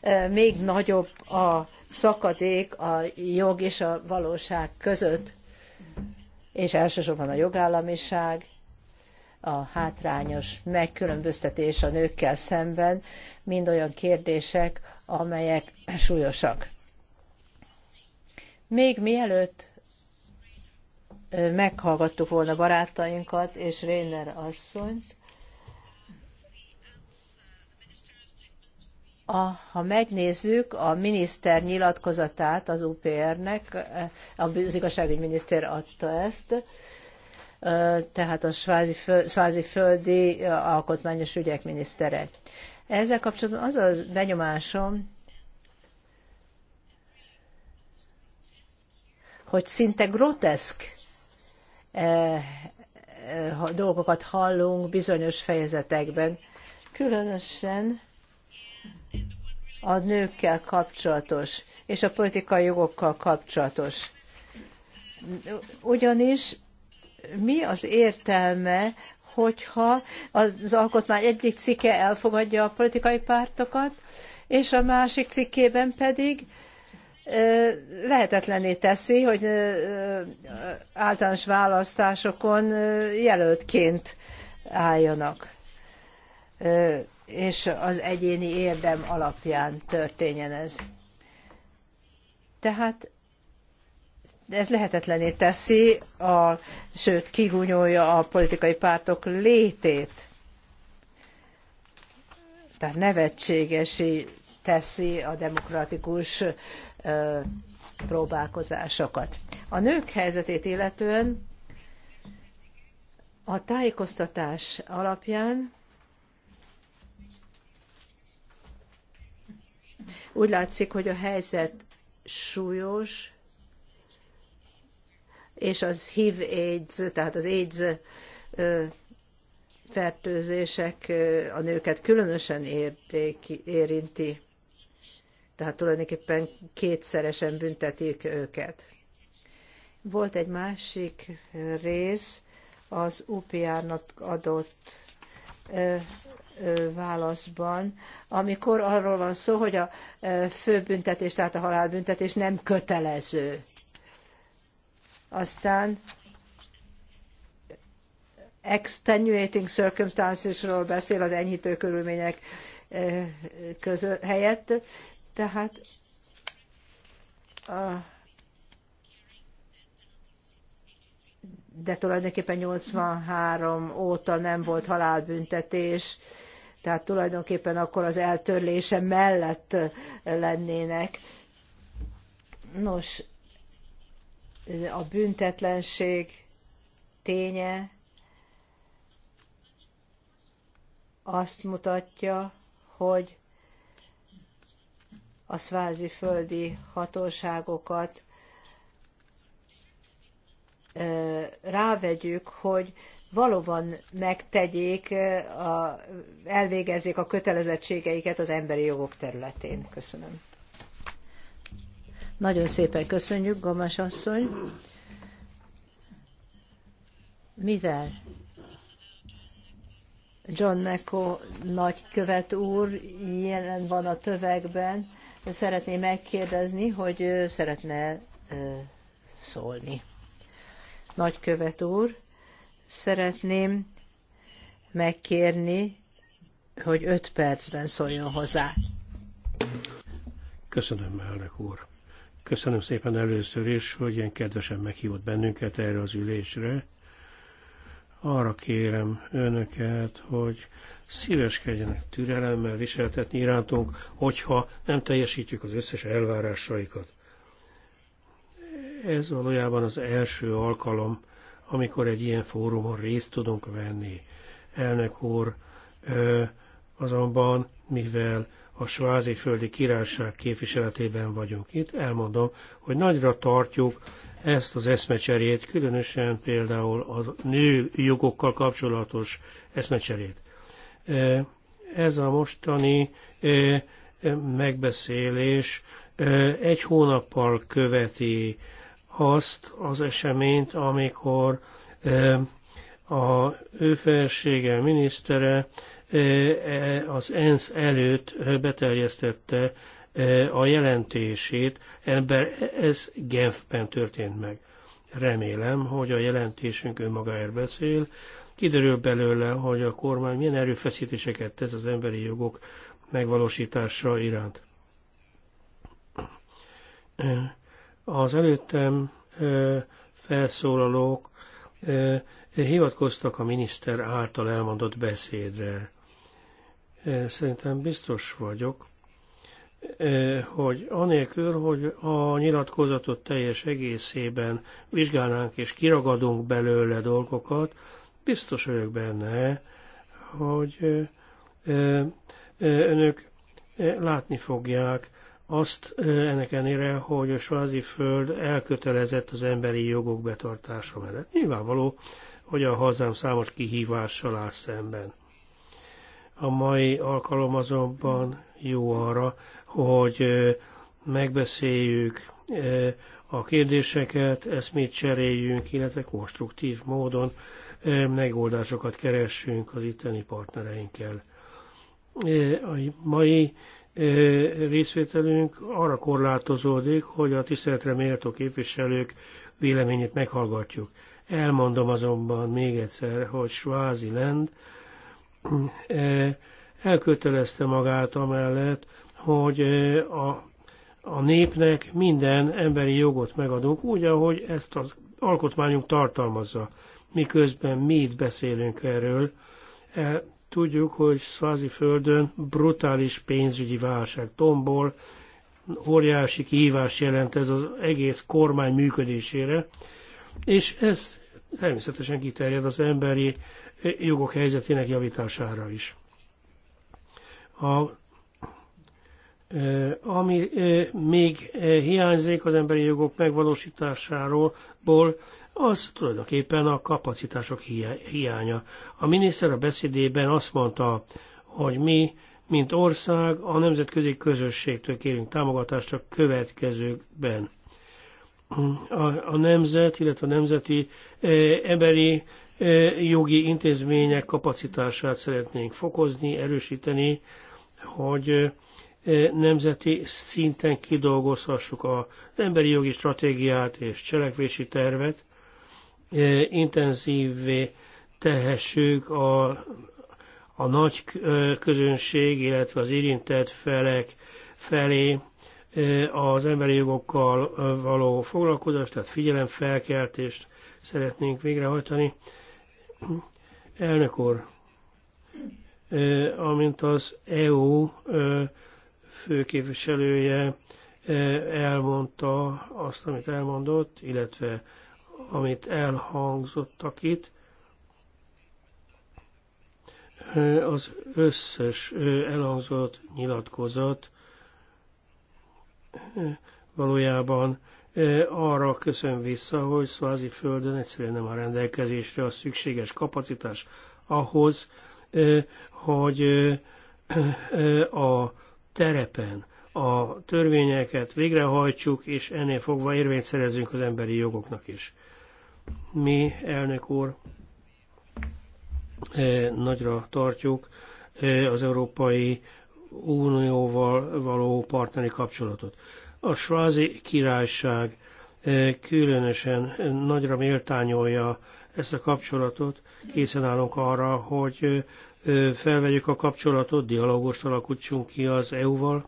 eh, még nagyobb a szakadék a jog és a valóság között, és elsősorban a jogállamiság, a hátrányos megkülönböztetés a nőkkel szemben, mind olyan kérdések, amelyek súlyosak. Még mielőtt meghallgattuk volna barátainkat és Rainer asszonyt, a, ha megnézzük a miniszter nyilatkozatát az UPR-nek, az miniszter adta ezt, tehát a svázi, föl, svázi földi alkotmányos ügyek minisztere. Ezzel kapcsolatban az a benyomásom, hogy szinte groteszk Eh, eh, dolgokat hallunk bizonyos fejezetekben, különösen a nőkkel kapcsolatos, és a politikai jogokkal kapcsolatos. Ugyanis mi az értelme, hogyha az alkotmány egyik cikke elfogadja a politikai pártokat, és a másik cikkében pedig lehetetlené teszi, hogy általános választásokon jelöltként álljanak és az egyéni érdem alapján történjen ez. Tehát ez lehetetlené teszi, a, sőt kigúnyolja a politikai pártok létét. Tehát nevetségesi teszi a demokratikus próbálkozásokat. A nők helyzetét illetően a tájékoztatás alapján úgy látszik, hogy a helyzet súlyos, és az HIV-AIDS, tehát az AIDS fertőzések a nőket különösen érték, érinti. Tehát tulajdonképpen kétszeresen büntetik őket. Volt egy másik rész, az UPR-nak adott válaszban, amikor arról van szó, hogy a főbüntetés, tehát a halálbüntetés nem kötelező. Aztán extenuating circumstances circumstances-ról beszél az enyhítő körülmények között helyett, tehát de tulajdonképpen 83 óta nem volt halálbüntetés, tehát tulajdonképpen akkor az eltörlése mellett lennének. Nos, a büntetlenség ténye azt mutatja, hogy a szvázi földi hatóságokat rávegyük, hogy valóban megtegyék, a, elvégezzék a kötelezettségeiket az emberi jogok területén. Köszönöm. Nagyon szépen köszönjük, Gomes asszony. Mivel John Meko nagykövet úr jelen van a tövegben, szeretném megkérdezni, hogy szeretne szólni. Nagykövet úr, szeretném megkérni, hogy öt percben szóljon hozzá. Köszönöm, elnök úr. Köszönöm szépen először is, hogy ilyen kedvesen meghívott bennünket erre az ülésre. Arra kérem önöket, hogy szíveskedjenek türelemmel viseltetni irántunk, hogyha nem teljesítjük az összes elvárásaikat. Ez valójában az első alkalom, amikor egy ilyen fórumon részt tudunk venni. Elnök úr, azonban, mivel a földi királyság képviseletében vagyunk itt, elmondom, hogy nagyra tartjuk ezt az eszmecserét, különösen például a nő jogokkal kapcsolatos eszmecserét. E, ez a mostani e, e, megbeszélés egy hónappal követi azt az eseményt, amikor a ő felsége, minisztere az ENSZ előtt beterjesztette a jelentését, ember ez Genfben történt meg. Remélem, hogy a jelentésünk önmagáért beszél, kiderül belőle, hogy a kormány milyen erőfeszítéseket tesz az emberi jogok megvalósítása iránt. Az előttem felszólalók hivatkoztak a miniszter által elmondott beszédre. Szerintem biztos vagyok hogy anélkül, hogy a nyilatkozatot teljes egészében vizsgálnánk és kiragadunk belőle dolgokat, biztos vagyok benne, hogy önök látni fogják azt ennek ennére, hogy a svázi föld elkötelezett az emberi jogok betartása mellett. Nyilvánvaló, hogy a hazám számos kihívással áll szemben. A mai alkalom azonban jó arra, hogy megbeszéljük a kérdéseket, eszmét cseréljünk, illetve konstruktív módon megoldásokat keressünk az itteni partnereinkkel. A mai részvételünk arra korlátozódik, hogy a tiszteletre méltó képviselők véleményét meghallgatjuk. Elmondom azonban még egyszer, hogy Svázi Land elkötelezte magát amellett, hogy a, a népnek minden emberi jogot megadunk, úgy, ahogy ezt az alkotmányunk tartalmazza. Miközben mi itt beszélünk erről, e, tudjuk, hogy Szvázi földön brutális pénzügyi válság tombol, óriási kihívás jelent ez az egész kormány működésére, és ez természetesen kiterjed az emberi jogok helyzetének javítására is. A, ami még hiányzik az emberi jogok megvalósításáról, az tulajdonképpen a kapacitások hiánya. A miniszter a beszédében azt mondta, hogy mi, mint ország, a nemzetközi közösségtől kérünk támogatást a következőkben. A, a nemzet, illetve a nemzeti e, emberi e, jogi intézmények kapacitását szeretnénk fokozni, erősíteni, hogy nemzeti szinten kidolgozhassuk az emberi jogi stratégiát és cselekvési tervet, intenzívvé tehessük a, a nagy közönség, illetve az érintett felek felé az emberi jogokkal való foglalkozást, tehát figyelemfelkeltést szeretnénk végrehajtani. Elnök úr, amint az EU főképviselője elmondta azt, amit elmondott, illetve amit elhangzottak itt, az összes elhangzott nyilatkozat valójában arra köszön vissza, hogy Szvázi földön egyszerűen nem a rendelkezésre a szükséges kapacitás ahhoz, hogy a terepen a törvényeket végrehajtsuk, és ennél fogva érvényt szerezünk az emberi jogoknak is. Mi, elnök úr, nagyra tartjuk az Európai Unióval való partneri kapcsolatot. A svázi királyság különösen nagyra méltányolja ezt a kapcsolatot, készen állunk arra, hogy felvegyük a kapcsolatot, dialógust alakítsunk ki az EU-val,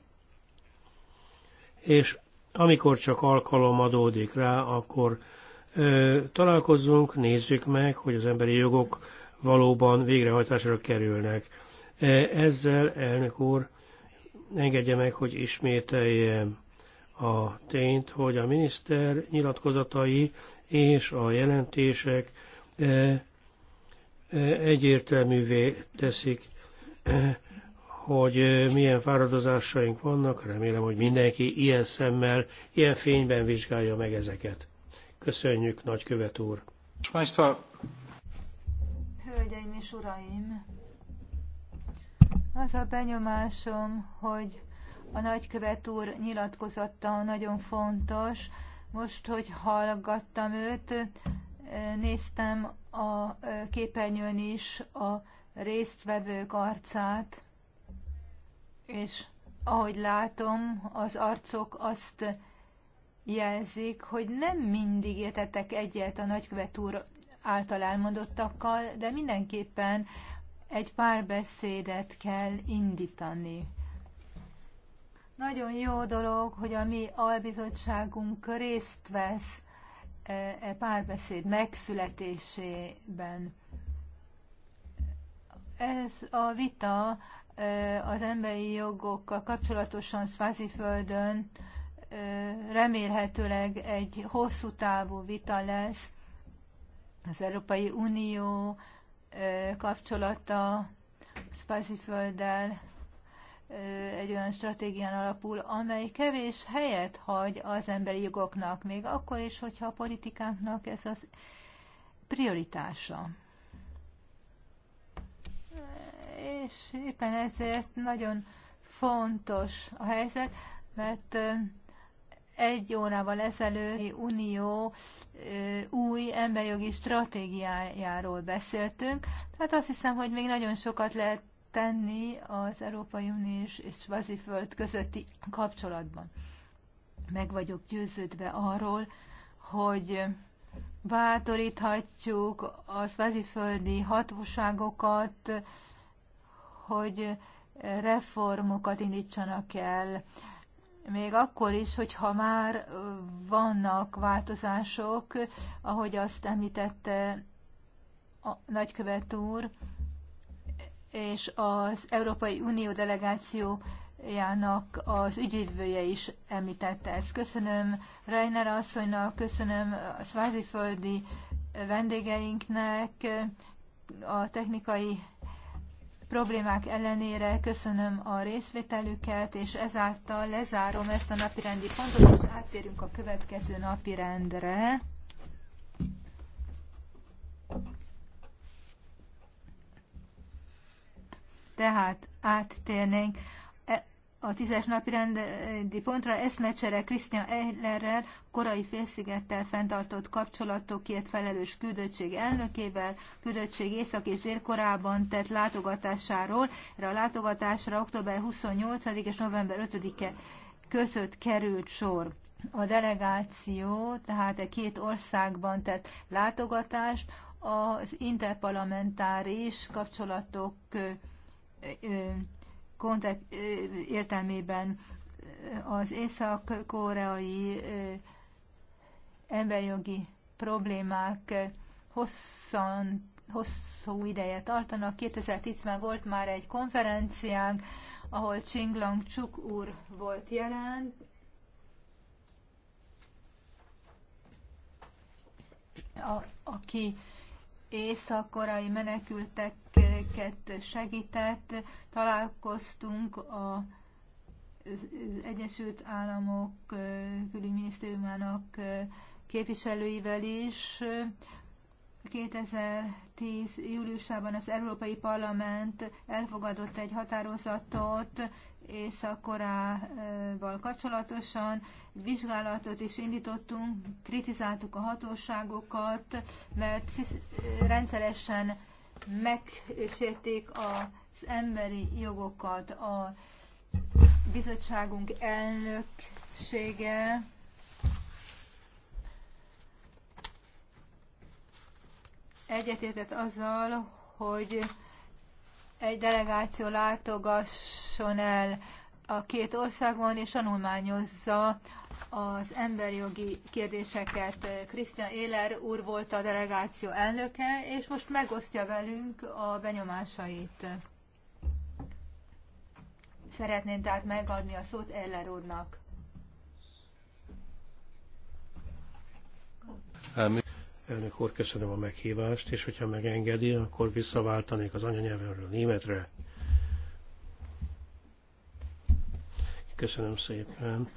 és amikor csak alkalom adódik rá, akkor találkozzunk, nézzük meg, hogy az emberi jogok valóban végrehajtásra kerülnek. Ezzel, elnök úr, engedje meg, hogy ismételjem a tényt, hogy a miniszter nyilatkozatai és a jelentések egyértelművé teszik, hogy milyen fáradozásaink vannak. Remélem, hogy mindenki ilyen szemmel, ilyen fényben vizsgálja meg ezeket. Köszönjük, nagykövet úr! Hölgyeim és uraim! Az a benyomásom, hogy a nagykövet úr nyilatkozatta nagyon fontos. Most, hogy hallgattam őt, néztem a képernyőn is a résztvevők arcát, és ahogy látom, az arcok azt jelzik, hogy nem mindig értettek egyet a nagykövet úr által elmondottakkal, de mindenképpen egy pár beszédet kell indítani. Nagyon jó dolog, hogy a mi albizottságunk részt vesz E, e párbeszéd megszületésében. Ez a vita e, az emberi jogokkal kapcsolatosan Szváziföldön e, remélhetőleg egy hosszú távú vita lesz. Az Európai Unió kapcsolata Szvázifölddel egy olyan stratégián alapul, amely kevés helyet hagy az emberi jogoknak, még akkor is, hogyha a politikánknak ez az prioritása. És éppen ezért nagyon fontos a helyzet, mert egy órával ezelőtt Unió új emberjogi stratégiájáról beszéltünk. Tehát azt hiszem, hogy még nagyon sokat lehet tenni az Európai Unió és Svaziföld közötti kapcsolatban. Meg vagyok győződve arról, hogy bátoríthatjuk a földi hatóságokat, hogy reformokat indítsanak el, még akkor is, hogyha már vannak változások, ahogy azt említette a nagykövet úr, és az Európai Unió delegációjának az ügyvívője is említette ezt. Köszönöm Reiner asszonynak, köszönöm a szváziföldi vendégeinknek a technikai problémák ellenére köszönöm a részvételüket, és ezáltal lezárom ezt a napirendi pontot, és áttérünk a következő napirendre. Tehát áttérnénk e, a tízes napi rendi pontra eszmecsere Krisztián Eilerrel, korai félszigettel fenntartott kapcsolatokért felelős küldöttség elnökével, küldöttség Észak és Dél-Korában tett látogatásáról. Erre a látogatásra október 28 és november 5-e között került sor. A delegáció tehát a e két országban tett látogatást az interparlamentáris kapcsolatok kontakt, értelmében az észak-koreai emberjogi problémák hosszan, hosszú ideje tartanak. 2010-ben volt már egy konferenciánk, ahol Csinglang Csuk úr volt jelen. A, aki északkorai menekülteket segített, találkoztunk a az Egyesült Államok külügyminisztériumának képviselőivel is. 2010. júliusában az Európai Parlament elfogadott egy határozatot Észak-Koreával kapcsolatosan vizsgálatot is indítottunk, kritizáltuk a hatóságokat, mert rendszeresen megsérték az emberi jogokat. A bizottságunk elnöksége egyetértett azzal, hogy egy delegáció látogasson el a két országban, és tanulmányozza az emberi jogi kérdéseket. Krisztián Éler úr volt a delegáció elnöke, és most megosztja velünk a benyomásait. Szeretném tehát megadni a szót Éler úrnak. Elnök úr, köszönöm a meghívást, és hogyha megengedi, akkor visszaváltanék az anyanyelvemről németre. Köszönöm szépen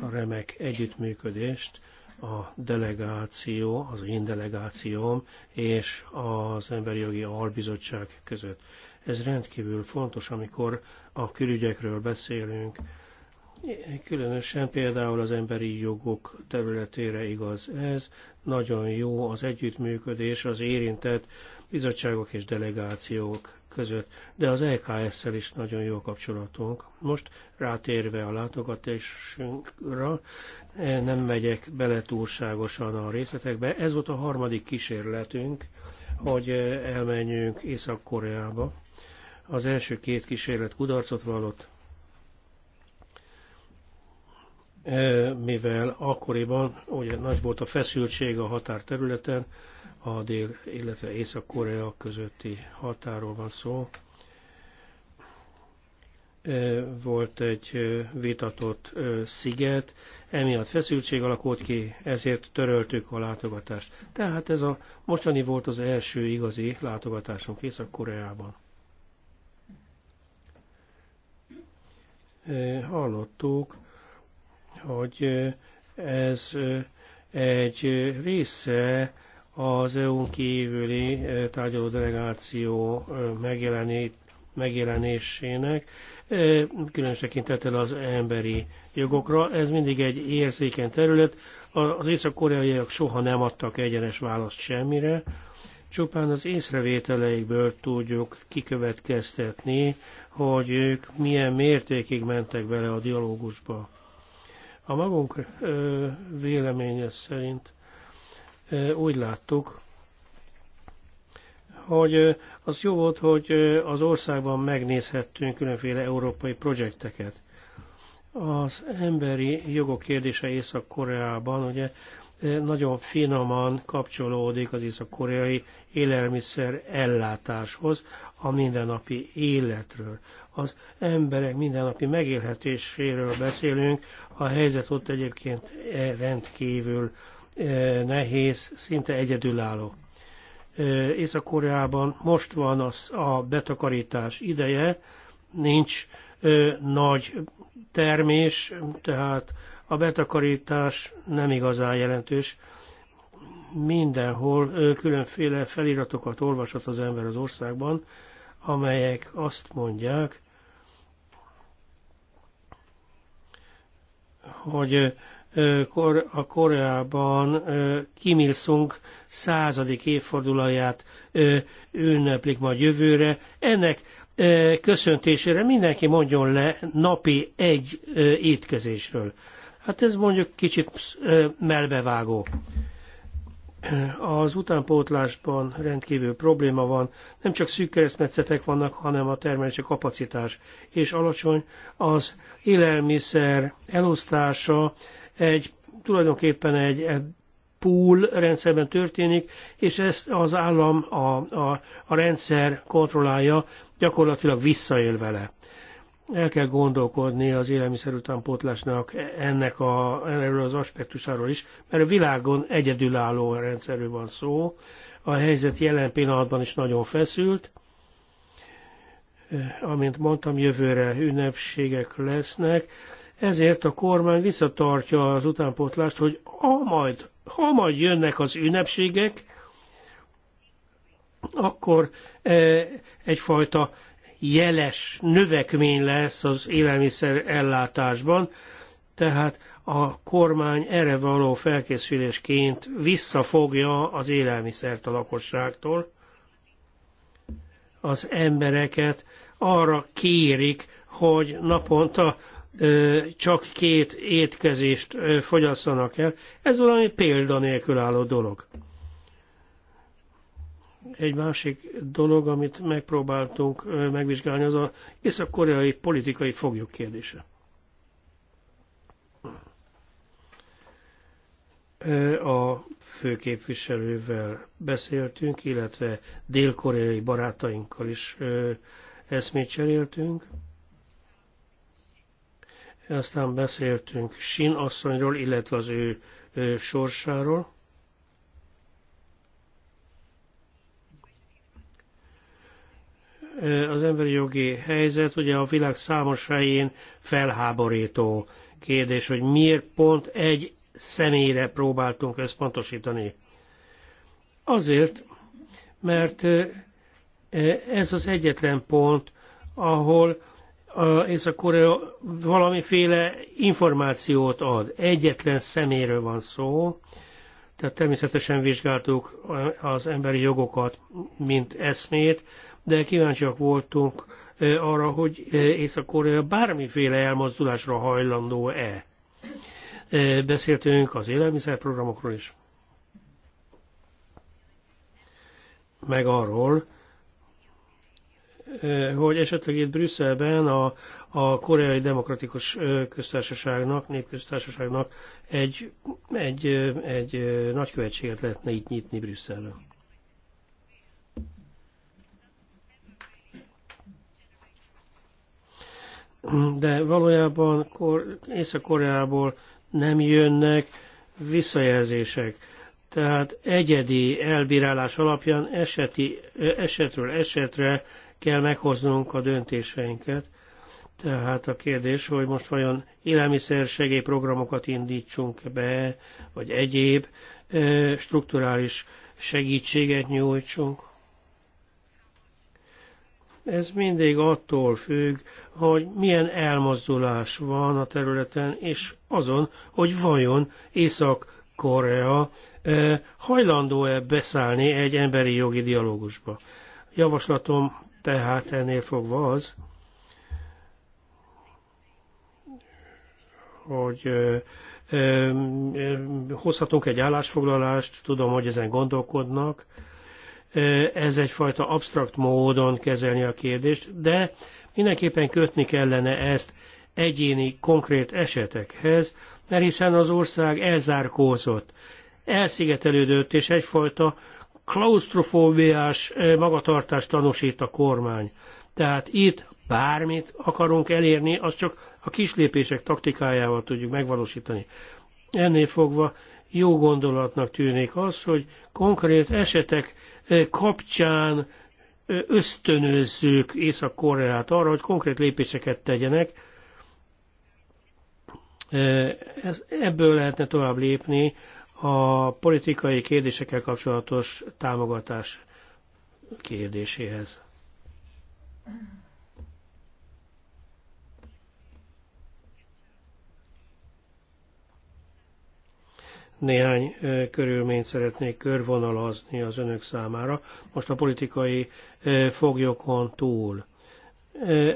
a remek együttműködést a delegáció, az én delegációm és az Emberi Jogi Albizottság között. Ez rendkívül fontos, amikor a külügyekről beszélünk, különösen például az emberi jogok területére igaz ez, nagyon jó az együttműködés az érintett bizottságok és delegációk között, de az EKS-szel is nagyon jó kapcsolatunk. Most rátérve a látogatásunkra, eh, nem megyek bele túlságosan a részletekbe. Ez volt a harmadik kísérletünk, hogy eh, elmenjünk Észak-Koreába. Az első két kísérlet kudarcot vallott, mivel akkoriban ugye nagy volt a feszültség a határterületen, a dél, illetve Észak-Korea közötti határól van szó. Volt egy vitatott sziget, emiatt feszültség alakult ki, ezért töröltük a látogatást. Tehát ez a mostani volt az első igazi látogatásunk Észak-Koreában. Hallottuk, hogy ez egy része az EU-n kívüli tárgyaló delegáció megjelenésének, különös tekintettel az emberi jogokra. Ez mindig egy érzékeny terület. Az észak-koreaiak soha nem adtak egyenes választ semmire, csupán az észrevételeikből tudjuk kikövetkeztetni, hogy ők milyen mértékig mentek bele a dialógusba. A magunk véleménye szerint úgy láttuk, hogy az jó volt, hogy az országban megnézhettünk különféle európai projekteket. Az emberi jogok kérdése Észak-Koreában ugye nagyon finoman kapcsolódik az észak-koreai élelmiszer ellátáshoz, a mindennapi életről az emberek mindennapi megélhetéséről beszélünk, a helyzet ott egyébként e rendkívül e, nehéz, szinte egyedülálló. E, Észak-Koreában most van az a betakarítás ideje, nincs nagy termés, tehát a betakarítás nem igazán jelentős. Mindenhol különféle feliratokat olvashat az ember az országban, amelyek azt mondják, hogy a Koreában Kim il századik évfordulóját ünneplik majd jövőre. Ennek köszöntésére mindenki mondjon le napi egy étkezésről. Hát ez mondjuk kicsit melbevágó. Az utánpótlásban rendkívül probléma van, nem csak szűk keresztmetszetek vannak, hanem a termelési kapacitás és alacsony az élelmiszer elosztása egy tulajdonképpen egy pool rendszerben történik, és ezt az állam, a, a, a rendszer kontrollálja, gyakorlatilag visszaél vele. El kell gondolkodni az utánpótlásnak ennek a, erről az aspektusáról is, mert a világon egyedülálló rendszerről van szó. A helyzet jelen pillanatban is nagyon feszült. Amint mondtam, jövőre ünnepségek lesznek. Ezért a kormány visszatartja az utánpótlást, hogy ha majd, ha majd jönnek az ünnepségek, akkor eh, egyfajta jeles növekmény lesz az élelmiszer ellátásban, tehát a kormány erre való felkészülésként visszafogja az élelmiszert a lakosságtól. Az embereket arra kérik, hogy naponta ö, csak két étkezést ö, fogyasszanak el. Ez valami példanélkül álló dolog. Egy másik dolog, amit megpróbáltunk megvizsgálni, az a észak-koreai politikai foglyok kérdése. A főképviselővel beszéltünk, illetve dél-koreai barátainkkal is eszmét cseréltünk. Aztán beszéltünk Sin asszonyról, illetve az ő, ő sorsáról. az emberi jogi helyzet ugye a világ számos helyén felháborító kérdés, hogy miért pont egy személyre próbáltunk összpontosítani. Azért, mert ez az egyetlen pont, ahol Észak-Korea valamiféle információt ad. Egyetlen szeméről van szó, tehát természetesen vizsgáltuk az emberi jogokat, mint eszmét, de kíváncsiak voltunk arra, hogy Észak-Korea bármiféle elmozdulásra hajlandó-e. Beszéltünk az élelmiszerprogramokról is. Meg arról, hogy esetleg itt Brüsszelben a, a koreai demokratikus köztársaságnak, népköztársaságnak egy, egy, egy nagykövetséget lehetne itt nyitni Brüsszelben. de valójában Észak-Koreából nem jönnek visszajelzések. Tehát egyedi elbírálás alapján eseti, esetről esetre kell meghoznunk a döntéseinket. Tehát a kérdés, hogy most vajon élelmiszer segélyprogramokat indítsunk be, vagy egyéb strukturális segítséget nyújtsunk. Ez mindig attól függ, hogy milyen elmozdulás van a területen, és azon, hogy vajon Észak-Korea hajlandó-e beszállni egy emberi jogi dialógusba. Javaslatom tehát ennél fogva az, hogy hozhatunk egy állásfoglalást, tudom, hogy ezen gondolkodnak, ez egyfajta absztrakt módon kezelni a kérdést, de mindenképpen kötni kellene ezt egyéni, konkrét esetekhez, mert hiszen az ország elzárkózott, elszigetelődött, és egyfajta klaustrofóbiás magatartást tanúsít a kormány. Tehát itt bármit akarunk elérni, azt csak a kislépések taktikájával tudjuk megvalósítani. Ennél fogva jó gondolatnak tűnik az, hogy konkrét esetek kapcsán ösztönözzük Észak-Koreát arra, hogy konkrét lépéseket tegyenek. ebből lehetne tovább lépni a politikai kérdésekkel kapcsolatos támogatás kérdéséhez. néhány körülményt szeretnék körvonalazni az önök számára, most a politikai foglyokon túl.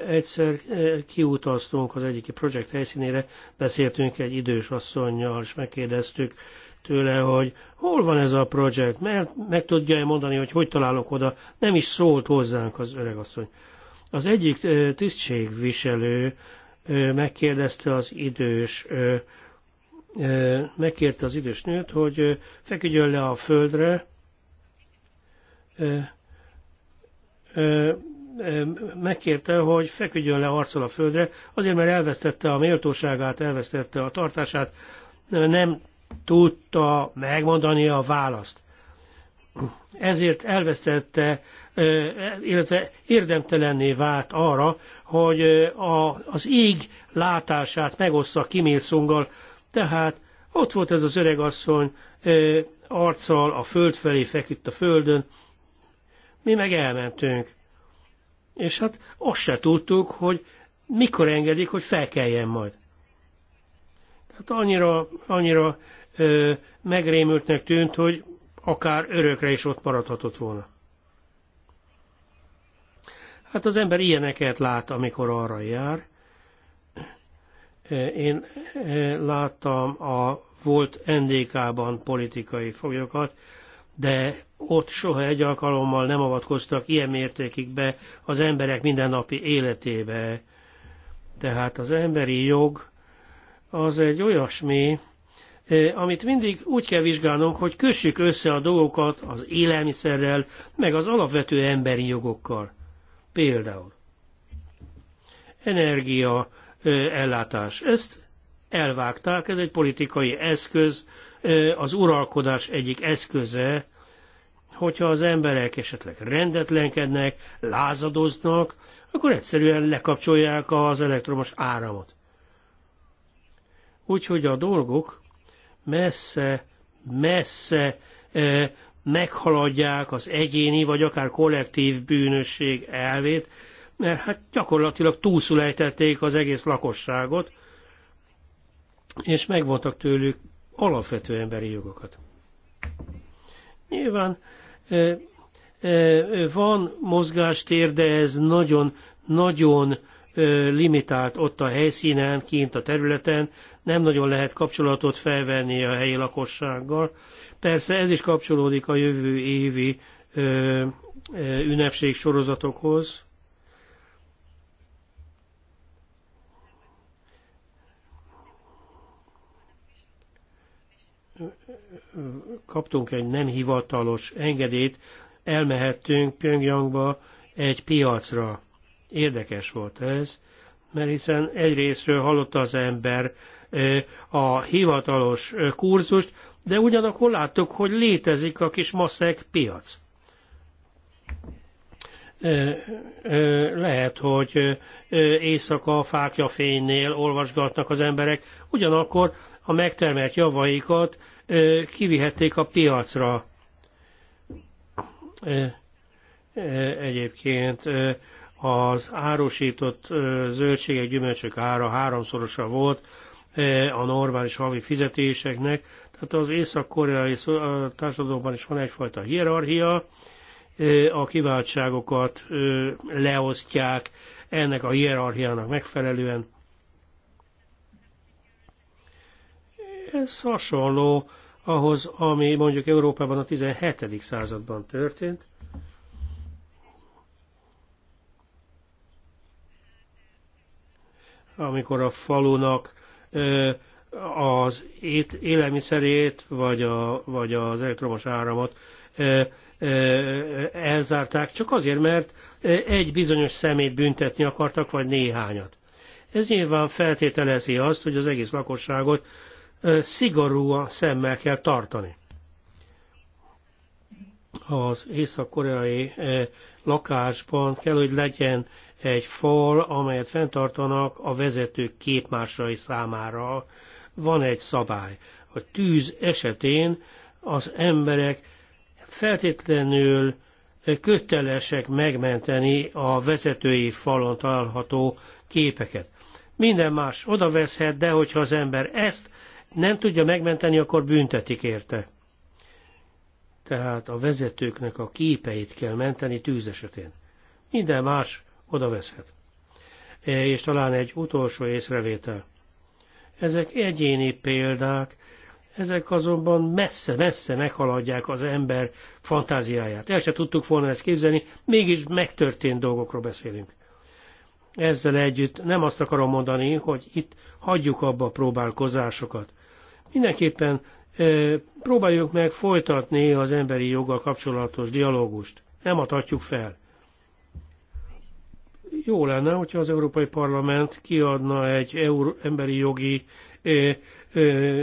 Egyszer kiutaztunk az egyik projekt helyszínére, beszéltünk egy idős asszonynal, és megkérdeztük tőle, hogy hol van ez a projekt, mert meg tudja-e mondani, hogy hogy találok oda, nem is szólt hozzánk az asszony. Az egyik tisztségviselő megkérdezte az idős megkérte az idős nőt, hogy feküdjön le a földre, megkérte, hogy feküdjön le arccal a földre, azért mert elvesztette a méltóságát, elvesztette a tartását, nem tudta megmondani a választ. Ezért elvesztette, illetve érdemtelenné vált arra, hogy az ég látását megoszta Kim tehát ott volt ez az öregasszony, arccal a föld felé feküdt a földön, mi meg elmentünk. És hát azt se tudtuk, hogy mikor engedik, hogy felkeljen majd. Tehát annyira, annyira ö, megrémültnek tűnt, hogy akár örökre is ott maradhatott volna. Hát az ember ilyeneket lát, amikor arra jár. Én eh, láttam a volt NDK-ban politikai foglyokat, de ott soha egy alkalommal nem avatkoztak ilyen mértékig be az emberek mindennapi életébe. Tehát az emberi jog az egy olyasmi, eh, amit mindig úgy kell vizsgálnunk, hogy kössük össze a dolgokat az élelmiszerrel, meg az alapvető emberi jogokkal. Például energia, ellátás. Ezt elvágták, ez egy politikai eszköz, az uralkodás egyik eszköze, hogyha az emberek esetleg rendetlenkednek, lázadoznak, akkor egyszerűen lekapcsolják az elektromos áramot. Úgyhogy a dolgok messze, messze meghaladják az egyéni vagy akár kollektív bűnösség elvét, mert hát gyakorlatilag túlszulejtették az egész lakosságot, és megvontak tőlük alapvető emberi jogokat. Nyilván van mozgástér, de ez nagyon-nagyon limitált ott a helyszínen, kint a területen, nem nagyon lehet kapcsolatot felvenni a helyi lakossággal. Persze ez is kapcsolódik a jövő évi ünnepség sorozatokhoz. kaptunk egy nem hivatalos engedélyt, elmehettünk Pyongyangba egy piacra. Érdekes volt ez, mert hiszen egyrésztről hallotta az ember a hivatalos kurzust, de ugyanakkor láttuk, hogy létezik a kis maszek piac. Lehet, hogy éjszaka a fénynél olvasgatnak az emberek, ugyanakkor a megtermelt javaikat kivihették a piacra. Egyébként az árusított zöldségek, gyümölcsök ára háromszorosa volt a normális havi fizetéseknek, tehát az észak-koreai társadalomban is van egyfajta hierarchia, a kiváltságokat leosztják ennek a hierarchiának megfelelően. Ez hasonló ahhoz, ami mondjuk Európában a 17. században történt. Amikor a falunak az élelmiszerét, vagy, a, vagy az elektromos áramot elzárták, csak azért, mert egy bizonyos szemét büntetni akartak, vagy néhányat. Ez nyilván feltételezi azt, hogy az egész lakosságot szigorúan szemmel kell tartani. Az észak-koreai lakásban kell, hogy legyen egy fal, amelyet fenntartanak a vezetők képmásai számára. Van egy szabály. A tűz esetén az emberek feltétlenül kötelesek megmenteni a vezetői falon található képeket. Minden más odaveszhet, de hogyha az ember ezt nem tudja megmenteni, akkor büntetik érte. Tehát a vezetőknek a képeit kell menteni tűz esetén. Minden más oda veszhet. E, és talán egy utolsó észrevétel. Ezek egyéni példák, ezek azonban messze-messze meghaladják az ember fantáziáját. El se tudtuk volna ezt képzelni, mégis megtörtént dolgokról beszélünk. Ezzel együtt nem azt akarom mondani, hogy itt hagyjuk abba a próbálkozásokat. Mindenképpen próbáljuk meg folytatni az emberi joggal kapcsolatos dialógust. Nem adhatjuk fel. Jó lenne, hogyha az Európai Parlament kiadna egy euró, emberi jogi e, e,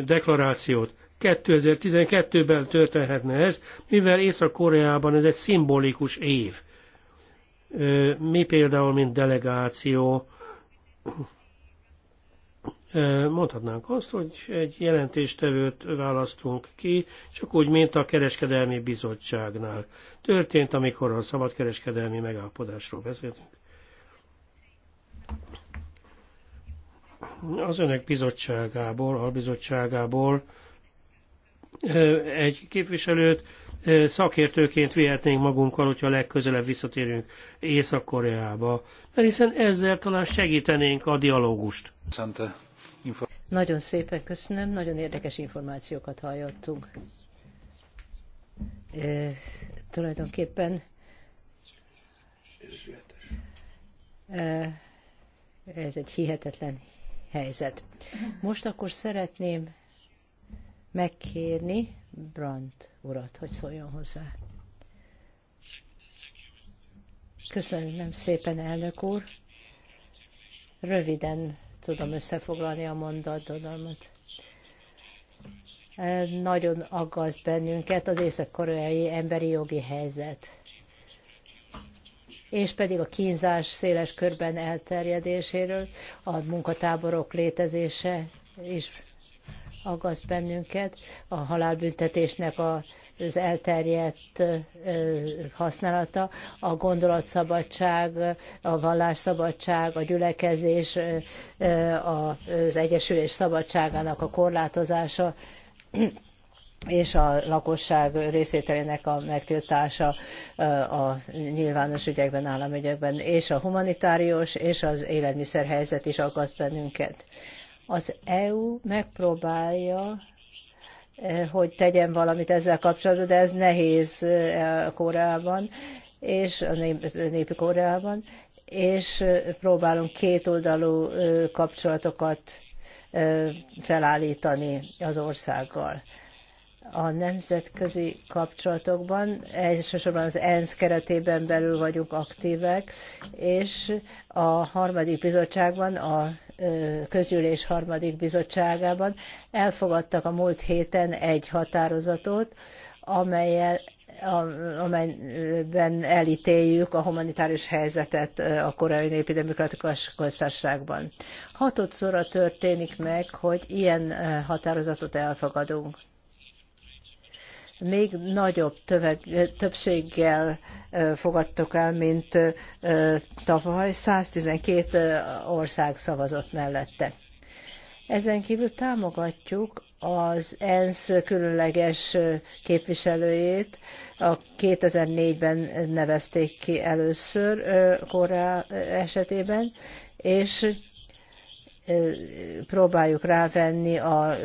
deklarációt. 2012-ben történhetne ez, mivel Észak-Koreában ez egy szimbolikus év. Mi például, mint delegáció, Mondhatnánk azt, hogy egy jelentéstevőt választunk ki, csak úgy, mint a kereskedelmi bizottságnál. Történt, amikor a szabadkereskedelmi megállapodásról beszéltünk. Az önök bizottságából, albizottságából egy képviselőt szakértőként vihetnénk magunkkal, hogyha legközelebb visszatérünk Észak-Koreába, mert hiszen ezzel talán segítenénk a dialógust. Szente. Nagyon szépen köszönöm, nagyon érdekes információkat hallottunk. E, tulajdonképpen e, ez egy hihetetlen helyzet. Most akkor szeretném megkérni Brandt urat, hogy szóljon hozzá. Köszönöm szépen, elnök úr. Röviden tudom összefoglalni a mondatodat, Nagyon aggaszt bennünket az észak-koreai emberi jogi helyzet és pedig a kínzás széles körben elterjedéséről, a munkatáborok létezése is aggaszt bennünket a halálbüntetésnek az elterjedt használata, a gondolatszabadság, a vallásszabadság, a gyülekezés, az egyesülés szabadságának a korlátozása és a lakosság részvételének a megtiltása a nyilvános ügyekben, államügyekben, és a humanitárius, és az élelmiszerhelyzet is aggaszt bennünket. Az EU megpróbálja eh, hogy tegyen valamit ezzel kapcsolatban, de ez nehéz eh, Koreában, és a népi Koreában, és eh, próbálunk kétoldalú kapcsolatokat felállítani az országgal. A nemzetközi kapcsolatokban elsősorban az ENSZ keretében belül vagyunk aktívek, és a harmadik bizottságban a közgyűlés harmadik bizottságában elfogadtak a múlt héten egy határozatot, amelyel amelyben elítéljük a humanitárius helyzetet a koreai népi demokratikus köztársaságban. Hatodszorra történik meg, hogy ilyen határozatot elfogadunk még nagyobb töveg, többséggel fogadtuk el, mint tavaly. 112 ország szavazott mellette. Ezen kívül támogatjuk az ENSZ különleges képviselőjét, a 2004-ben nevezték ki először Korea esetében, és próbáljuk rávenni a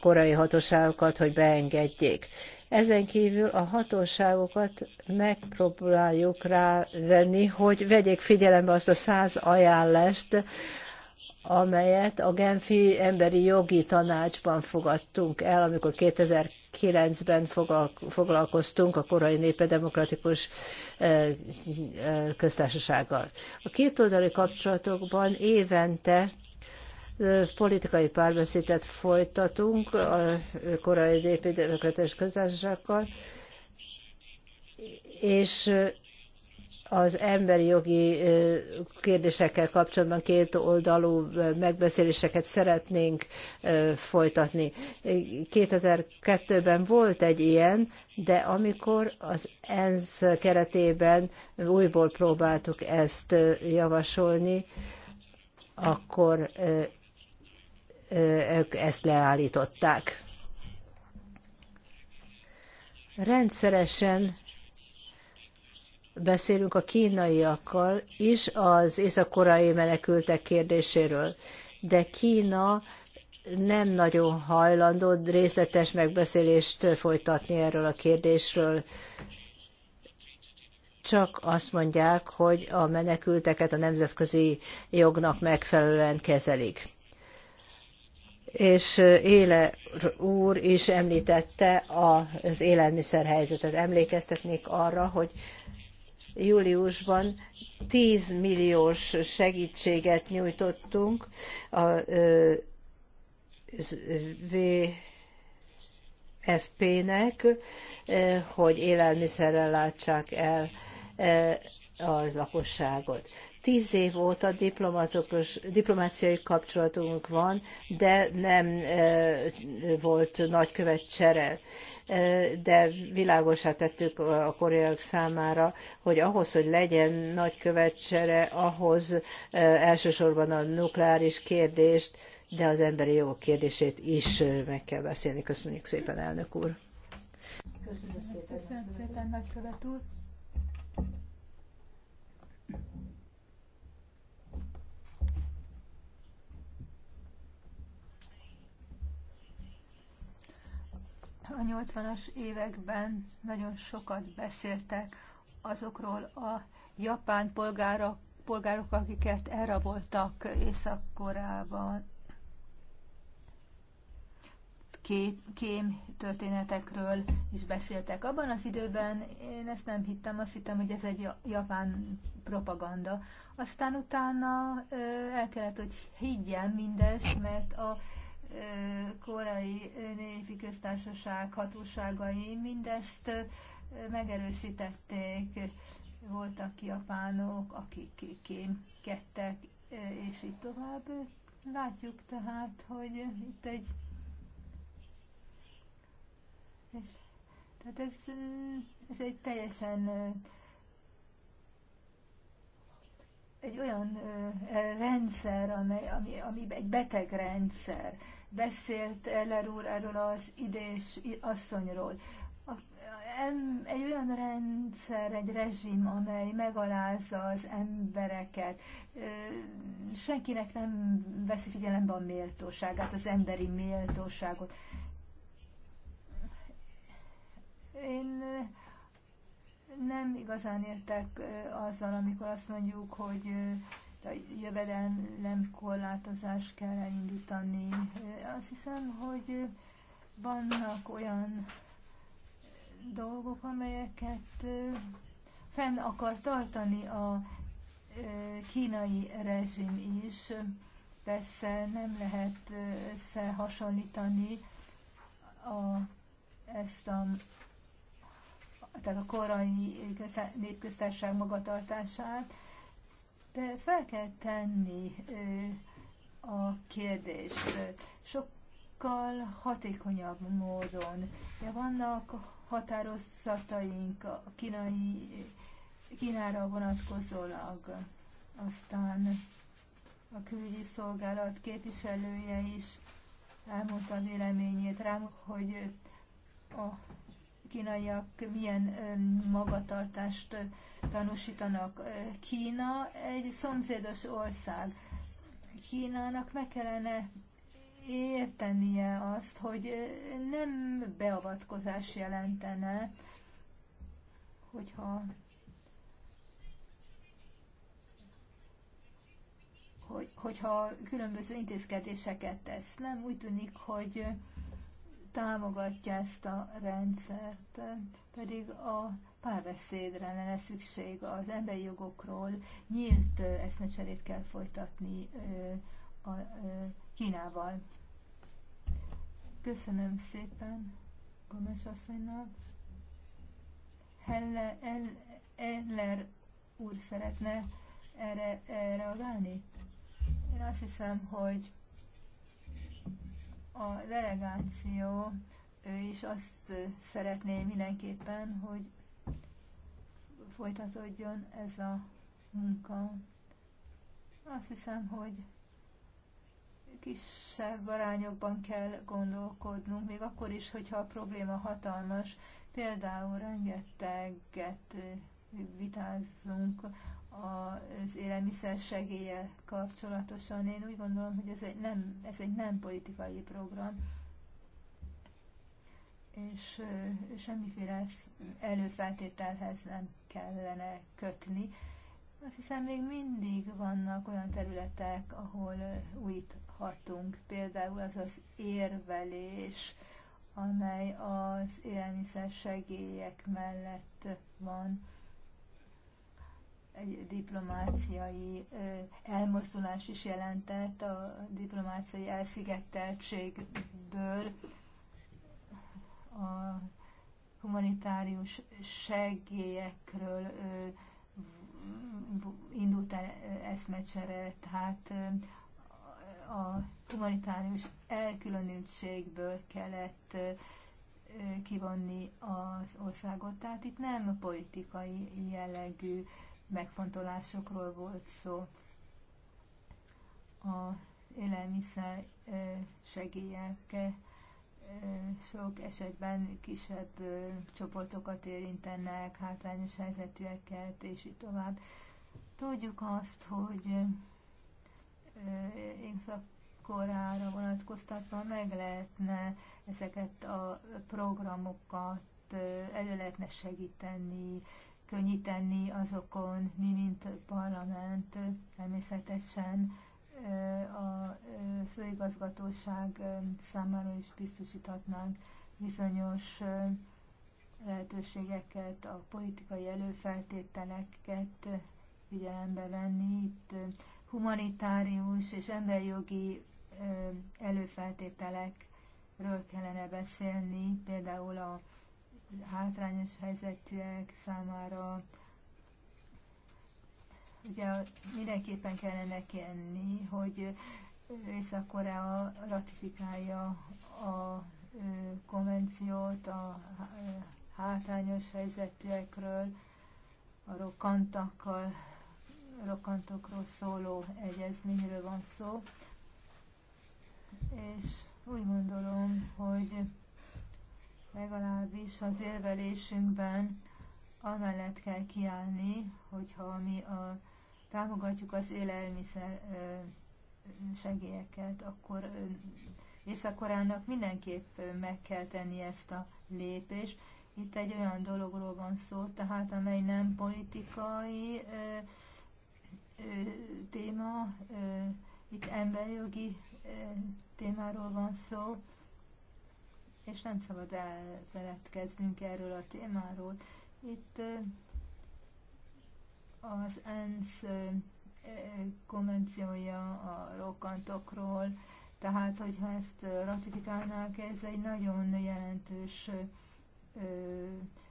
korai hatóságokat, hogy beengedjék. Ezen kívül a hatóságokat megpróbáljuk rávenni, hogy vegyék figyelembe azt a száz ajánlást, amelyet a Genfi Emberi Jogi Tanácsban fogadtunk el, amikor 2009-ben foglalkoztunk a korai népe demokratikus köztársasággal. A kétoldali kapcsolatokban évente politikai párbeszédet folytatunk a korai demokratikus köztársaságokkal, és az emberi jogi kérdésekkel kapcsolatban két oldalú megbeszéléseket szeretnénk folytatni. 2002-ben volt egy ilyen, de amikor az ENSZ keretében újból próbáltuk ezt javasolni, akkor ők ezt leállították. Rendszeresen beszélünk a kínaiakkal is az észak-koreai menekültek kérdéséről, de Kína nem nagyon hajlandó részletes megbeszélést folytatni erről a kérdésről. Csak azt mondják, hogy a menekülteket a nemzetközi jognak megfelelően kezelik és Éle úr is említette az élelmiszerhelyzetet. Emlékeztetnék arra, hogy júliusban 10 milliós segítséget nyújtottunk a VFP-nek, hogy élelmiszerrel látsák el a lakosságot. Tíz év óta diplomáciai kapcsolatunk van, de nem e, volt nagykövet csere. E, de világosá tettük a koreaiak számára, hogy ahhoz, hogy legyen nagykövet csere, ahhoz e, elsősorban a nukleáris kérdést, de az emberi jogok kérdését is meg kell beszélni. Köszönjük szépen, elnök úr! Köszönöm szépen, Köszönöm szépen nagykövet úr! A 80-as években nagyon sokat beszéltek azokról a japán polgárok, polgárok akiket elraboltak Észak-Koreában. Kém, történetekről is beszéltek. Abban az időben én ezt nem hittem, azt hittem, hogy ez egy japán propaganda. Aztán utána el kellett, hogy higgyem mindezt, mert a korai népi köztársaság hatóságai mindezt megerősítették. Voltak japánok, akik kémkedtek, és így tovább. Látjuk tehát, hogy itt egy ez, tehát ez, ez egy teljesen egy olyan rendszer, amely, ami, ami egy beteg rendszer beszélt Eller úr erről az idés asszonyról. Egy olyan rendszer, egy rezsim, amely megalázza az embereket, senkinek nem veszi figyelembe a méltóságát, az emberi méltóságot. Én nem igazán értek azzal, amikor azt mondjuk, hogy a jövedelem korlátozást kell elindítani. Azt hiszem, hogy vannak olyan dolgok, amelyeket fenn akar tartani a kínai rezsim is. Persze nem lehet összehasonlítani a, ezt a tehát a korai népköztársaság magatartását, de fel kell tenni a kérdést sokkal hatékonyabb módon. De vannak határozataink a kínai, Kínára vonatkozólag, aztán a külügyi szolgálat képviselője is elmondta véleményét rám, hogy a kínaiak milyen magatartást tanúsítanak. Kína egy szomszédos ország. Kínának meg kellene értenie azt, hogy nem beavatkozás jelentene, hogyha hogy, hogyha különböző intézkedéseket tesz. Nem úgy tűnik, hogy támogatja ezt a rendszert, pedig a párbeszédre lenne szükség az emberi jogokról, nyílt eszmecserét kell folytatni a Kínával. Köszönöm szépen Gomes asszonynak. El- Eller úr szeretne erre, erre reagálni? Én azt hiszem, hogy a delegáció ő is azt szeretné mindenképpen, hogy folytatódjon ez a munka. Azt hiszem, hogy kisebb arányokban kell gondolkodnunk, még akkor is, hogyha a probléma hatalmas. Például rengeteget vitázunk az élelmiszer segélye kapcsolatosan. Én úgy gondolom, hogy ez egy nem, ez egy nem politikai program, és semmiféle előfeltételhez nem kellene kötni. Azt hiszem, még mindig vannak olyan területek, ahol újíthatunk, például az az érvelés, amely az élelmiszer segélyek mellett van egy diplomáciai elmozdulás is jelentett a diplomáciai elszigeteltségből a humanitárius segélyekről indult el eszmecsere, tehát a humanitárius elkülönültségből kellett kivonni az országot. Tehát itt nem politikai jellegű megfontolásokról volt szó. A élelmiszer segélyek sok esetben kisebb csoportokat érintenek, hátrányos helyzetűeket, és így tovább. Tudjuk azt, hogy korára vonatkoztatva meg lehetne ezeket a programokat elő lehetne segíteni, könnyíteni azokon, mi mint parlament természetesen a főigazgatóság számára is biztosíthatnánk bizonyos lehetőségeket, a politikai előfeltételeket figyelembe venni. Itt humanitárius és emberjogi előfeltételekről kellene beszélni, például a hátrányos helyzetűek számára. Ugye mindenképpen kellene kenni, hogy Észak-Korea ratifikálja a konvenciót a hátrányos helyzetűekről, a rokantakkal, rokantokról szóló egyezményről van szó, és úgy gondolom, hogy legalábbis az érvelésünkben amellett kell kiállni, hogyha mi a, támogatjuk az élelmiszer segélyeket, akkor Észak-Koreának mindenképp meg kell tenni ezt a lépést. Itt egy olyan dologról van szó, tehát amely nem politikai ö, ö, téma, ö, itt emberjogi ö, témáról van szó, és nem szabad elfeledkeznünk erről a témáról. Itt az ENSZ konvenciója a rokkantokról, tehát hogyha ezt ratifikálnák, ez egy nagyon jelentős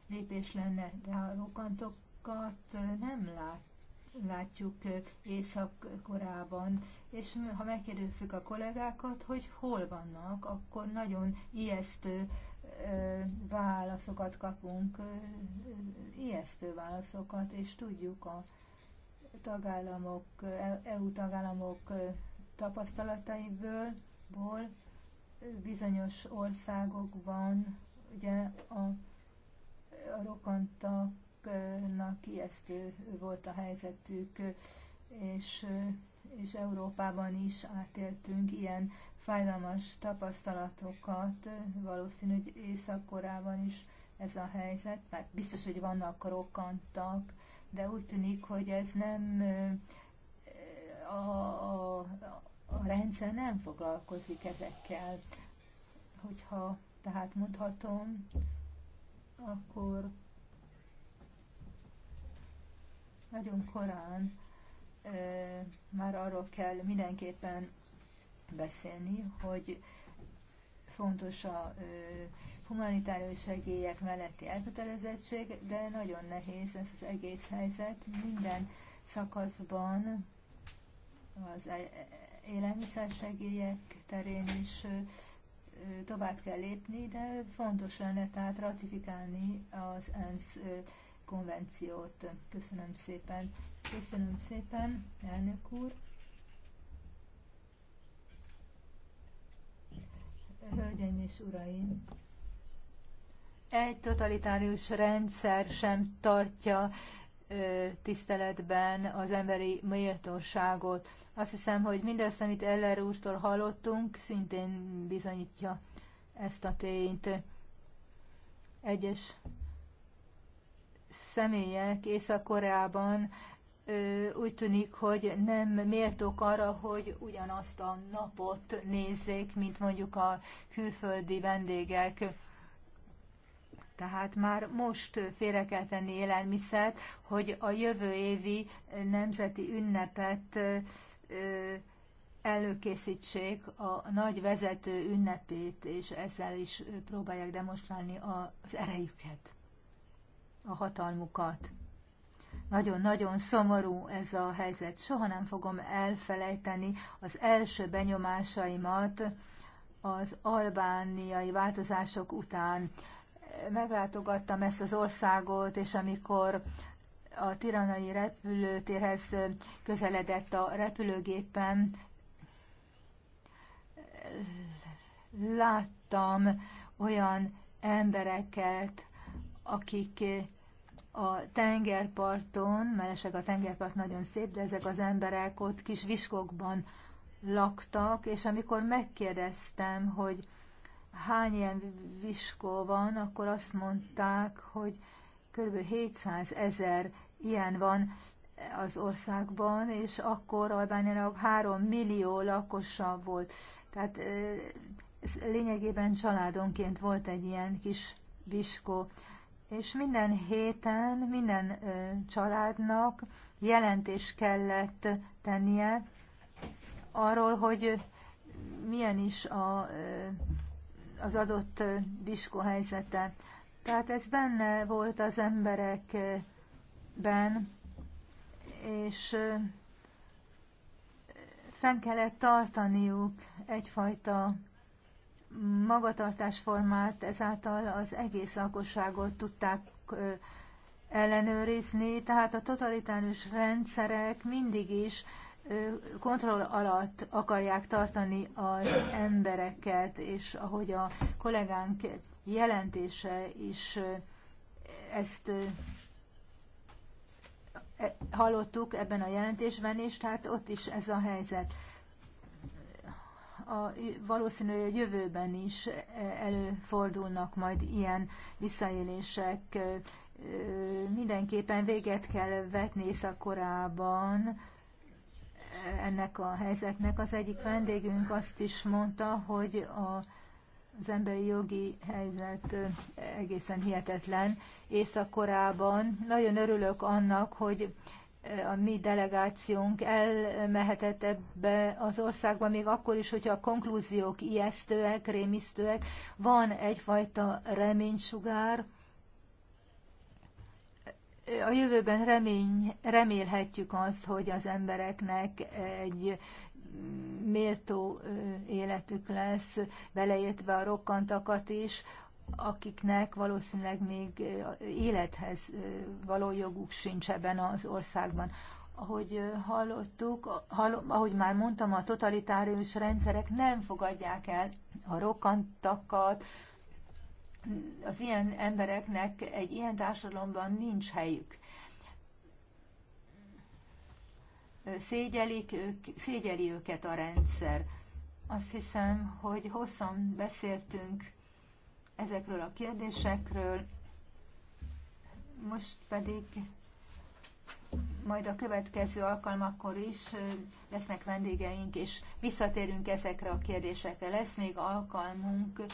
lépés lenne, de a rokkantokat nem lát látjuk észak koreában és ha megkérdezzük a kollégákat, hogy hol vannak, akkor nagyon ijesztő válaszokat kapunk, ijesztő válaszokat, és tudjuk a tagállamok, e-, EU tagállamok tapasztalataiból, ból, bizonyos országokban ugye a, a rokantak sokaknak ijesztő volt a helyzetük, és, és Európában is átéltünk ilyen fájdalmas tapasztalatokat, valószínű, hogy Észak-Korában is ez a helyzet, mert biztos, hogy vannak rokkantak, de úgy tűnik, hogy ez nem a, a, a rendszer nem foglalkozik ezekkel. Hogyha tehát mondhatom, akkor nagyon korán már arról kell mindenképpen beszélni, hogy fontos a humanitárius segélyek melletti elkötelezettség, de nagyon nehéz ez az egész helyzet. Minden szakaszban az e, élelmiszersegélyek terén is tovább kell lépni, de fontos lenne tehát ratifikálni az ENSZ konvenciót. Köszönöm szépen. Köszönöm szépen, elnök úr. Hölgyeim és uraim! Egy totalitárius rendszer sem tartja tiszteletben az emberi méltóságot. Azt hiszem, hogy mindezt, amit Eller úrtól hallottunk, szintén bizonyítja ezt a tényt. Egyes személyek Észak-Koreában úgy tűnik, hogy nem méltók arra, hogy ugyanazt a napot nézzék, mint mondjuk a külföldi vendégek. Tehát már most félre kell tenni élelmiszert, hogy a jövő évi nemzeti ünnepet előkészítsék a nagy vezető ünnepét, és ezzel is próbálják demonstrálni az erejüket a hatalmukat. Nagyon-nagyon szomorú ez a helyzet. Soha nem fogom elfelejteni az első benyomásaimat az albániai változások után. Meglátogattam ezt az országot, és amikor a tiranai repülőtérhez közeledett a repülőgépen, láttam olyan embereket, akik a tengerparton, mellesleg a tengerpart nagyon szép, de ezek az emberek ott kis viskokban laktak, és amikor megkérdeztem, hogy hány ilyen viskó van, akkor azt mondták, hogy kb. 700 ezer ilyen van az országban, és akkor Albániának 3 millió lakosa volt. Tehát ez lényegében családonként volt egy ilyen kis viskó és minden héten minden családnak jelentést kellett tennie arról, hogy milyen is a, az adott diszkó helyzete. Tehát ez benne volt az emberekben, és fenn kellett tartaniuk egyfajta magatartásformát ezáltal az egész lakosságot tudták ellenőrizni, tehát a totalitárius rendszerek mindig is kontroll alatt akarják tartani az embereket, és ahogy a kollégánk jelentése is ezt e, hallottuk ebben a jelentésben is, tehát ott is ez a helyzet a valószínű jövőben is előfordulnak majd ilyen visszaélések. Mindenképpen véget kell vetni északkorában ennek a helyzetnek. Az egyik vendégünk azt is mondta, hogy a, az emberi jogi helyzet egészen hihetetlen északkorában. Nagyon örülök annak, hogy a mi delegációnk elmehetett ebbe az országba, még akkor is, hogyha a konklúziók ijesztőek, rémisztőek, van egyfajta reménysugár. A jövőben remény, remélhetjük azt, hogy az embereknek egy méltó életük lesz, beleértve a rokkantakat is, akiknek valószínűleg még élethez való joguk sincs ebben az országban. Ahogy hallottuk, ahogy már mondtam, a totalitárius rendszerek nem fogadják el a rokkantakat, az ilyen embereknek egy ilyen társadalomban nincs helyük. Szégyelik ők, szégyeli őket a rendszer. Azt hiszem, hogy hosszan beszéltünk ezekről a kérdésekről. Most pedig majd a következő alkalmakkor is lesznek vendégeink, és visszatérünk ezekre a kérdésekre. Lesz még alkalmunk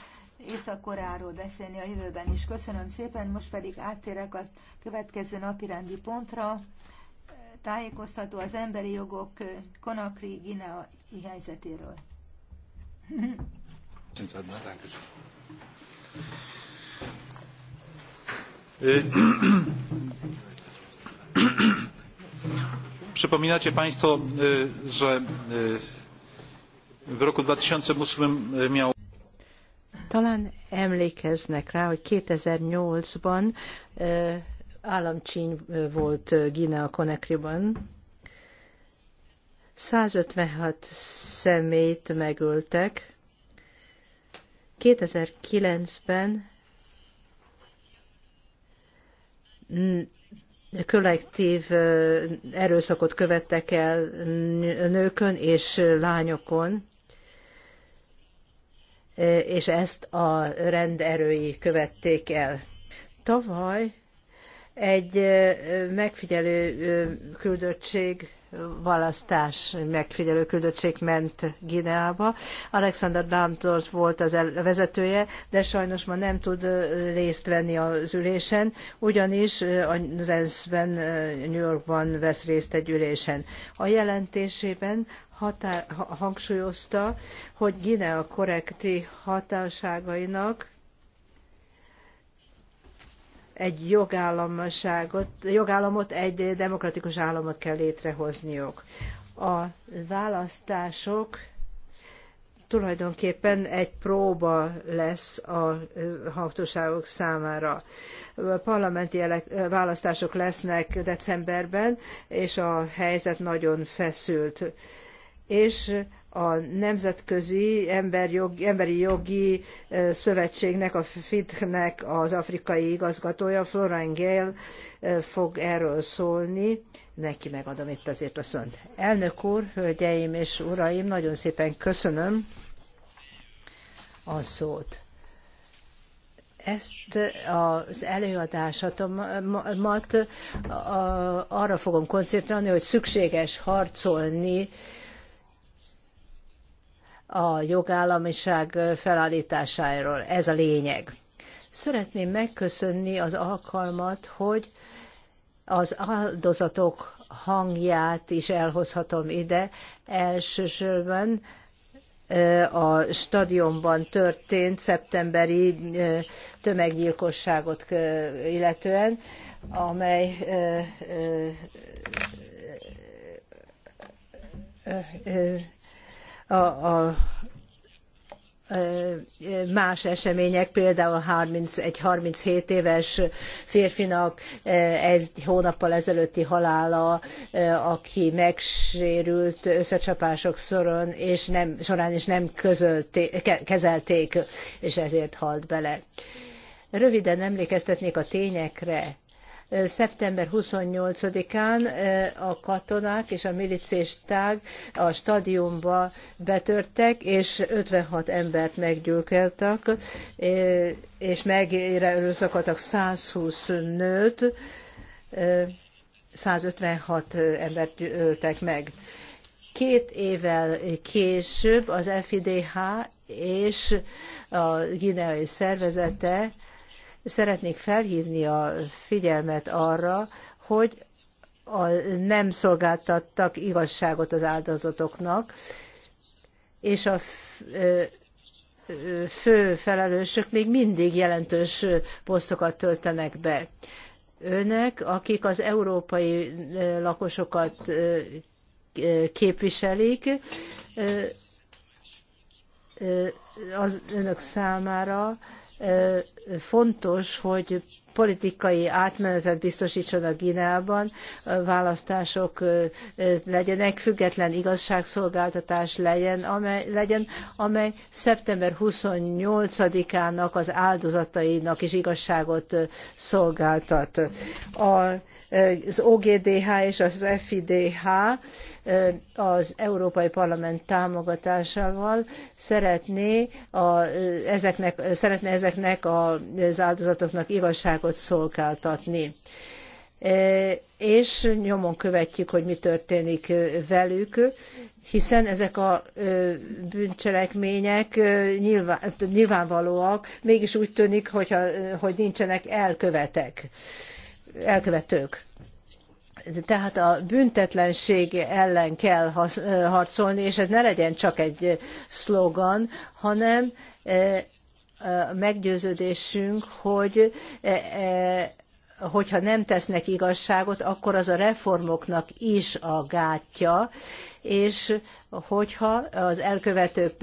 északkoráról beszélni a jövőben is. Köszönöm szépen, most pedig áttérek a következő napirendi pontra. Tájékoztató az emberi jogok Konakri Gineai helyzetéről. Köszönöm. Przypominacie Państwo, że w roku 2008 miał talán emlékeznek rá, hogy 2008-ban államcsíny volt Guinea Conakry-ban. 156 személyt megöltek, 2009-ben kollektív erőszakot követtek el nőkön és lányokon, és ezt a rendelői követték el. Tavaly egy megfigyelő küldöttség választás megfigyelő küldöttség ment Gineába. Alexander Dantos volt az vezetője, de sajnos ma nem tud részt venni az ülésen, ugyanis az ENSZ-ben New Yorkban vesz részt egy ülésen. A jelentésében határ, hangsúlyozta, hogy Guinea korrekti hatóságainak egy jogállamiságot, jogállamot, egy demokratikus államot kell létrehozniuk. A választások tulajdonképpen egy próba lesz a hatóságok számára. Parlamenti választások lesznek decemberben, és a helyzet nagyon feszült. És a Nemzetközi Emberi Jogi Szövetségnek, a FIDH-nek az afrikai igazgatója, Florian Gale fog erről szólni. Neki megadom épp ezért a szönt. Elnök úr, hölgyeim és uraim, nagyon szépen köszönöm a szót. Ezt az előadásomat arra fogom koncentrálni, hogy szükséges harcolni a jogállamiság felállításáról. Ez a lényeg. Szeretném megköszönni az alkalmat, hogy az áldozatok hangját is elhozhatom ide. Elsősorban a stadionban történt szeptemberi tömeggyilkosságot illetően, amely a, a más események, például 30, egy 37 éves férfinak egy hónappal ezelőtti halála, aki megsérült összecsapások soron, és nem, során és nem közölték, kezelték, és ezért halt bele. Röviden emlékeztetnék a tényekre Szeptember 28-án a katonák és a milicés tág a stadionba betörtek, és 56 embert meggyilkoltak, és megerőszakoltak 120 nőt, 156 embert öltek meg. Két évvel később az FIDH és a gineai szervezete szeretnék felhívni a figyelmet arra, hogy a nem szolgáltattak igazságot az áldozatoknak, és a fő felelősök még mindig jelentős posztokat töltenek be. Önök, akik az európai lakosokat képviselik, az önök számára fontos, hogy politikai átmenetet biztosítson a Gineában, választások legyenek, független igazságszolgáltatás legyen, amely, legyen, amely szeptember 28-ának az áldozatainak is igazságot szolgáltat. A az OGDH és az FIDH az Európai Parlament támogatásával szeretné, a, ezeknek, szeretne ezeknek az áldozatoknak igazságot szolgáltatni és nyomon követjük, hogy mi történik velük, hiszen ezek a bűncselekmények nyilván, nyilvánvalóak, mégis úgy tűnik, hogyha, hogy nincsenek elkövetek elkövetők. Tehát a büntetlenség ellen kell harcolni, és ez ne legyen csak egy szlogan, hanem meggyőződésünk, hogy hogyha nem tesznek igazságot, akkor az a reformoknak is a gátja, és hogyha az elkövetők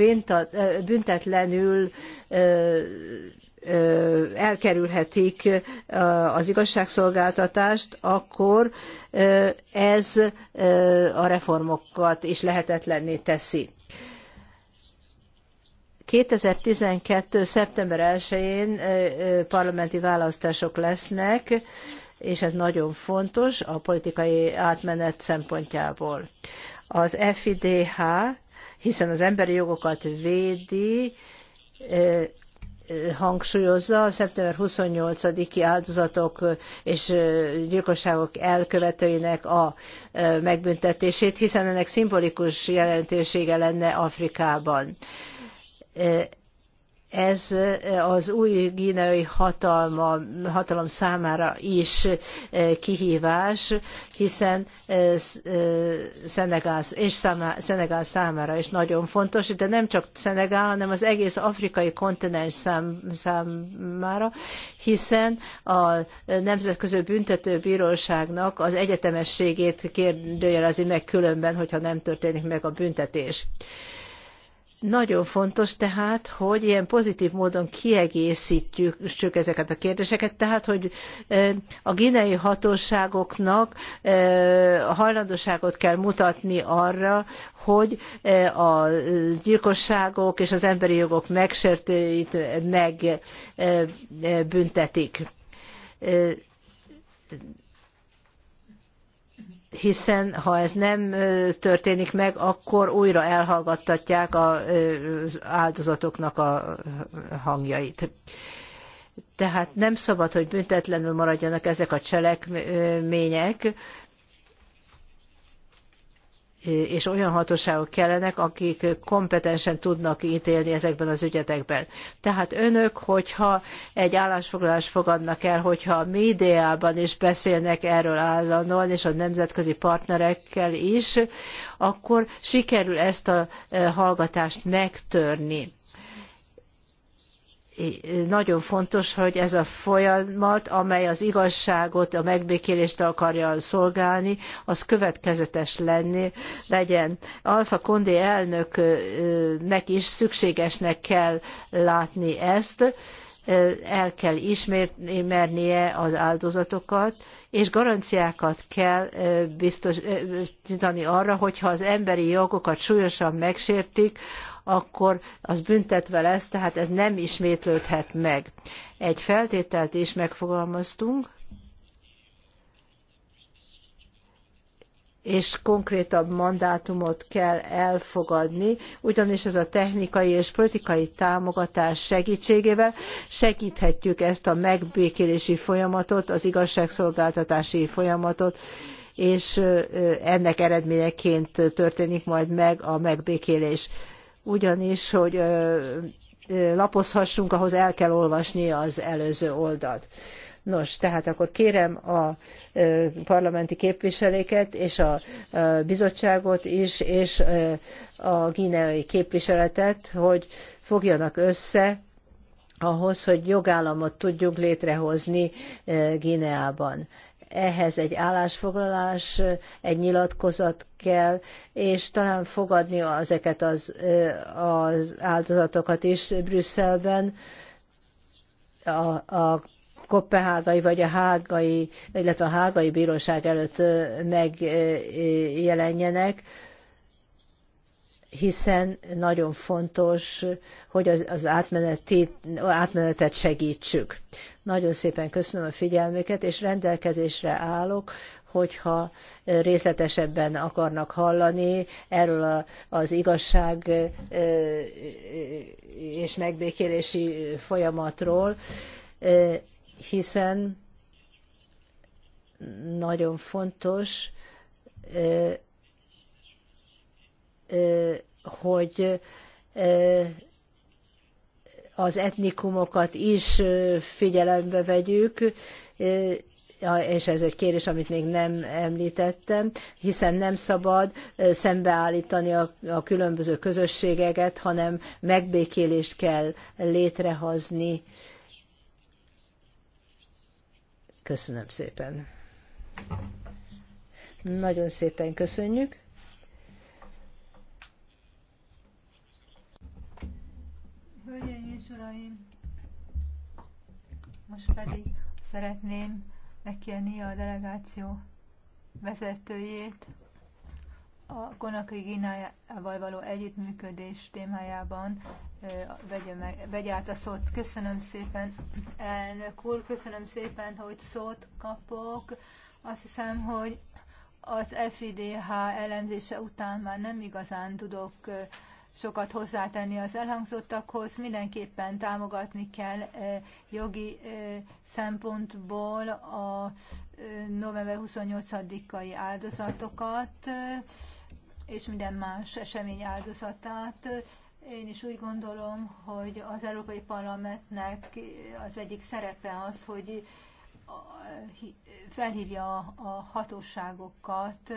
büntetlenül elkerülhetik az igazságszolgáltatást, akkor ez a reformokat is lehetetlenné teszi. 2012. szeptember 1-én parlamenti választások lesznek, és ez nagyon fontos a politikai átmenet szempontjából. Az FIDH, hiszen az emberi jogokat védi, hangsúlyozza a szeptember 28-i áldozatok és gyilkosságok elkövetőinek a megbüntetését, hiszen ennek szimbolikus jelentősége lenne Afrikában ez az új guineai hatalma, hatalom számára is kihívás, hiszen Szenegál, és számá, Szenegál számára is nagyon fontos, de nem csak Szenegál, hanem az egész afrikai kontinens szám, számára, hiszen a Nemzetközi Büntetőbíróságnak az egyetemességét kérdőjelezi meg különben, hogyha nem történik meg a büntetés. Nagyon fontos tehát, hogy ilyen pozitív módon kiegészítjük ezeket a kérdéseket, tehát, hogy a ginei hatóságoknak hajlandóságot kell mutatni arra, hogy a gyilkosságok és az emberi jogok megsértőit megbüntetik hiszen ha ez nem történik meg, akkor újra elhallgattatják az áldozatoknak a hangjait. Tehát nem szabad, hogy büntetlenül maradjanak ezek a cselekmények, és olyan hatóságok kellenek, akik kompetensen tudnak ítélni ezekben az ügyetekben. Tehát önök, hogyha egy állásfoglalás fogadnak el, hogyha a médiában is beszélnek erről állandóan, és a nemzetközi partnerekkel is, akkor sikerül ezt a eh, hallgatást megtörni nagyon fontos, hogy ez a folyamat, amely az igazságot, a megbékélést akarja szolgálni, az következetes lenni, legyen. Alfa Kondé elnöknek is szükségesnek kell látni ezt, el kell ismernie az áldozatokat, és garanciákat kell biztosítani arra, hogyha az emberi jogokat súlyosan megsértik, akkor az büntetve lesz, tehát ez nem ismétlődhet meg. Egy feltételt is megfogalmaztunk, és konkrétabb mandátumot kell elfogadni, ugyanis ez a technikai és politikai támogatás segítségével segíthetjük ezt a megbékélési folyamatot, az igazságszolgáltatási folyamatot, és ennek eredményeként történik majd meg a megbékélés ugyanis, hogy lapozhassunk, ahhoz el kell olvasni az előző oldalt. Nos, tehát akkor kérem a parlamenti képviselőket és a bizottságot is, és a gineai képviseletet, hogy fogjanak össze ahhoz, hogy jogállamot tudjunk létrehozni Gineában ehhez egy állásfoglalás, egy nyilatkozat kell, és talán fogadni ezeket az, az áldozatokat is Brüsszelben, a, a kopenhágai vagy a hágai, illetve a hágai bíróság előtt megjelenjenek hiszen nagyon fontos, hogy az, az átmenetet segítsük. Nagyon szépen köszönöm a figyelmüket, és rendelkezésre állok, hogyha részletesebben akarnak hallani erről a, az igazság és megbékélési folyamatról, hiszen nagyon fontos, hogy az etnikumokat is figyelembe vegyük, és ez egy kérés, amit még nem említettem, hiszen nem szabad szembeállítani a, a különböző közösségeket, hanem megbékélést kell létrehozni. Köszönöm szépen. Nagyon szépen köszönjük. uraim! Most pedig szeretném megkérni a delegáció vezetőjét a Konakri Ginájával való együttműködés témájában vegye, meg, vegye át a szót. Köszönöm szépen, elnök úr, köszönöm szépen, hogy szót kapok. Azt hiszem, hogy az FIDH elemzése után már nem igazán tudok sokat hozzátenni az elhangzottakhoz. Mindenképpen támogatni kell eh, jogi eh, szempontból a eh, november 28-ai áldozatokat és minden más esemény áldozatát. Én is úgy gondolom, hogy az Európai Parlamentnek az egyik szerepe az, hogy felhívja a hatóságokat,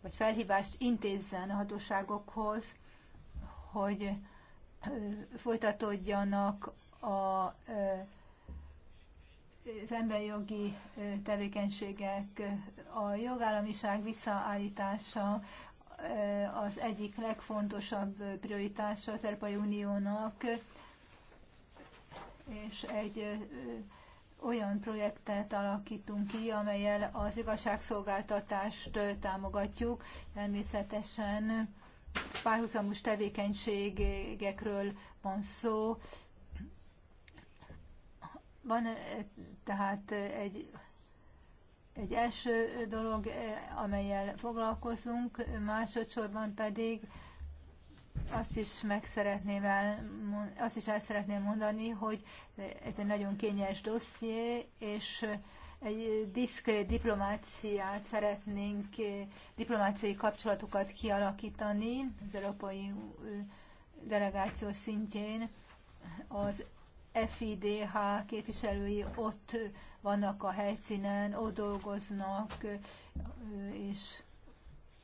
vagy felhívást intézzen a hatóságokhoz, hogy folytatódjanak a, az emberjogi tevékenységek, a jogállamiság visszaállítása az egyik legfontosabb prioritása az Európai Uniónak, és egy olyan projektet alakítunk ki, amelyel az igazságszolgáltatást támogatjuk. Természetesen párhuzamos tevékenységekről van szó. Van eh, tehát egy, egy első dolog, eh, amelyel foglalkozunk, másodszorban pedig azt is meg szeretném el, azt is el szeretném mondani, hogy ez egy nagyon kényes dosszié, és egy diszkrét diplomáciát szeretnénk, eh, diplomáciai kapcsolatokat kialakítani az európai delegáció szintjén. Az FIDH képviselői ott vannak a helyszínen, ott dolgoznak, eh, és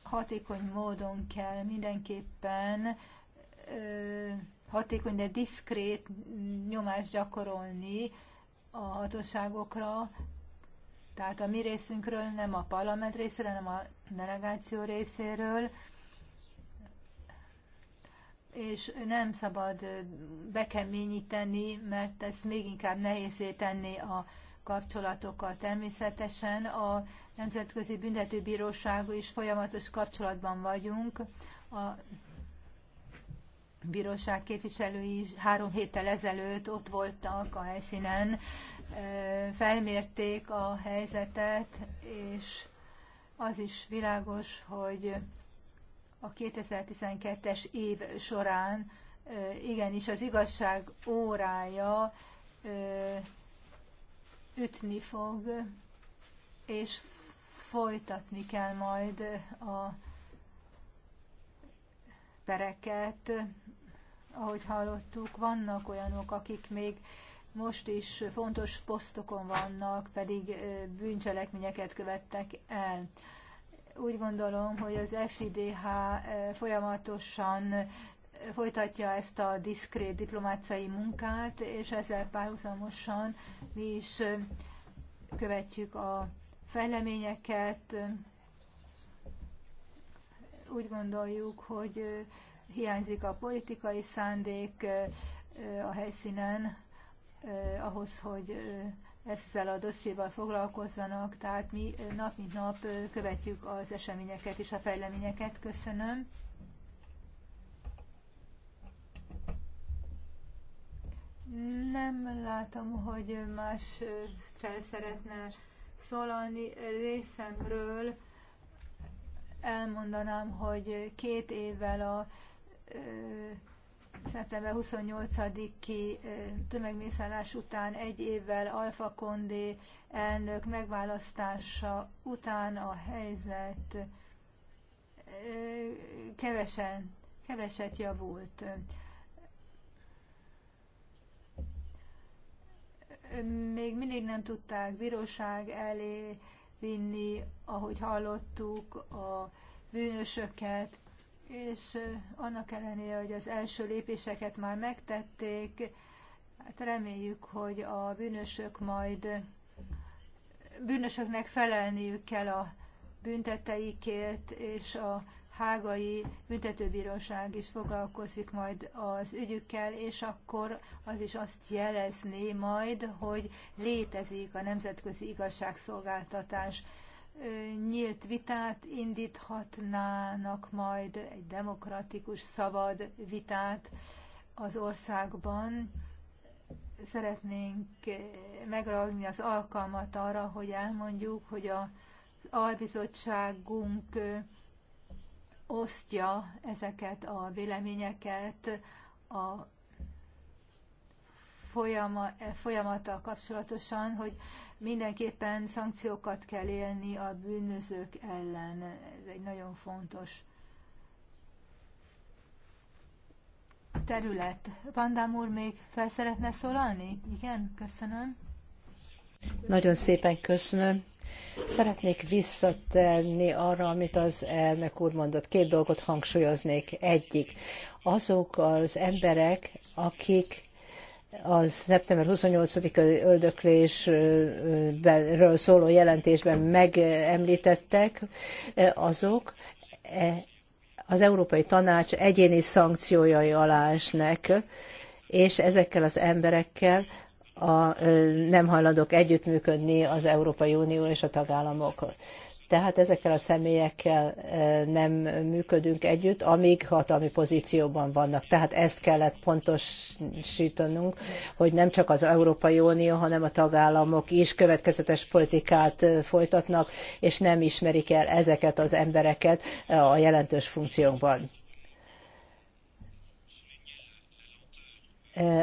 hatékony módon kell mindenképpen eh, hatékony, de diszkrét nyomást gyakorolni a hatóságokra, tehát a mi részünkről, nem a parlament részéről, nem a delegáció részéről, és nem szabad bekeményíteni, mert ez még inkább nehézé tenni a kapcsolatokkal. Természetesen a Nemzetközi Büntetőbíróság is folyamatos kapcsolatban vagyunk. A bíróság képviselői három héttel ezelőtt ott voltak a helyszínen, felmérték a helyzetet, és az is világos, hogy a 2012-es év során igenis az igazság órája ütni fog, és folytatni kell majd a pereket. Ahogy hallottuk, vannak olyanok, akik még most is fontos posztokon vannak, pedig bűncselekményeket követtek el. Úgy gondolom, hogy az FIDH folyamatosan folytatja ezt a diszkrét diplomáciai munkát, és ezzel párhuzamosan mi is követjük a fejleményeket. Úgy gondoljuk, hogy hiányzik a politikai szándék a helyszínen, ahhoz, hogy ezzel a dossziéval foglalkozzanak, tehát mi nap mint nap követjük az eseményeket és a fejleményeket. Köszönöm. Nem látom, hogy más fel szeretne szólalni részemről. Elmondanám, hogy két évvel a szeptember 28-i tömegmészállás után egy évvel Alfa Kondé elnök megválasztása után a helyzet kevesen, keveset javult. Még mindig nem tudták bíróság elé vinni, ahogy hallottuk, a bűnösöket, és annak ellenére, hogy az első lépéseket már megtették, hát reméljük, hogy a bűnösök majd bűnösöknek felelniük kell a bünteteikért, és a hágai büntetőbíróság is foglalkozik majd az ügyükkel, és akkor az is azt jelezné majd, hogy létezik a nemzetközi igazságszolgáltatás nyílt vitát indíthatnának majd, egy demokratikus, szabad vitát az országban. Szeretnénk megragadni az alkalmat arra, hogy elmondjuk, hogy az albizottságunk osztja ezeket a véleményeket a e, folyamattal kapcsolatosan, hogy Mindenképpen szankciókat kell élni a bűnözők ellen. Ez egy nagyon fontos terület. Vandám úr még fel szeretne szólalni? Igen, köszönöm. Nagyon szépen köszönöm. Szeretnék visszatérni arra, amit az elnök úr mondott. Két dolgot hangsúlyoznék. Egyik, azok az emberek, akik a szeptember 28-ai öldöklésről szóló jelentésben megemlítettek, azok e, az Európai Tanács egyéni szankciójai alá esnek, és ezekkel az emberekkel a, nem hajlandók együttműködni az Európai Unió és a tagállamok. Tehát ezekkel a személyekkel e, nem működünk együtt, amíg hatalmi pozícióban vannak. Tehát ezt kellett pontosítanunk, hogy nem csak az Európai Unió, hanem a tagállamok is következetes politikát e, folytatnak, és nem ismerik el ezeket az embereket e, a jelentős funkciókban.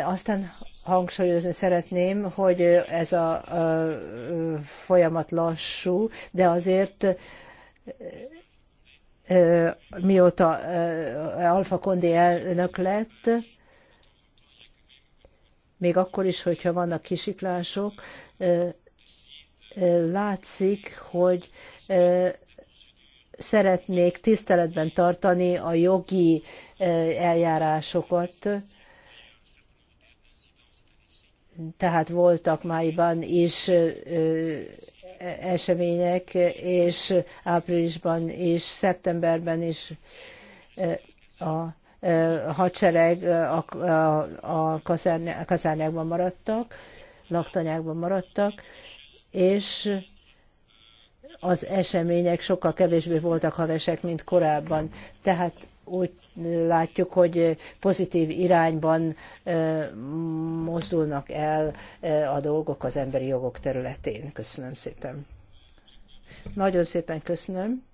Aztán hangsúlyozni szeretném, hogy ez a folyamat lassú, de azért mióta Alfa Kondi elnök lett, még akkor is, hogyha vannak kisiklások, látszik, hogy szeretnék tiszteletben tartani a jogi eljárásokat, tehát voltak májban is események, és áprilisban és szeptemberben is a hadsereg a, a, a kazárnyákban maradtak, laktanyákban maradtak, és az események sokkal kevésbé voltak havesek, mint korábban. Tehát úgy látjuk, hogy pozitív irányban mozdulnak el a dolgok az emberi jogok területén. Köszönöm szépen. Nagyon szépen köszönöm.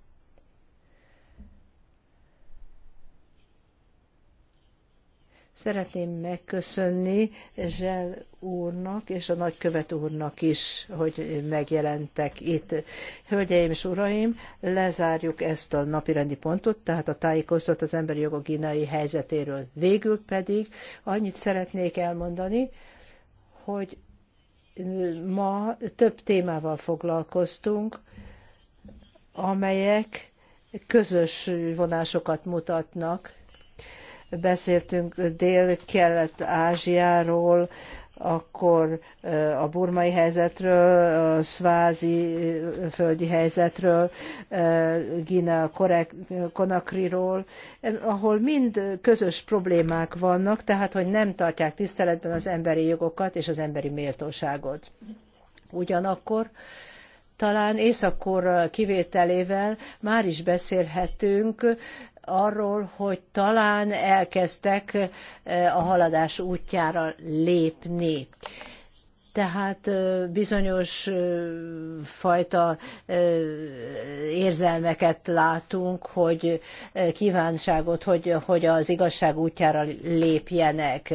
Szeretném megköszönni Zsel úrnak és a nagykövet úrnak is, hogy megjelentek itt. Hölgyeim és uraim, lezárjuk ezt a napirendi pontot, tehát a tájékoztat az emberi jogok gínai helyzetéről. Végül pedig annyit szeretnék elmondani, hogy ma több témával foglalkoztunk, amelyek közös vonásokat mutatnak beszéltünk Dél-Kelet-Ázsiáról, akkor a burmai helyzetről, a szvázi földi helyzetről, Gina Konakriról, ahol mind közös problémák vannak, tehát hogy nem tartják tiszteletben az emberi jogokat és az emberi méltóságot. Ugyanakkor talán Észak-Kor kivételével már is beszélhetünk arról, hogy talán elkezdtek eh, a haladás útjára lépni. Tehát eh, bizonyos eh, fajta érzelmeket látunk, hogy kívánságot, hogy, hogy az igazság útjára lépjenek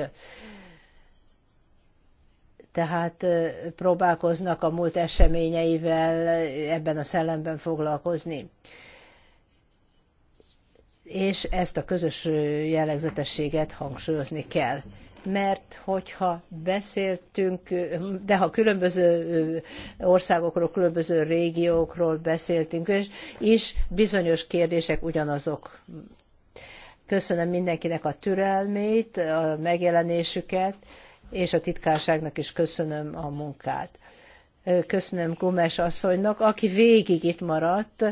tehát próbálkoznak a múlt eseményeivel ebben a szellemben foglalkozni és ezt a közös jellegzetességet hangsúlyozni kell. Mert hogyha beszéltünk, de ha különböző országokról, különböző régiókról beszéltünk, és is bizonyos kérdések ugyanazok. Köszönöm mindenkinek a türelmét, a megjelenésüket, és a titkárságnak is köszönöm a munkát. Köszönöm Gumes asszonynak, aki végig itt maradt,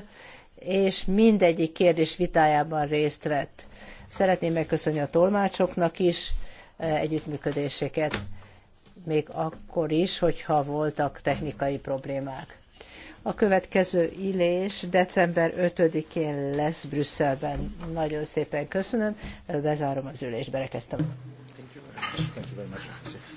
és mindegyik kérdés vitájában részt vett. Szeretném megköszönni a tolmácsoknak is eh, együttműködéseket, még akkor is, hogyha voltak technikai problémák. A következő ülés december 5-én lesz Brüsszelben. Nagyon szépen köszönöm, bezárom az ülést, berekeztem. Thank you very much. Thank you very much.